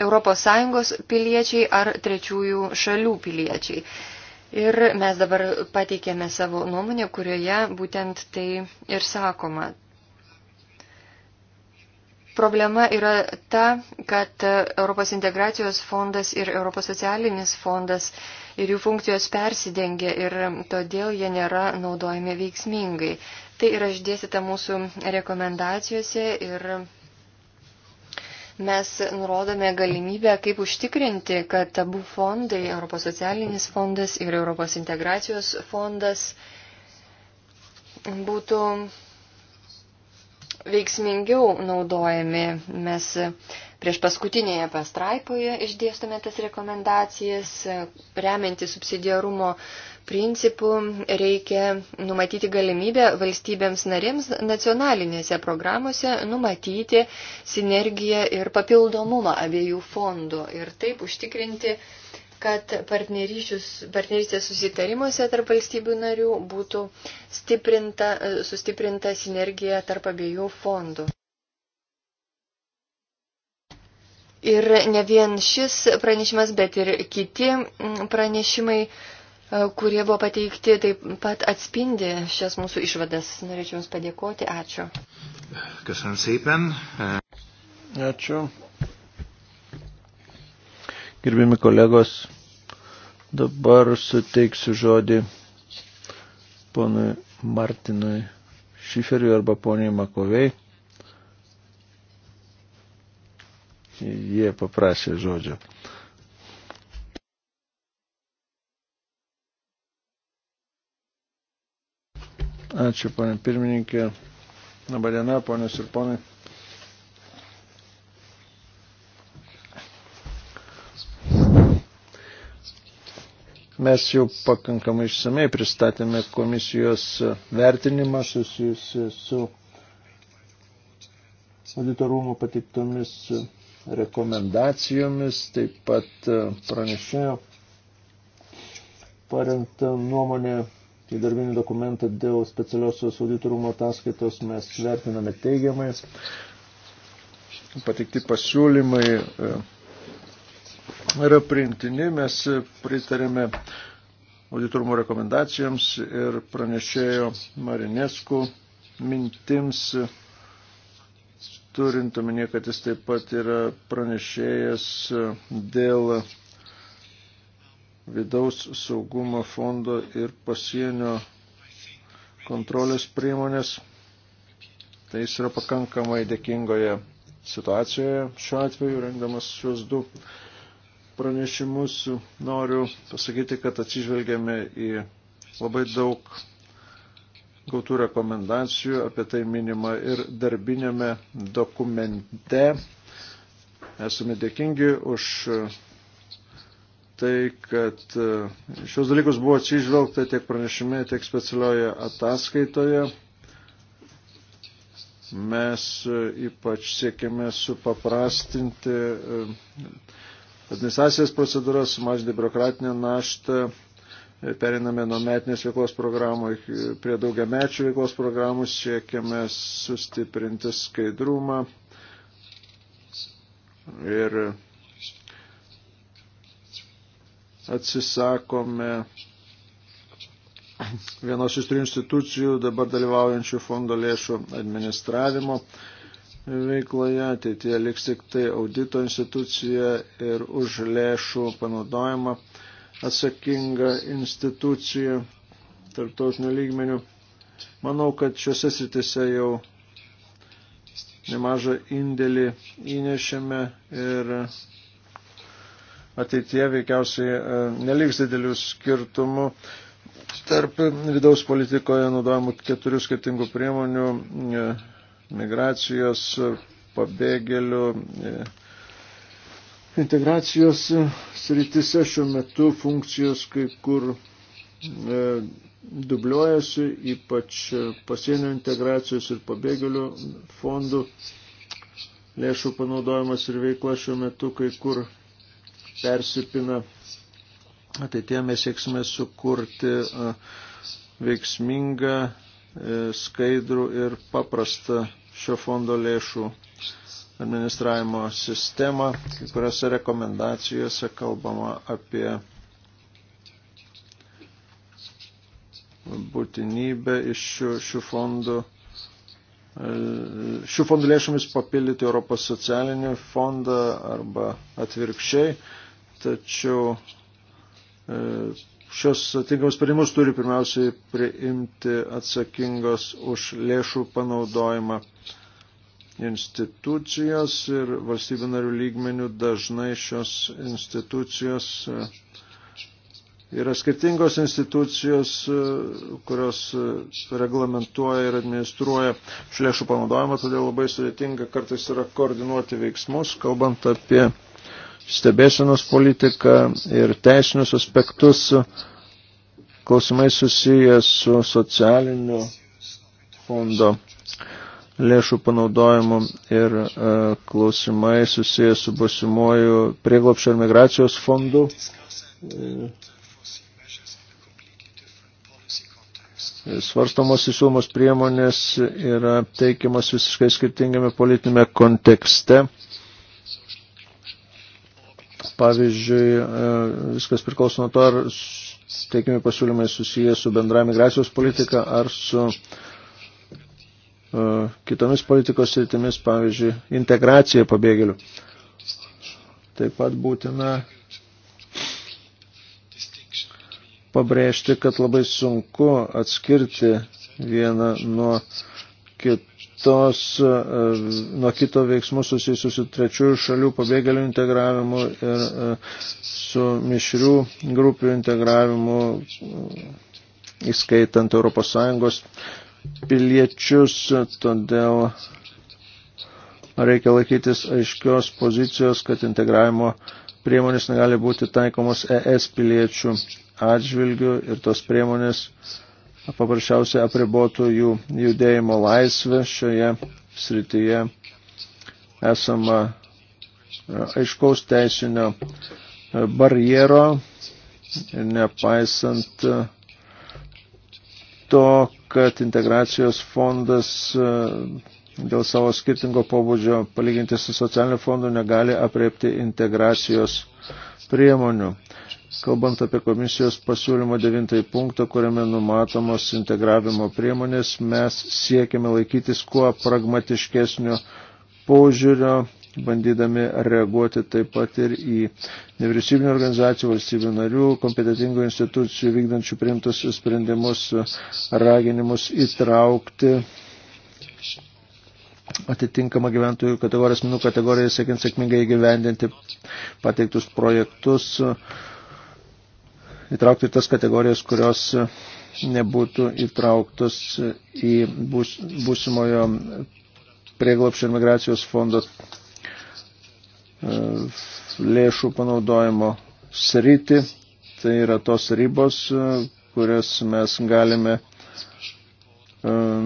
ES piliečiai ar trečiųjų šalių piliečiai. Ir mes dabar pateikėme savo nuomonę, kurioje būtent tai ir sakoma. Problema yra ta, kad Europos integracijos fondas ir Europos socialinis fondas ir jų funkcijos persidengia ir todėl jie nėra naudojami veiksmingai. Tai yra išdėstyta mūsų rekomendacijose ir mes nurodome galimybę, kaip užtikrinti, kad abu fondai, Europos socialinis fondas ir Europos integracijos fondas, būtų veiksmingiau naudojami. Mes prieš paskutinėje pastraipoje išdėstome tas rekomendacijas, remianti subsidiarumo uh, principų reikia numatyti galimybę valstybėms narėms nacionalinėse programuose numatyti sinergiją ir papildomumą abiejų fondų ir taip užtikrinti, kad partnerystės susitarimuose tarp valstybių narių būtų stiprinta, sustiprinta sinergija tarp abiejų fondų. Ir ne vien šis pranešimas, bet ir kiti pranešimai kurie buvo pateikti, taip pat atspindi šias mūsų išvadas. Norėčiau Jums padėkoti. Ačiū. Kas ant seipen? Ačiū. Gerbimi kolegos, dabar suteiksiu žodį ponui Martinui Šiferiui arba poniai Makovei. Jie paprašė žodžio. Ačiū, ponė pirmininkė. Labadiena, ponios ir ponai. Mes jau pakankamai išsamei pristatėme komisijos vertinimą susijusi su auditorumų patiktomis rekomendacijomis, taip pat pranešėjo parengta nuomonė į darbinį dokumentą dėl specialiosios auditorumo ataskaitos mes vertiname teigiamai. Pateikti pasiūlymai e, yra priimtini, mes pritarėme auditorumo rekomendacijoms ir pranešėjo Marinesku mintims turint omenyje, kad jis taip pat yra pranešėjas dėl vidaus saugumo fondo ir pasienio kontrolės priemonės. Tai jis yra pakankamai dėkingoje situacijoje šiuo atveju, rengdamas šios du pranešimus, noriu pasakyti, kad atsižvelgiame į labai daug gautų rekomendacijų, apie tai minima ir darbinėme dokumente. Esame dėkingi už tai, kad e, šios dalykus buvo atsižvelgta tiek pranešime, tiek specialioje ataskaitoje. Mes e, ypač siekime supaprastinti e, administracijos procedūras, sumažinti biurokratinę naštą, periname nuo metinės veiklos programų prie daugiamečių veiklos programų, siekiame sustiprinti skaidrumą ir atsisakome vienos iš trijų institucijų dabar dalyvaujančių fondo lėšų administravimo veikloje, ateitie liks tik tai audito institucija ir už lėšų panaudojimą atsakinga institucija tarptautinių lygmenių. Manau, kad šiuose sritise jau nemažą indėlį įnešėme ir ateitie veikiausiai e, neliks didelių skirtumų tarp vidaus politikoje naudojamų keturių skirtingų priemonių e, migracijos, pabėgėlių, e, integracijos sritise šiuo metu funkcijos kai kur dubliuojasi, ypač pasienio integracijos ir pabėgėlių fondų lėšų panaudojimas ir veikla šiuo metu kai kur persipina. Ateitie mes sieksime sukurti veiksmingą, e, skaidrų ir paprastą šio fondo lėšų administravimo sistemą, kai kuriuose rekomendacijose kalbama apie būtinybę iš šių, šių fondų e, šių fondų lėšomis papildyti Europos socialinį fondą arba atvirkščiai. Tačiau e, šios atinkamus sprendimus turi pirmiausiai priimti atsakingos už lėšų panaudojimą institucijos ir valstybių narių lygmenių dažnai šios institucijos e, yra skirtingos institucijos, e, kurios reglamentuoja ir administruoja šlėšų panaudojimą, todėl labai sudėtinga kartais yra koordinuoti veiksmus, kalbant apie stebėsenos politiką ir teisinius aspektus, klausimai susiję su socialiniu fondo lėšų panaudojimu ir e, klausimai susiję su bosimuoju prieglopščio ir migracijos fondu. E, Svarstamos įsiūmos priemonės yra teikiamas visiškai skirtingame politinėme kontekste. E, Pavyzdžiui, e, viskas priklauso nuo to, ar teikiami pasiūlymai susiję su bendra migracijos politika ar su e, kitomis politikos sritimis, pavyzdžiui, integracija pabėgėlių. Taip pat būtina pabrėžti, kad labai sunku atskirti vieną nuo kitų kitos, e, nuo kito veiksmų susijusių su trečiųjų šalių pabėgėlių integravimu ir e, su mišrių grupių integravimu, įskaitant ES piliečius, todėl reikia laikytis aiškios pozicijos, kad integravimo priemonės negali būti taikomos ES piliečių atžvilgių ir tos priemonės paprasčiausiai apribotų jų judėjimo laisvę šioje srityje esama e, aiškaus teisinio e, barjero, nepaisant e, to, kad integracijos fondas dėl savo skirtingo pobūdžio palyginti su socialiniu fondu negali apreipti integracijos priemonių. Kalbant apie komisijos pasiūlymo devintąjį punktą, kuriame numatomos integravimo priemonės, mes siekiame laikytis kuo pragmatiškesnio požiūrio, bandydami reaguoti taip pat ir į nevyriausybinio organizacijų, valstybių narių, kompetitingų institucijų vykdančių priimtus sprendimus, raginimus įtraukti atitinkamą gyventojų kategoriją, asmenų kategoriją, siekiant sėkmingai įgyvendinti pateiktus projektus. Uh, įtraukti tas kategorijas, kurios nebūtų įtrauktos į bus, būsimojo prieglopščio ir migracijos fondo e, lėšų panaudojimo sritį. Tai yra tos ribos, e, kurias mes galime e,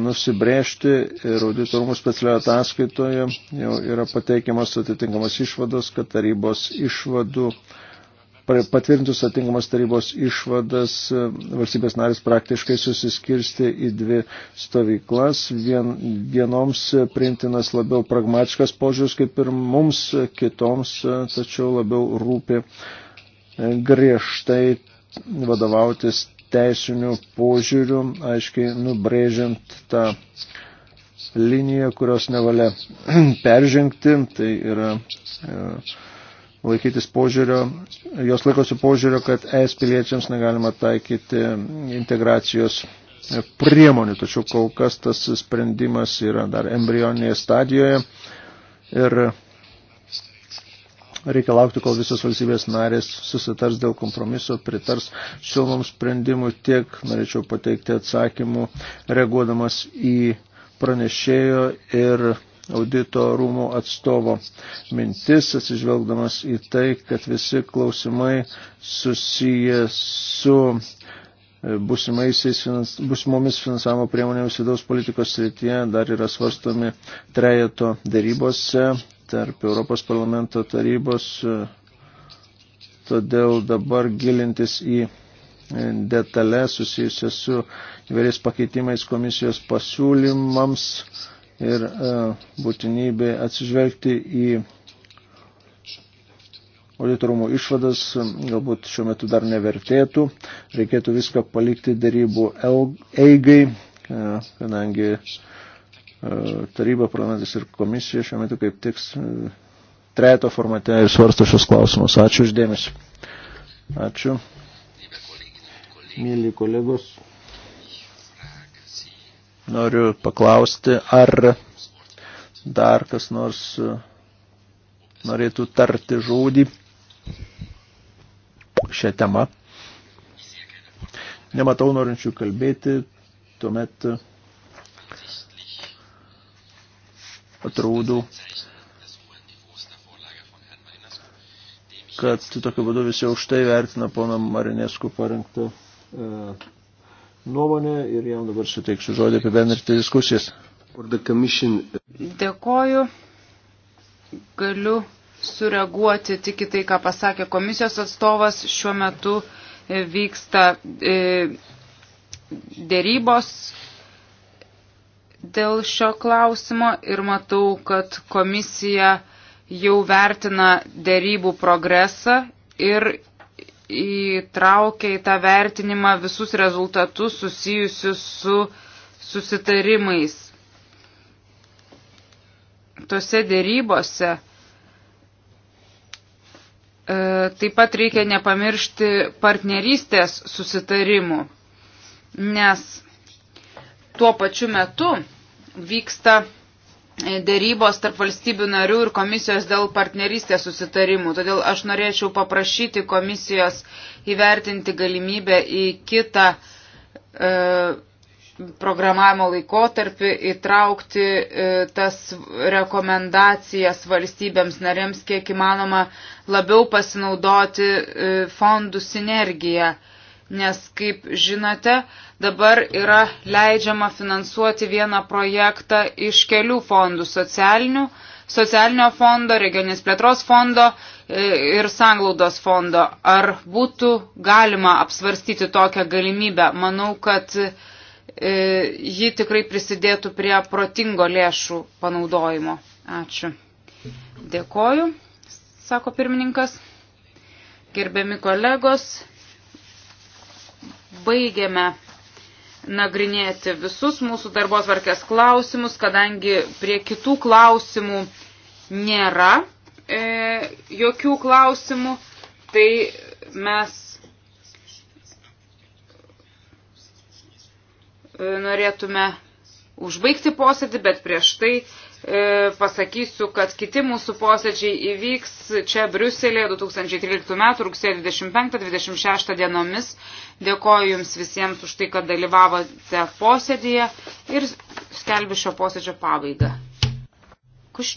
nusibrėžti ir auditorumų specialioje ataskaitoje jau yra pateikiamas atitinkamas išvados, kad tarybos išvadų uh, patvirtintus atinkamas tarybos išvadas, e, valstybės narės praktiškai susiskirsti į dvi stovyklas. Vien, vienoms priimtinas labiau pragmatiškas požiūris kaip ir mums, kitoms e, tačiau labiau rūpi e, griežtai vadovautis teisiniu požiūriu, aiškiai nubrėžiant tą liniją, kurios nevalia peržengti. Tai yra e, laikytis požiūrio, jos laikosi požiūrio, kad ES piliečiams negalima taikyti integracijos priemonių, tačiau kol kas tas sprendimas yra dar embrioninėje stadijoje ir reikia laukti, kol visos valstybės narės susitars dėl kompromiso, pritars siūlomam sprendimui tiek, norėčiau pateikti atsakymų, reaguodamas į pranešėjo ir audito rūmų atstovo mintis, atsižvelgdamas į tai, kad visi klausimai susiję su e, finans, busimomis finansavimo priemonėmis vidaus politikos srityje dar yra svarstomi trejato darybose tarp Europos parlamento tarybos. E, todėl dabar gilintis į e, detalę susijusią su įvairiais pakeitimais komisijos pasiūlymams ir e, būtinybė atsižvelgti į auditorumo išvadas, galbūt šiuo metu dar nevertėtų, reikėtų viską palikti darybų eigai, e, kadangi e, taryba, parlamentas ir komisija šiuo metu kaip tiks trejato formate ir svarsto šios klausimus. Ačiū uždėmesi. Ačiū. Mėly kolegos. Noriu paklausti, ar dar kas nors e, norėtų tarti žodį šią temą. Nematau norinčių kalbėti, tuomet e, atrodo, kad tokiu būdu visi aukštai vertina pono Marinesku parengtą e, nuomonę ir jam dabar suteiksiu žodį apibendrinti diskusijas. Dėkoju. Galiu sureaguoti tik į tai, ką pasakė komisijos atstovas. Šiuo metu e, vyksta e, dėrybos dėl šio klausimo ir matau, kad komisija jau vertina dėrybų progresą ir įtraukia į tą vertinimą visus rezultatus susijusius su susitarimais. Tose dėrybose e, taip pat reikia nepamiršti partnerystės susitarimų, nes tuo pačiu metu vyksta dėrybos tarp valstybių narių ir komisijos dėl partnerystės susitarimų. Todėl aš norėčiau paprašyti komisijos įvertinti galimybę į kitą e, programavimo laikotarpį įtraukti e, tas rekomendacijas valstybėms narėms, kiek įmanoma labiau pasinaudoti e, fondų sinergiją. E, nes, kaip žinote, dabar yra leidžiama finansuoti vieną projektą iš kelių fondų socialinių, socialinio fondo, regioninės plėtros fondo e, ir sanglaudos fondo. Ar būtų galima apsvarstyti tokią galimybę? Manau, kad e, ji tikrai prisidėtų prie protingo lėšų panaudojimo. Ačiū. Dėkoju, sako pirmininkas. Gerbiami kolegos, baigėme nagrinėti visus mūsų darbo tvarkės klausimus, kadangi prie kitų klausimų nėra e, jokių klausimų, tai mes e, norėtume užbaigti posėdį, bet prieš tai E, pasakysiu, kad kiti mūsų posėdžiai įvyks čia Briuselėje 2013 m. rugsėjo 25-26 dienomis. Dėkoju Jums visiems už tai, kad dalyvavote posėdėje ir skelbiu šio posėdžio pabaigą. Kuš...